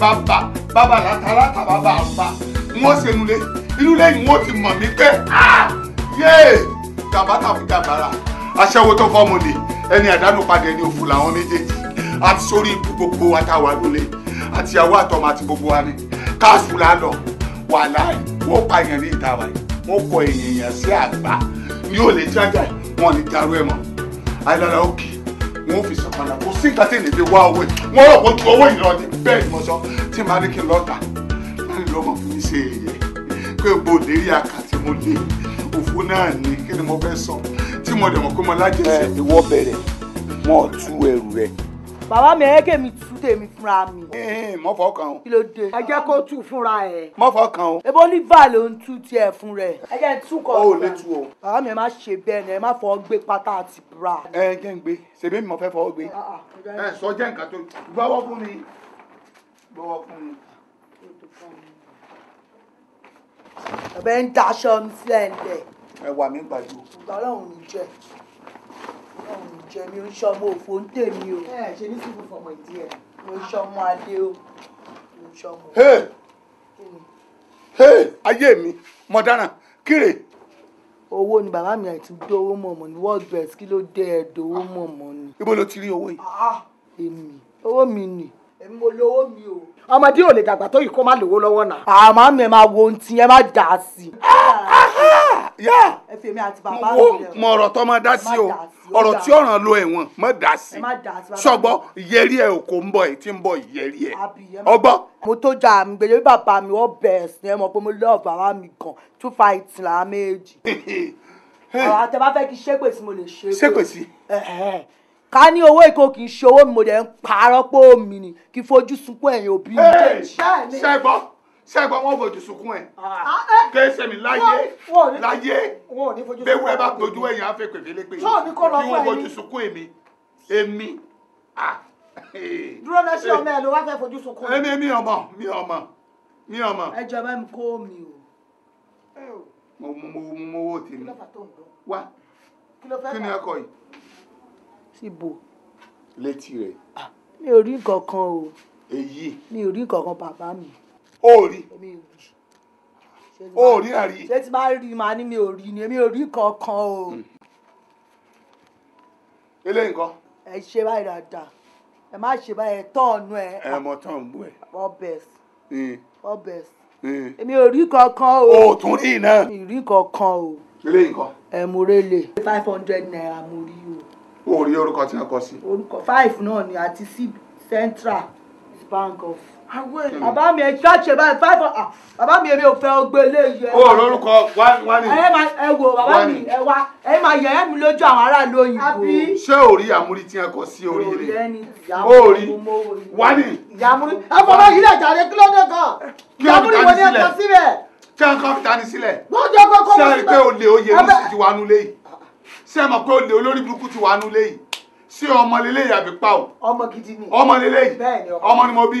bàbá bàbá làtà làtà bàbá àgbà wọ́n ṣe nulẹ̀ inú lẹ́yìn wọ́n ti mọ̀ mí pé yéè jàbátà fún jàbára aṣẹ́wó tó fọ́ mọ̀lẹ̀ ẹni àdánù padà ẹni òfò làwọn méjèèjì àti sórí ibú gbogbo àtàwà lólè àti ìyàwó àtọmọ àti gbogbo wa ni káàsù là lọ wàhálà wọ́n pa èèyàn ní ìta wáyé wọ́n kọ èèyàn sí àgbà ní òlè jájà wọn ní darú ẹ̀ mọ́ àìlọ́lá òkè wọ́n fi ṣọ̀kan náà kò sí ìgbà tí wá owó yìí wọ́n rọ̀ owó yìí lọ ní ni mo sọ tí màá ní kí n lọ tà má ní fún mi ṣe èyẹ pé gbogbo òlérí àkàtì mo lé òfò náà ní kí ni mo fẹ́ sọ tí mo dẹ̀ mọ̀ pé mo lájẹsẹ̀. ìwọ bẹ̀rẹ̀ wọn ò tú ẹrù rẹ̀ bàbá mi ẹ kèmi tú tèmi fúnra mi. mọ fọ kan o. kí ló dé. ẹ jẹ́ kó tú fúnra ẹ̀. mọ fọ kan o. ebo ní bá ló ń tú tiẹ̀ fún rẹ̀. ẹ jẹ́ tú kọ. o ò lè tú o. bàbá mi ẹ má ṣe bẹ́ẹ̀ ni ẹ má fọ gbé pátá àti bra. ẹ jẹ́ ń gbé ṣèbí mi mo fẹ́ fọ gbé. Ah, ah, ẹ sọ jẹ́ nǹkan tó gbọ́wọ́ fún mi gbọ́wọ́ fún mi. ẹ̀bẹ̀ ń daṣọ mi sílẹ̀ ń tẹ̀. ẹ wà mí gbàdúrà. ìgbà ọlọ́run jẹ mi ń ṣọmọ òfò ń tèmi o. ẹ ṣe ní sùúrù fọmọ ìdí ẹ. mo ń ṣọmọ adé o mo ń ṣọmọ. ayé mi mo dáràn kíre. owó ni bàbá mi àti dówó mọ̀mọ́ ni wordpress kí ló dé ẹ̀ dówó mọ̀mọ́ ni. ibo ló ti rí owó yìí. Ah, èmi owó mi nì èmi mo lówó mi o. ọmọdé ò lè dàgbà tó yìí kó má lówó lọ́wọ́ náà. Ah, àmọ́ mi máa wo ohun tí ẹ má dà á sí ah, yá wo mọ ọ̀rọ̀ tó máa dá sí o ọ̀rọ̀ tí ọ̀ràn lo ẹ̀wọ̀n má dá sí ṣọgbọ ìyẹrí ẹ ò kò ń bọ̀ ẹ tí ń bọ̀ ìyẹrí ẹ ọgbọ. mo tó jà mí gbèdé bí bàbá mi wọ́n bẹ̀rẹ̀ sí ẹ mọ̀ pé mo lọ́ọ̀ bàbá mi gan two fighting la méjì. ọ̀rọ̀ àtẹ̀bá fẹ́ kí ṣépèsí mo lè ṣépè. ṣépèsí ká ní owó ìkó kì í ṣe owó mi mo dẹ̀ ń parọ́ pé omi ni kí fojú sunkún ẹ̀yìn òbí mi. ṣẹ́gbọ́n sẹ́gbọ́n wọn fojú sunkún ẹ̀ ah. ah, eh. kẹ́sẹ̀ mi láyé láyé bẹ́ẹ̀ wẹ́ẹ́ bá gbójú ẹ̀yìn á fẹ́ pèfé lépè kí wọ́n fojú sunkún èmi èmi ah. dúró náà sí ọmọ ẹ ló wá fẹ́ fojú sunkún. èmi mi ọmọ mi ọmọ mi ọmọ. ẹ jọ bá mi kó mi o. mo mo mo mo wo tèmi wá kí ni ẹkọ yìí. síbo. létí rẹ. mi ò rí nǹkan kan o. èyí. mi ò rí nǹkan kan bàbá mi ó rí ó rí náà rí. ṣé tí máa rí màá ní mi ò rí ni èmi ò rí kankan o. Hmm. eléyìí nǹkan. ẹ ṣe báyìí dáadáa ẹ má ṣe báyìí tọ́ọ̀nù ẹ. ẹ mọ tọ́ọ̀nù bú ẹ. ọbẹ̀ ọbẹ̀ hmm. hmm. èmi ò rí kankan o. o tún rí iná. mi rí kankan o. eléyìí nǹkan. ẹ mo rélè. five hundred naira mo rí o. o rí orúkọ tí wọn kọ sí. orúkọ five náà ni àti sí Central Bank of bàbá mi ẹ ṣáàṣì báyìí five hundred ah, bàbá mi èmi ò fẹ́ ọgbẹ́ eléyìí. o lórúkọ wá wá ní. ẹ máa ẹ wò bàbá mi ẹ wá ẹ máa yẹ ẹ mi lójú àwọn aráàlú òyìnbó. ṣé o rí àmúrí tí wọn kọ sí orí rẹ o rí wá ní. yàmúrí ẹ fọwọ́ yìí lẹ̀ jàre kí ló dé gan. yàmúrí wo ni ẹ kọ síbẹ̀. kí wọn kọ́ fi ta ni sílẹ̀. wọ́n jẹ́ kókó mọ́ síbẹ̀. ṣé ẹ rí pé olè oyè ní ti wà nulẹ̀ yìí ṣé ẹ mọ̀ pé olè olórí burúkú ti wà nulẹ̀ yìí sí ọmọ lélẹ́yìí àbí pa o. ọmọ gidi ni ọmọ lélẹ́yìí ọmọ ni mo bí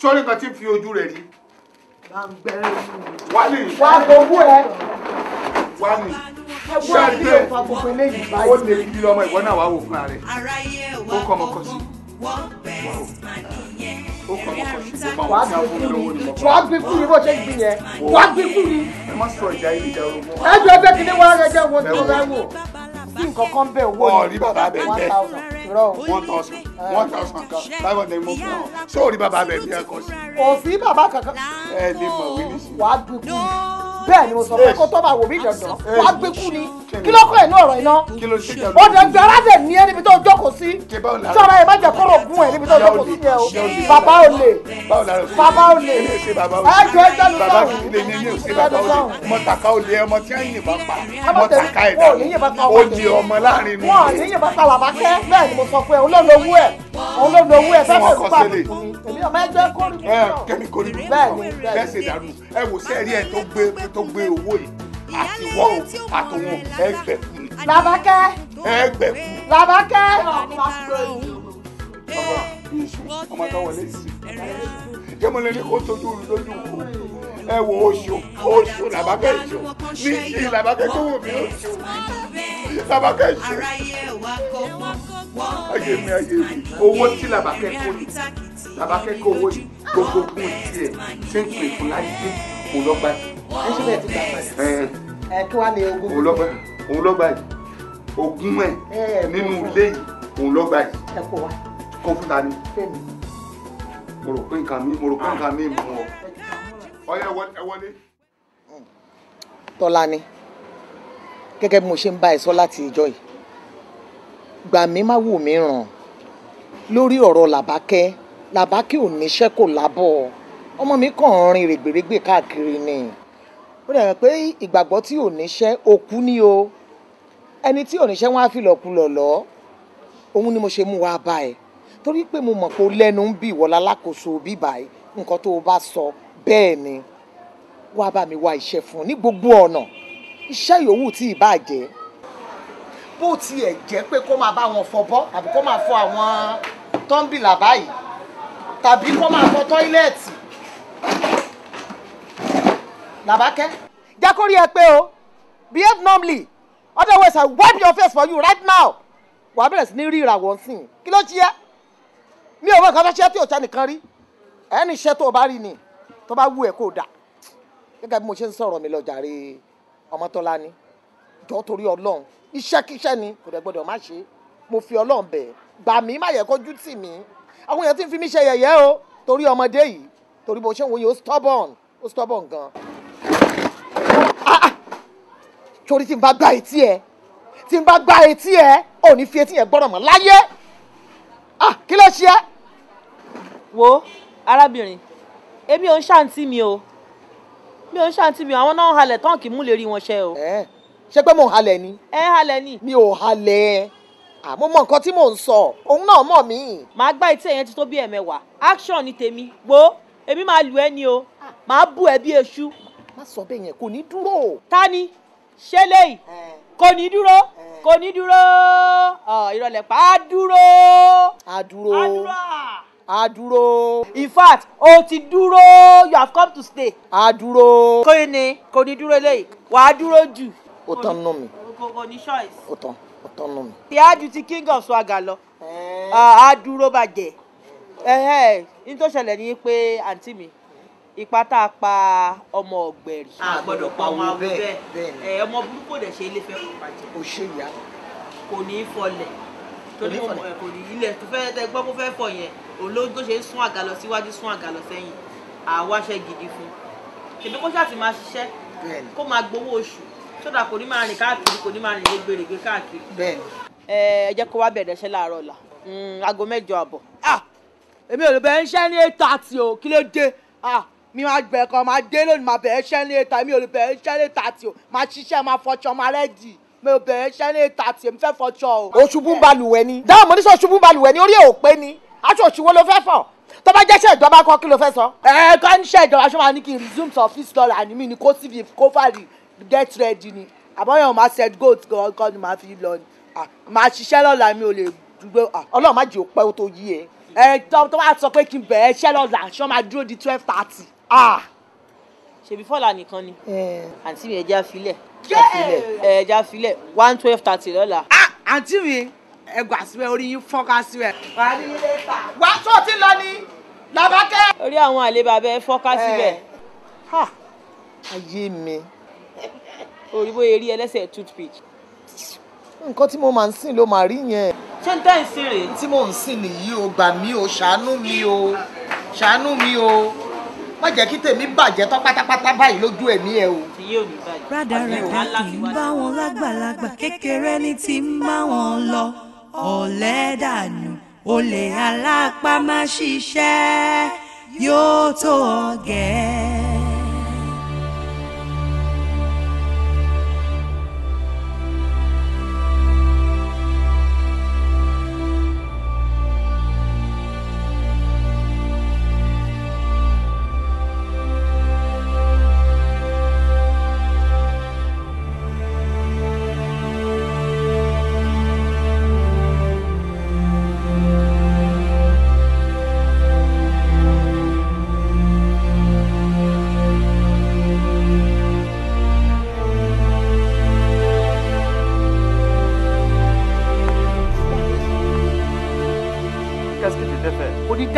sórí nǹkan tí fi ojú rẹ̀ rí. wá ní. wá gbogbo ẹ. wá ní. ṣáàdé ó lè bí ọmọ ìwọ náà wá wò fúnra rẹ̀ ó kọ́ ọmọ kan sí wàá gbé kú ni bó ṣe gbin yẹn wàá gbé kú ni. ẹ má sọ ìjà ìjà orogun. ẹ jọ ẹgbẹ́ kìíní wàá rẹ jẹ́ wo tó rẹ wò sí nǹkan kan bẹ̀ wọ́n ní. ọ̀rí bàbá one thousand one thousand kan five hundred mo fi hàn sóòrí bàbá bẹ̀ bí ẹ̀kọ́ sí. òsì bàbá kankan. ẹ lè mọ̀ wílì sí. wàá gbẹkú bẹ́ẹ̀ ni mo sọ pé kó tó máa wò mí dandan wàá gbẹkú ni kí ló kọ́ ẹ̀ ní ọ̀rọ̀ iná. kí ló ṣe jẹ́ ọ̀dọ̀ gbẹ́rẹ́ dẹ̀ ní ẹni tó jókòó sí. sọ̀rọ̀ ẹ̀ má jẹ́ kóró ogún ẹ̀ níbi tó tó kò sí jẹ o bàbá ò lè bàbá ò lè ẹjọ́ ẹjọ́ ló bá wù ẹjọ́ ló bá wù. ọmọ tàkà ò lè ọmọ tí wọ́n yìnbọn pa ọmọ tàkà ẹ̀ dà ó di ọmọ láàrin nù. wọn ò ní yìnbọn pa làbákẹ́ bẹ́ẹ̀ ni mo sọ fún ẹ olólowó ẹ̀ olólowó ẹ̀ sẹ́fẹ̀ ló bá mi kú èmi ọmọ ẹgbẹ́ kórìí mi náà kẹ́mi kórìí mi náà bẹ́ẹ̀ sì dàrú ẹ wò sẹ́ẹ̀rí ẹ tó gbé owó yìí àti wọ́n àtòwọn ẹgbẹ̀kùn. làbákẹ́ ọmọ tó wọlé sí i jẹ́ mo lè ní kó tójú lójú kù ẹ wo oṣù oṣù làbákẹ́ ìṣó ní ṣì làbákẹ́ tó wò mí oṣù làbákẹ́ ìṣó ayé mi ayé mi owó tí làbákẹ́ kó yìí làbákẹ́ kó owó gbogbo kún tiẹ̀ ṣé ń pè fún láyé dé kò lọ́gbà yìí. ẹ ṣe bẹ́ẹ̀ ti gbà padà ẹ kí wàá ní ogún. òun lọ́gbà yìí òun lọ́gbà yìí ogún ẹ̀ nínú ilé yìí òun lọ́gbà yìí. ẹ kó wa kọ̀ǹpútà ni mo rò pé nǹkan mi mo rò pé ah. nǹkan mi mú ọ ọyẹ ẹ hmm. tọ́lá ni gẹ́gẹ́ bí mo ṣe ń bá ẹ sọ láti ìjọ yìí gbà mí má wù mí ràn lórí ọ̀rọ̀ làbákẹ́ làbákẹ́ ò níṣẹ́ kò lábọ̀ ọmọ mi kàn ń rin règbèrègbè káàkiri ni ó dẹ̀ pé ìgbàgbọ́ tí ò níṣẹ́ òkú ni o ẹni tí ò níṣẹ́ wọn á fi lọ̀kulọ̀ lọ òun ni mo ṣe mú wa bá ẹ torí pé mo mọ̀ pé ó lẹ́nu ń bì wọ́n lálákòóso bíbà yìí nǹkan tó o bá sọ bẹ́ẹ̀ ni wàá bá mi wá iṣẹ́ fún un ní gbogbo ọ̀nà iṣẹ́ yòówù tí ì bá jẹ́ bó tiẹ̀ jẹ́ pé kó máa bá wọn fọbọ́ àbí kó máa fọ àwọn tọ́ḿbìlà báyìí tàbí kó máa fọ tọ́ílẹ̀tì làbákẹ́. jẹ́ kó rí ẹ pé o behave normally otherwise i wipe your face for you right now wàá bẹ̀rẹ̀ sí ní rí ìràwọ̀ sí kí ló ṣe é mi ò mọ nǹkan fẹ́ ṣe tí ò tẹ́ nìkan rí ẹni iṣẹ́ tó o bá rí ni tó bá wù ẹ́ kó o dà gẹ́gẹ́ bí mo ṣe ń sọ̀rọ̀ mi lọ jàre ọmọtọ́lá ni jọ torí ọlọ́run iṣẹ́kíṣẹ́ ni kò dẹ̀ gbọ́dọ̀ má ṣe mo fi ọlọ́run bẹ̀ gbà mí má yẹ kójú tì mí àwọn èèyàn ti ń fi mí ṣe yẹ̀yẹ́ o torí ọmọdé yìí torí bó ṣe ń wòye ó stubborn ó stubborn gan. Ah, ah. torí tí n bá gba etí ẹ tí n bá gba etí ẹ ò ní fi etí yẹn gbọ́dọ̀ mọ́ láyé ah, kí ló ṣe é wo arábìnrin èmi ò ń ṣàǹtí mi o mi ò ń ṣàǹtí mi o àwọn náà ń halẹ̀ tán kì í mú lè rí wọn ṣe o. ẹ ṣe pé mo halẹ̀ ni. ẹ halẹ̀ ni. mi ò halẹ̀ ẹ àmọ́ mọ nǹkan tí mò ń sọ òun náà mọ̀ mí. màá gbá etí ẹ̀yẹn ti tó bí ẹ̀mẹ̀wàá action ni tèmi gbó èmi máa lù ẹ́ ni o màá bù ẹ́ bí eṣú. má sọ bẹ́ẹ̀ yẹn kò ní dúró. ta ni ṣé léyìí kò ní dúró kò ní dúró ìrọ̀lẹ́ pa á dúró. á dúró á dúró Aduro. in fact o ti dúró you have come to stay. Aduro. dúró. kóyè ni kò ní dúró eléyìí wàá dúró jù. ó tán nù mí. kò ní choice. ó tán ó tán nù mí. tí ju ti king of swagger lọ eh. ah, a dúró bàjẹ́ eh, eh, ní tó ṣẹlẹ̀ ni pé àǹtí mi ipa tá a pa ọmọ ọ̀gbẹ̀rì. a gbọ́dọ̀ pa ọmọ awo bẹ́ẹ̀ ọmọ burúkú dẹ̀ ṣe ilé fẹ́ kó bàjẹ́. kò ṣe ìyá. kò ní í fọlẹ̀ torí kò ní ilẹ̀ tó fẹ́ tẹ gbọ́ kó fẹ́ fọ yẹn olóńgbò ṣe ń sún àga lọ síwájú sún àga lọ sẹ́yìn àwáṣẹ gidi fún ṣèbí kó ṣáà ti máa ṣiṣẹ́ kó máa gbowó oṣù sódà kò ní máa rìn káàkiri kò ní máa rìn gbèrègbè káàkiri. ẹ jẹ́ kó wá bẹ̀rẹ̀ iṣẹ́ láàárọ̀ ọ̀la hmm, aago mẹ́jọ àbọ̀. Ah! èmi ò lè bẹ̀rẹ̀ iṣẹ́ ní eight thirty o kí ló dé ah! mi máa gbẹ̀ kan máa dé lónìí máa bẹ̀rẹ̀ iṣẹ́ ní eight thirty mi ò lè bẹ̀rẹ̀ iṣẹ́ ní eight thirty o máa ṣiṣẹ́ máa fọṣọ máa rẹ́dì mi ò bẹ̀rẹ̀ iṣẹ́ ní eight thirty èmi fẹ́ fọṣọ o. oṣù bùnbalùwẹ̀ ni dáhùn mo ní ni orí ẹ̀ ò pé aṣọ òṣìwò ló fẹ́ fọ̀ tó bá jẹ́ ṣèjọba kan kí ló fẹ́ sọ. ẹ kọ́ ní ṣèjọba ṣé wàá ní kí resume to office lọ́la àní mi ni kó síbi kó fàrí get ready ni àbọ̀yàn máa set goal kọ́ ni máa fi lọ ni máa ṣiṣẹ́ lọ́la mi ò lè dúró ọlọ́run má jẹ́ òpẹ́ ó tó yí ẹ. ẹ tó bá sọ pé kí n bẹ̀ẹ́ ṣẹ́ lọ́la ṣọ́ máa dúró di twelve thirty ṣèbí fọlá nìkan ni àǹtí mi ẹja filẹ ẹja filẹ one twelve thirty lọ́la. àǹtí mi ẹgbà síbẹ̀ orí yín fọ́nká síbẹ̀. wà á rí ilé ta. wà á tó ti lọ ni làbákẹ́. orí àwọn àlebà bẹ fọ́nká síbẹ̀. ayé mi orí bóyá eré ẹlẹ́sẹ̀ toothpick. nǹkan tí mo máa ń sìn ló máa rí yẹn. ṣé n tẹ́ ń sìn rèé. tí mò ń sìn nìyí o gbà mí o ṣàánú mi o ṣàánú mi o má jẹ́ kí tèmi bàjẹ́ tán pátápátá báyìí lójú ẹ̀mí ẹ o. rádaràdà kì í bá wọn lágbàlagbà kékeré ní ti ń wọn lọ. ọ̀lẹ dànù olè alápá má ṣiṣẹ́ yóò tó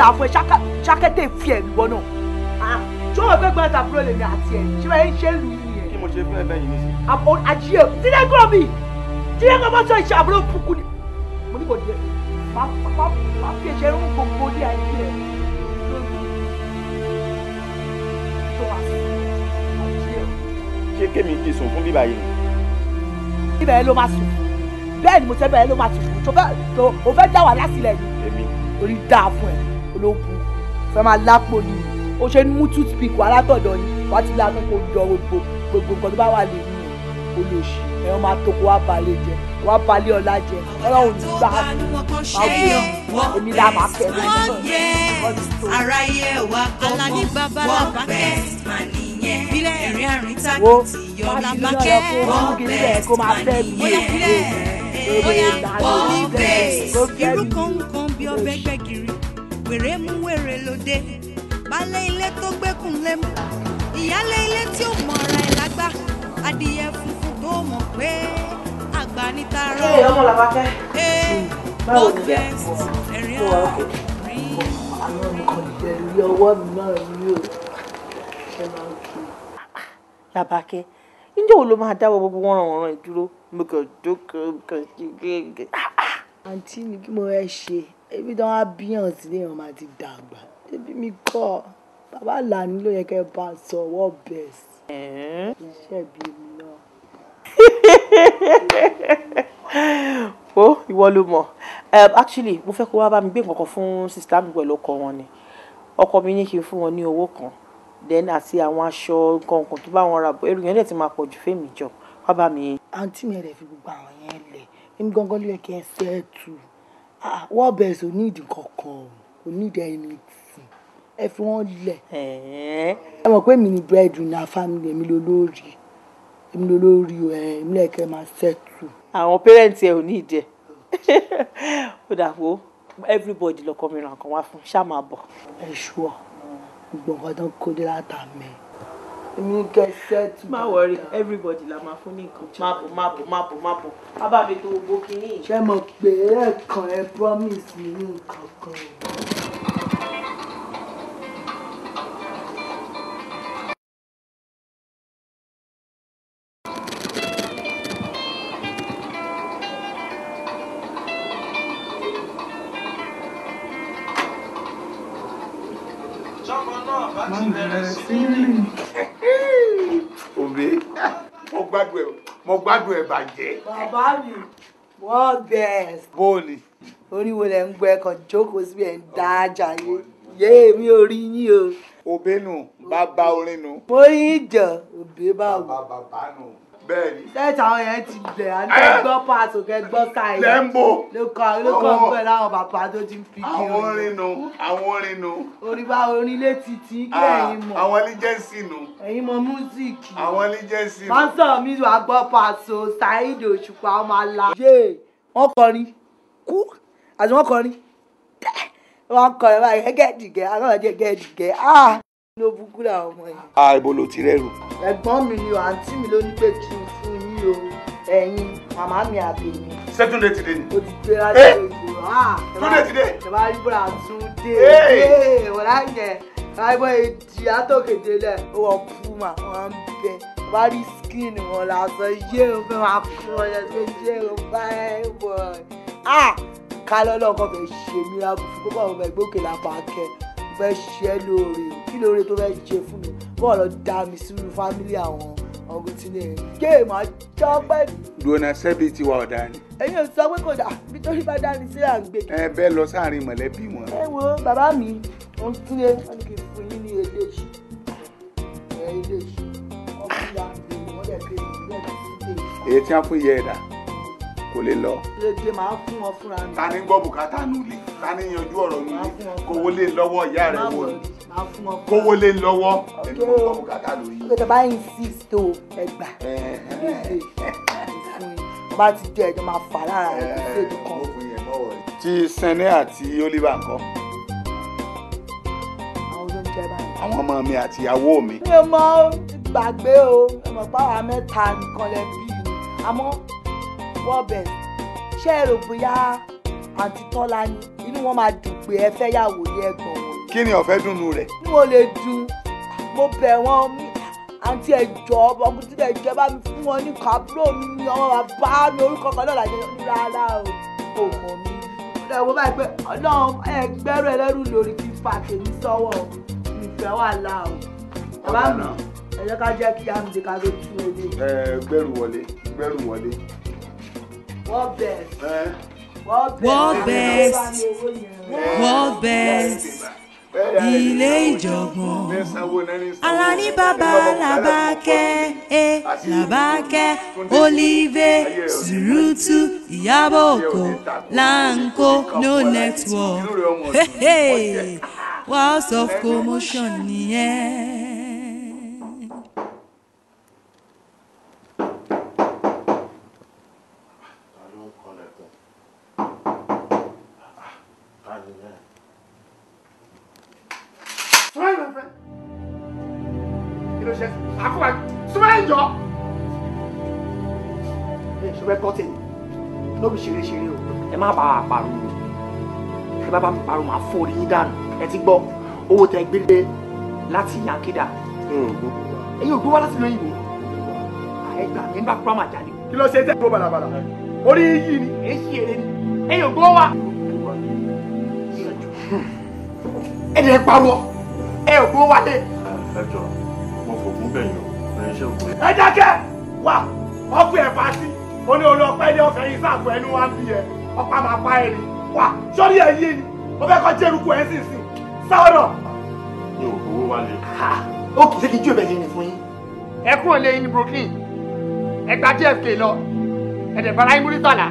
dà fún ẹ ṣákẹ́tẹ̀ fi ẹ̀ lùbọ́ náà tí wọ́n fẹ́ gbọ́n tàbúrò lèmi àti ẹ̀ ṣé báyìí ṣe lù yìí yẹn. kí mo ṣe fún ẹbẹ yìí nísìnyí. àbọ̀ àjíyẹ dídẹ́gọ́ mi dídẹ́gọ́ bá sọ ìṣe àbúrò kúkú ni mo ní kò díẹ̀ má fi ẹ̀ṣẹ̀ rún gbogbo ní àyè rẹ̀ ṣé kémi ti sùn fún bíbá yìí. ibẹ̀ yẹn ló máa sùn bẹ́ẹ̀ ni mo sẹ́bẹ̀ yẹn ló máa sùn tó o fẹ́ dá wà lásìlẹ̀ yìí. èmi. dáa fún ẹ olóbu fẹ́ máa lápò ní mi ó ṣe ń mú toothpick wá látọ̀dọ̀ yìí wá ti lanu kó jọ gbogbo gbogbo nǹkan tó bá wà lè ní olóṣì ẹ̀rọ máa tó kó wá balẹ̀ jẹ wá balẹ̀ ọ̀la jẹ ọlọ́run ní gbà á máa wọ èmi là máa kẹ́ ẹ̀ lọ́sọ̀rọ̀ ìbílẹ̀ ẹ̀rín àrùn tákìtì yọ làbákẹ́ ọ̀bẹ ìyẹ́ bóyá ọ̀bẹ irú kan kan bí ọ̀bẹ gbẹ̀gìrì wèrè mú wèrè lóde baálé ilé tó gbẹ́kùn lé ìyálé ilé tí ó mọ ara ẹ̀ lágbá adìyẹ funfun tó mọ̀ pé àgbà ní tààrà ẹ̀ ọmọ làbákẹ́ hmm, báwo ni ẹ kó wa ọkọ àwọn nǹkan pẹ̀lú ọwọ́ mi náà ni o ṣe máa ń kí. làbákẹ́ níjẹ́ wo ló máa dáwọ́ gbogbo wọn ràn wọ́n ìdúró mo kàn jókòó kàn sí gẹ́gẹ́. àǹtí mi kí mo rẹ ṣe ebi tí wọ́n á bí hàn sí ni èèyàn máa ti dàgbà ebi mi kọ́ bàbá làánú ló yẹ kẹ́ bá sọ̀wọ́ bẹ̀ẹ̀sì iṣẹ́ bíi mi náà. o ìwọ ló mọ̀ um, actually mo fẹ́ kó wá bá mi gbé nǹkan fún sista mi pẹ̀lú ọkọ wọn ni ọkọ mi ní kí n fún wọn ní owó kan then àti àwọn aṣọ nǹkan kan tó bá wọn ra bọ̀ èrò yẹn dẹ̀ ti máa pọ̀ ju fèmí jọ wá bá mi. àǹtí mi rẹ̀ fi gbogbo àwọn yẹn lẹ̀ ní gángan ló yẹ kí ẹ fẹ́ tù. Ah, wọ́ọ̀ bẹ̀rẹ̀ sí onídìí kankan onídìí ẹni tì ẹ fi wọ́n lẹ̀. ẹ mọ̀ pé mi ni búrẹ́dì ní family. èmi lolórí èmi lolórí ẹ èmi lẹ́kẹ́ máa ṣẹ́tù. àwọn pẹ́rẹ́ǹtì ẹ ò ní ìdí ẹ ó dàpọ̀ everybody lọ́kọ́ mi ràn kàn wá fún ṣáà máa bọ̀. ẹ ṣùọ́ gbọ̀ngàn tó ń kó dé látàmì èmi kẹ sẹ́ẹ̀tù. má wọrí everybody la máa fún ní nǹkan máàpù máàpù máàpù máàpù bábà mi tó gbogbo kínní. ṣé mo pè é ẹ̀kan ẹ promise mi ní nǹkan kan. gbádùn ẹ̀ mo gbádùn ẹ̀ bàjẹ́. bàbá mi wọ́n bẹ̀. bóòlì. oríwo lẹ ń gbọ́ ẹ kàn jókòó sí ẹ ń dá ajá yé yé mi ò rí yín o. òbẹ́nu bàbá orin nu. mo rí ìjọ òbẹ́ bá wù. bàbá bàbá nù bẹ́ẹ̀ni. sẹ́ẹ̀tì àwọn yẹn ti bẹ̀ à ń tẹ́ gbọ́ pàṣẹ kẹ́ gbọ́ káyọ̀. lẹ́ńbò ló kọ́ ń pẹ̀ láwọn bàbá tó ti ń fi kí orin. àwọn orin nu àwọn orin nu. orin bá orin ilé titi kí ah, ẹ̀yin mọ̀. àwọn líjẹ́sì nu. ẹ̀yin mọ̀ múzíìkì. àwọn líjẹ́sì nu. pásítọ̀ mi wà gbọ́ pàṣẹ Saheed Òṣùpá ọmọ àlá. wọ́n kọrin kú àti wọ́n kọrin wọ́n kọrin báyìí gẹ́gẹ́ dìgẹ́ ló bukú làwọn ọmọ yìí. a ibo ló ti rẹ́rù. ẹ̀gbọ́n mi ni o àǹtí mi ló ní pé kí n fún yín o ẹ̀yin màmá mi àbèmí. sẹ́túndé ti dé ni. o ti gbé láti ìgboro eh! ah, ha. túndé ti dé. ìjọba ibùdó àtúndé. ee eh! eh, wọ́lá yẹn láìpẹ́ èjì àtọ̀kẹ́dẹ́ lẹ̀ ó wọ puma wọ́n ń bẹ bá rí skin wọn lásán yé o fẹ́ máa fún ọ yẹn tó yé o bá ẹ wọ̀ ọ́ kálọ́ náà kọ́ fẹ́ ṣe mí lábùkù kó bá wọn fẹ́ gbókè lápá kẹ́ fẹ́ ṣe ẹ́ lóore o kí lóore tó fẹ́ ṣe fún mi bọ́ọ̀ lọ dá mi sínú fámílì àwọn ọ̀gùn tí ní ẹ̀ kí èèyàn máa jọ pẹ́. dùnà sẹ́bi ti wà ọ̀dà ni. ẹ̀yin ò sọ pé kò dà bí tó bá dá ní sí à ń gbé. ẹ bẹ́ẹ̀ lọ sáàrin mọ̀lẹ́bí wọn. ẹ wo bàbá mi ò ń tún wọn kì í fún yín ní eléyìí eléyìí ọkùnrin àti ìwọ́n dẹ̀ pé ìwọ́n èyí tí wọ́n fún yẹ ẹ̀dá kò lè lọ. dédé máa fún ọ fúnra mi. ta ni gbọ́ bùkátà nulẹ̀ ta ni yanjú ọ̀rọ̀ nulẹ̀ kówó lè lọ́wọ́ ìyá rẹ̀ wò ni kówó lè lọ́wọ́ èmi gbọ́ bùkátà lórí. ọ̀gá bá insist o ẹgbà bá ti jẹ́ ẹjọ́ máa fà lára rẹ̀ kí èdè kan. ti sẹ́ni àti Oliver ńkọ́ àwọn ọmọ mi àti ìyàwó mi. mi ò mọ gbàgbé o ẹ mọ̀ mẹ́ta nìkan lẹ bí àmọ́ wọ́ọ̀bẹ̀ ṣé ẹ rò bóyá àǹtí tọ́lá ni inú wọn máa dùn pé ẹ fẹ́ yàwó ní ẹ̀gbọ́n wọn. kí ni ọ̀fẹ́ dùnú rẹ̀. n ò lè dùn mo bẹ̀ wọ́n mi àǹtí ẹ̀jọ̀ ọkùnrin tí ẹ̀jọ̀ bá mi fún wọn ní kàbúrò mi ni ọmọ bàbá mi orúkọ kan náà làjẹ́ rárá o kò mọ̀ mi. ẹ̀wọ́ báyìí pé ọlọ́run ẹgbẹ́rún ẹlẹ́rù lórí fífa tèmi sọ́wọ́ ìfẹ́ wà láà o. bàbá mi ẹ̀jẹ̀ ká jẹ́ kí àmì Eh? World best. World best. World best. Ilé ìjọ̀gbọ̀n. Alani baba, labake, eh, labake, làbákẹ́ Olive Surutu Ìyábọ̀ Òkò Láńkó No Network. Hey, hey. House of Commotion nìyẹn. fún orí yín dànù ẹ ti gbọ́ owó tẹ gbélé láti yankida hmm. èyí ò gbé wá láti lóyìnbó àyẹ̀gbà nígbà kúrò máa jáde. kí ló ṣe tẹ́ ìgbó balabala orí yìí ni èyí èrè ni èyí ò gbé wá. ẹ dẹ̀ pariwo ẹ ò gbé wá dé. ẹ jọ mo fògùn bẹ̀yìn o ẹ ṣe òkú. ẹ dákẹ́ wà ọkùn ẹ̀ bá sí oní olú ọpẹ́ ilé ọ̀fẹ́ yìí sáàpù ẹnu wa ń bí ẹ ọ̀pá máa pa ẹ̀ ni wà sọ́rí ẹ̀ yé ni mo fẹ́ kọ́ jẹ́rùkú ẹ̀ sì sí sọ́ọ̀rọ̀. mi ò fowó wálé. ó kì í ṣe kí jú ìbẹ̀lẹ̀ ni fún yín. ẹ kúrò lé ní Brooklyn ẹ gba JFK lọ ẹ dẹ̀ bára imú nítàlá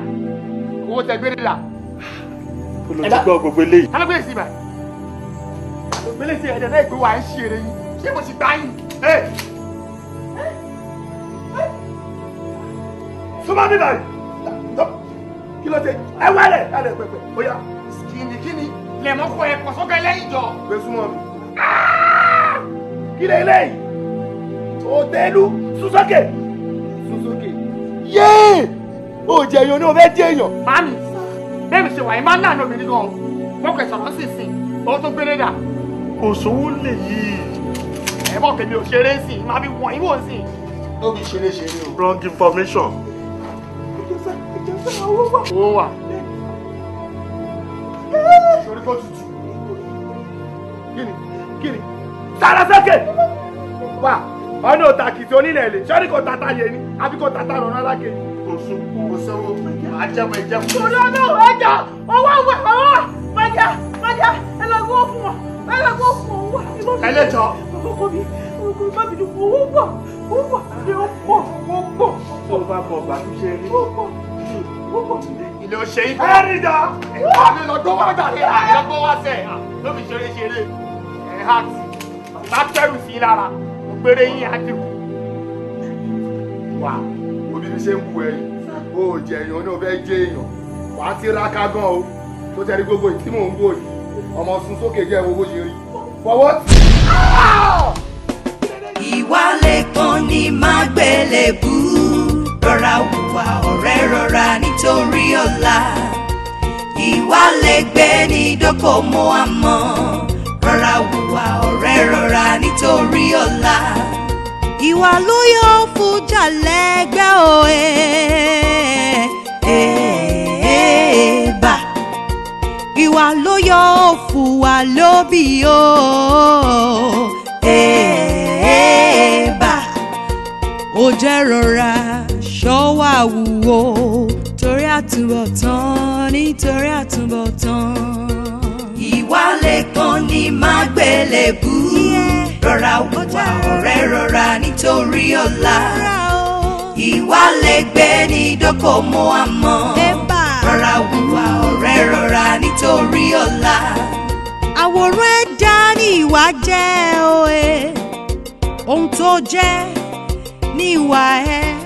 owó tẹ gbére la. olùdígbò gbogbo eléyìí. alágbèrè sí ibà gbogbo eléyìí ẹ̀dẹ̀ náà ìgbé wa ń ṣe eré yín ṣé mo ti gbá yín. súnmọ́ mi báyìí kí ló dé ẹ wálẹ̀ ẹ lè pẹpẹ ó yá kìnì kìnì lẹ̀mọ́ kọ ẹ̀ pọ̀sọ́gà lẹ́yìn jọ. gbèsùmọ̀ mi. kí lè léyìí òtẹ́lú sùsókè. sùsókè. yéè òjì èèyàn ni o fẹ́ jẹ́ èèyàn. màámi bẹ́ẹ̀ mi ṣe wà yín máa ń nàánú obìnrin gan-an mo kẹ̀ sọ̀rọ̀ sí ìsìn owó tó gbélé dà. kò sówó lè yí. ẹ bọ̀ kẹ́mi ò ṣeré sí i máa fi wọ̀nyí wò sí i. ó fi ṣeré ṣeré o. wrong information. owó wà torí kó tutù kíni kíni sára sẹ́kẹ̀ wà ọ̀nà òtàkì tí onílẹ̀ lè sọ́ni kò tata yẹ ni àbí kò tata rọ̀nà alákè. kò sùn kò sanwó ajẹ́wọ̀ ẹ̀jẹ̀. sọ̀rọ̀ ọlọ́run ẹja ọwọ́ àwọn ọwọ́ mẹ́jà mẹ́jà ẹ lọ gbọ́ fún wọn ẹ lọ gbọ́ fún wọn. ẹlẹ́jọ́. ọkọ mi ọkọ mi bá mi dùn owó pọ̀ owó pọ̀ owó pọ̀ owó pọ̀. tó o bá bọ̀ bàtúnṣe rí. owó pọ̀ owó pọ̀ ilé o ṣe ẹ rí da. ẹ̀ka lọ gbọ́ wá gbà rẹ̀. àyè lọ́gbọ́ wá sẹ̀ ló fi ṣeré ṣeré ẹ̀ hàt bá kẹ́rù sí lára mo péré yín á dìbò. wà obìnrin ṣe ń bu ẹyin o jẹ èèyàn ní o fẹ́ jẹ èèyàn wà á ti ra ká gan o tó tẹ́lẹ̀ gbogbo ìtí mò ń bò yìí ọmọ sun sókè jẹ́ owó ṣe rí fọwọ́ tì. kan ní mágbélébùú rọra hùwà ọ̀rẹ́ rọra nítorí ọ̀la ìwà lẹ́gbẹ́ ní dókòmó àmọ́ rọra hùwà ọ̀rẹ́ rọra nítorí ọ̀la. ìwà ló yọ fújà lẹ́gbẹ́ òye èèbà ìwà ló yọ òfùwà lóbì o èèbà ó jẹ́ rọra ṣọ́wọ́ àwùwò torí àtúbọ̀tán nítorí àtúbọ̀tán. ìwálé kan ní mágbélébù rọra wà ọ̀rẹ́ rọra nítorí ọ̀la ìwálé gbé ní dókòmó àmọ́ rọra wà ọ̀rẹ́ rọra nítorí ọ̀la. àwòrán ẹ̀dá ni ìwà jẹ́ òye ohun tó jẹ́ ní ìwà ẹ̀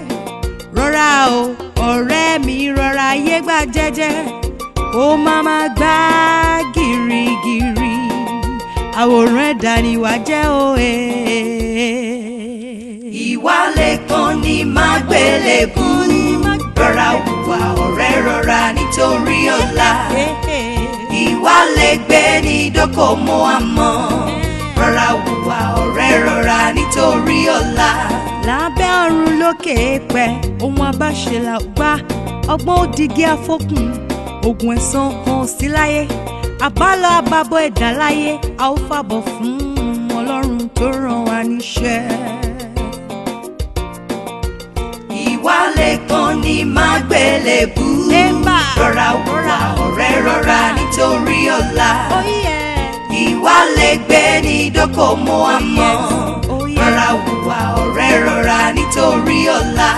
rọra o ọ̀rẹ́ mi rọra yé gbà jẹ́jẹ́ ó máa ma gbá gìrìgìrì àwòrán ẹ̀dá e. ni wà jẹ́ òye. ìwálé kan ní mágbélébú rọra wùwà ọ̀rẹ́ rọra nítorí ọ̀la ìwálé gbé ní dókòmó àmọ́ rọra wùwà ọ̀rẹ́ rọra nítorí ọ̀la ọlọ́run lókè èèpẹ̀ ohun abáṣe là gbá ọgbọ́n òdìgí afọ́kùn ogun ẹ̀san kan sí láyé àbálọ àbábọ̀ ẹ̀dá láyé a ó fàbọ̀ fún ọlọ́run tó ràn wá níṣẹ́. ìwálé kan ní mágbélébú rọra wúra ọ̀rẹ́ rọra nítorí ọ̀la oh ìwálé gbé ní dókòmó àmọ́ oh rọra wúwa ọ̀rẹ́ ẹ rọra nítorí ọ̀la.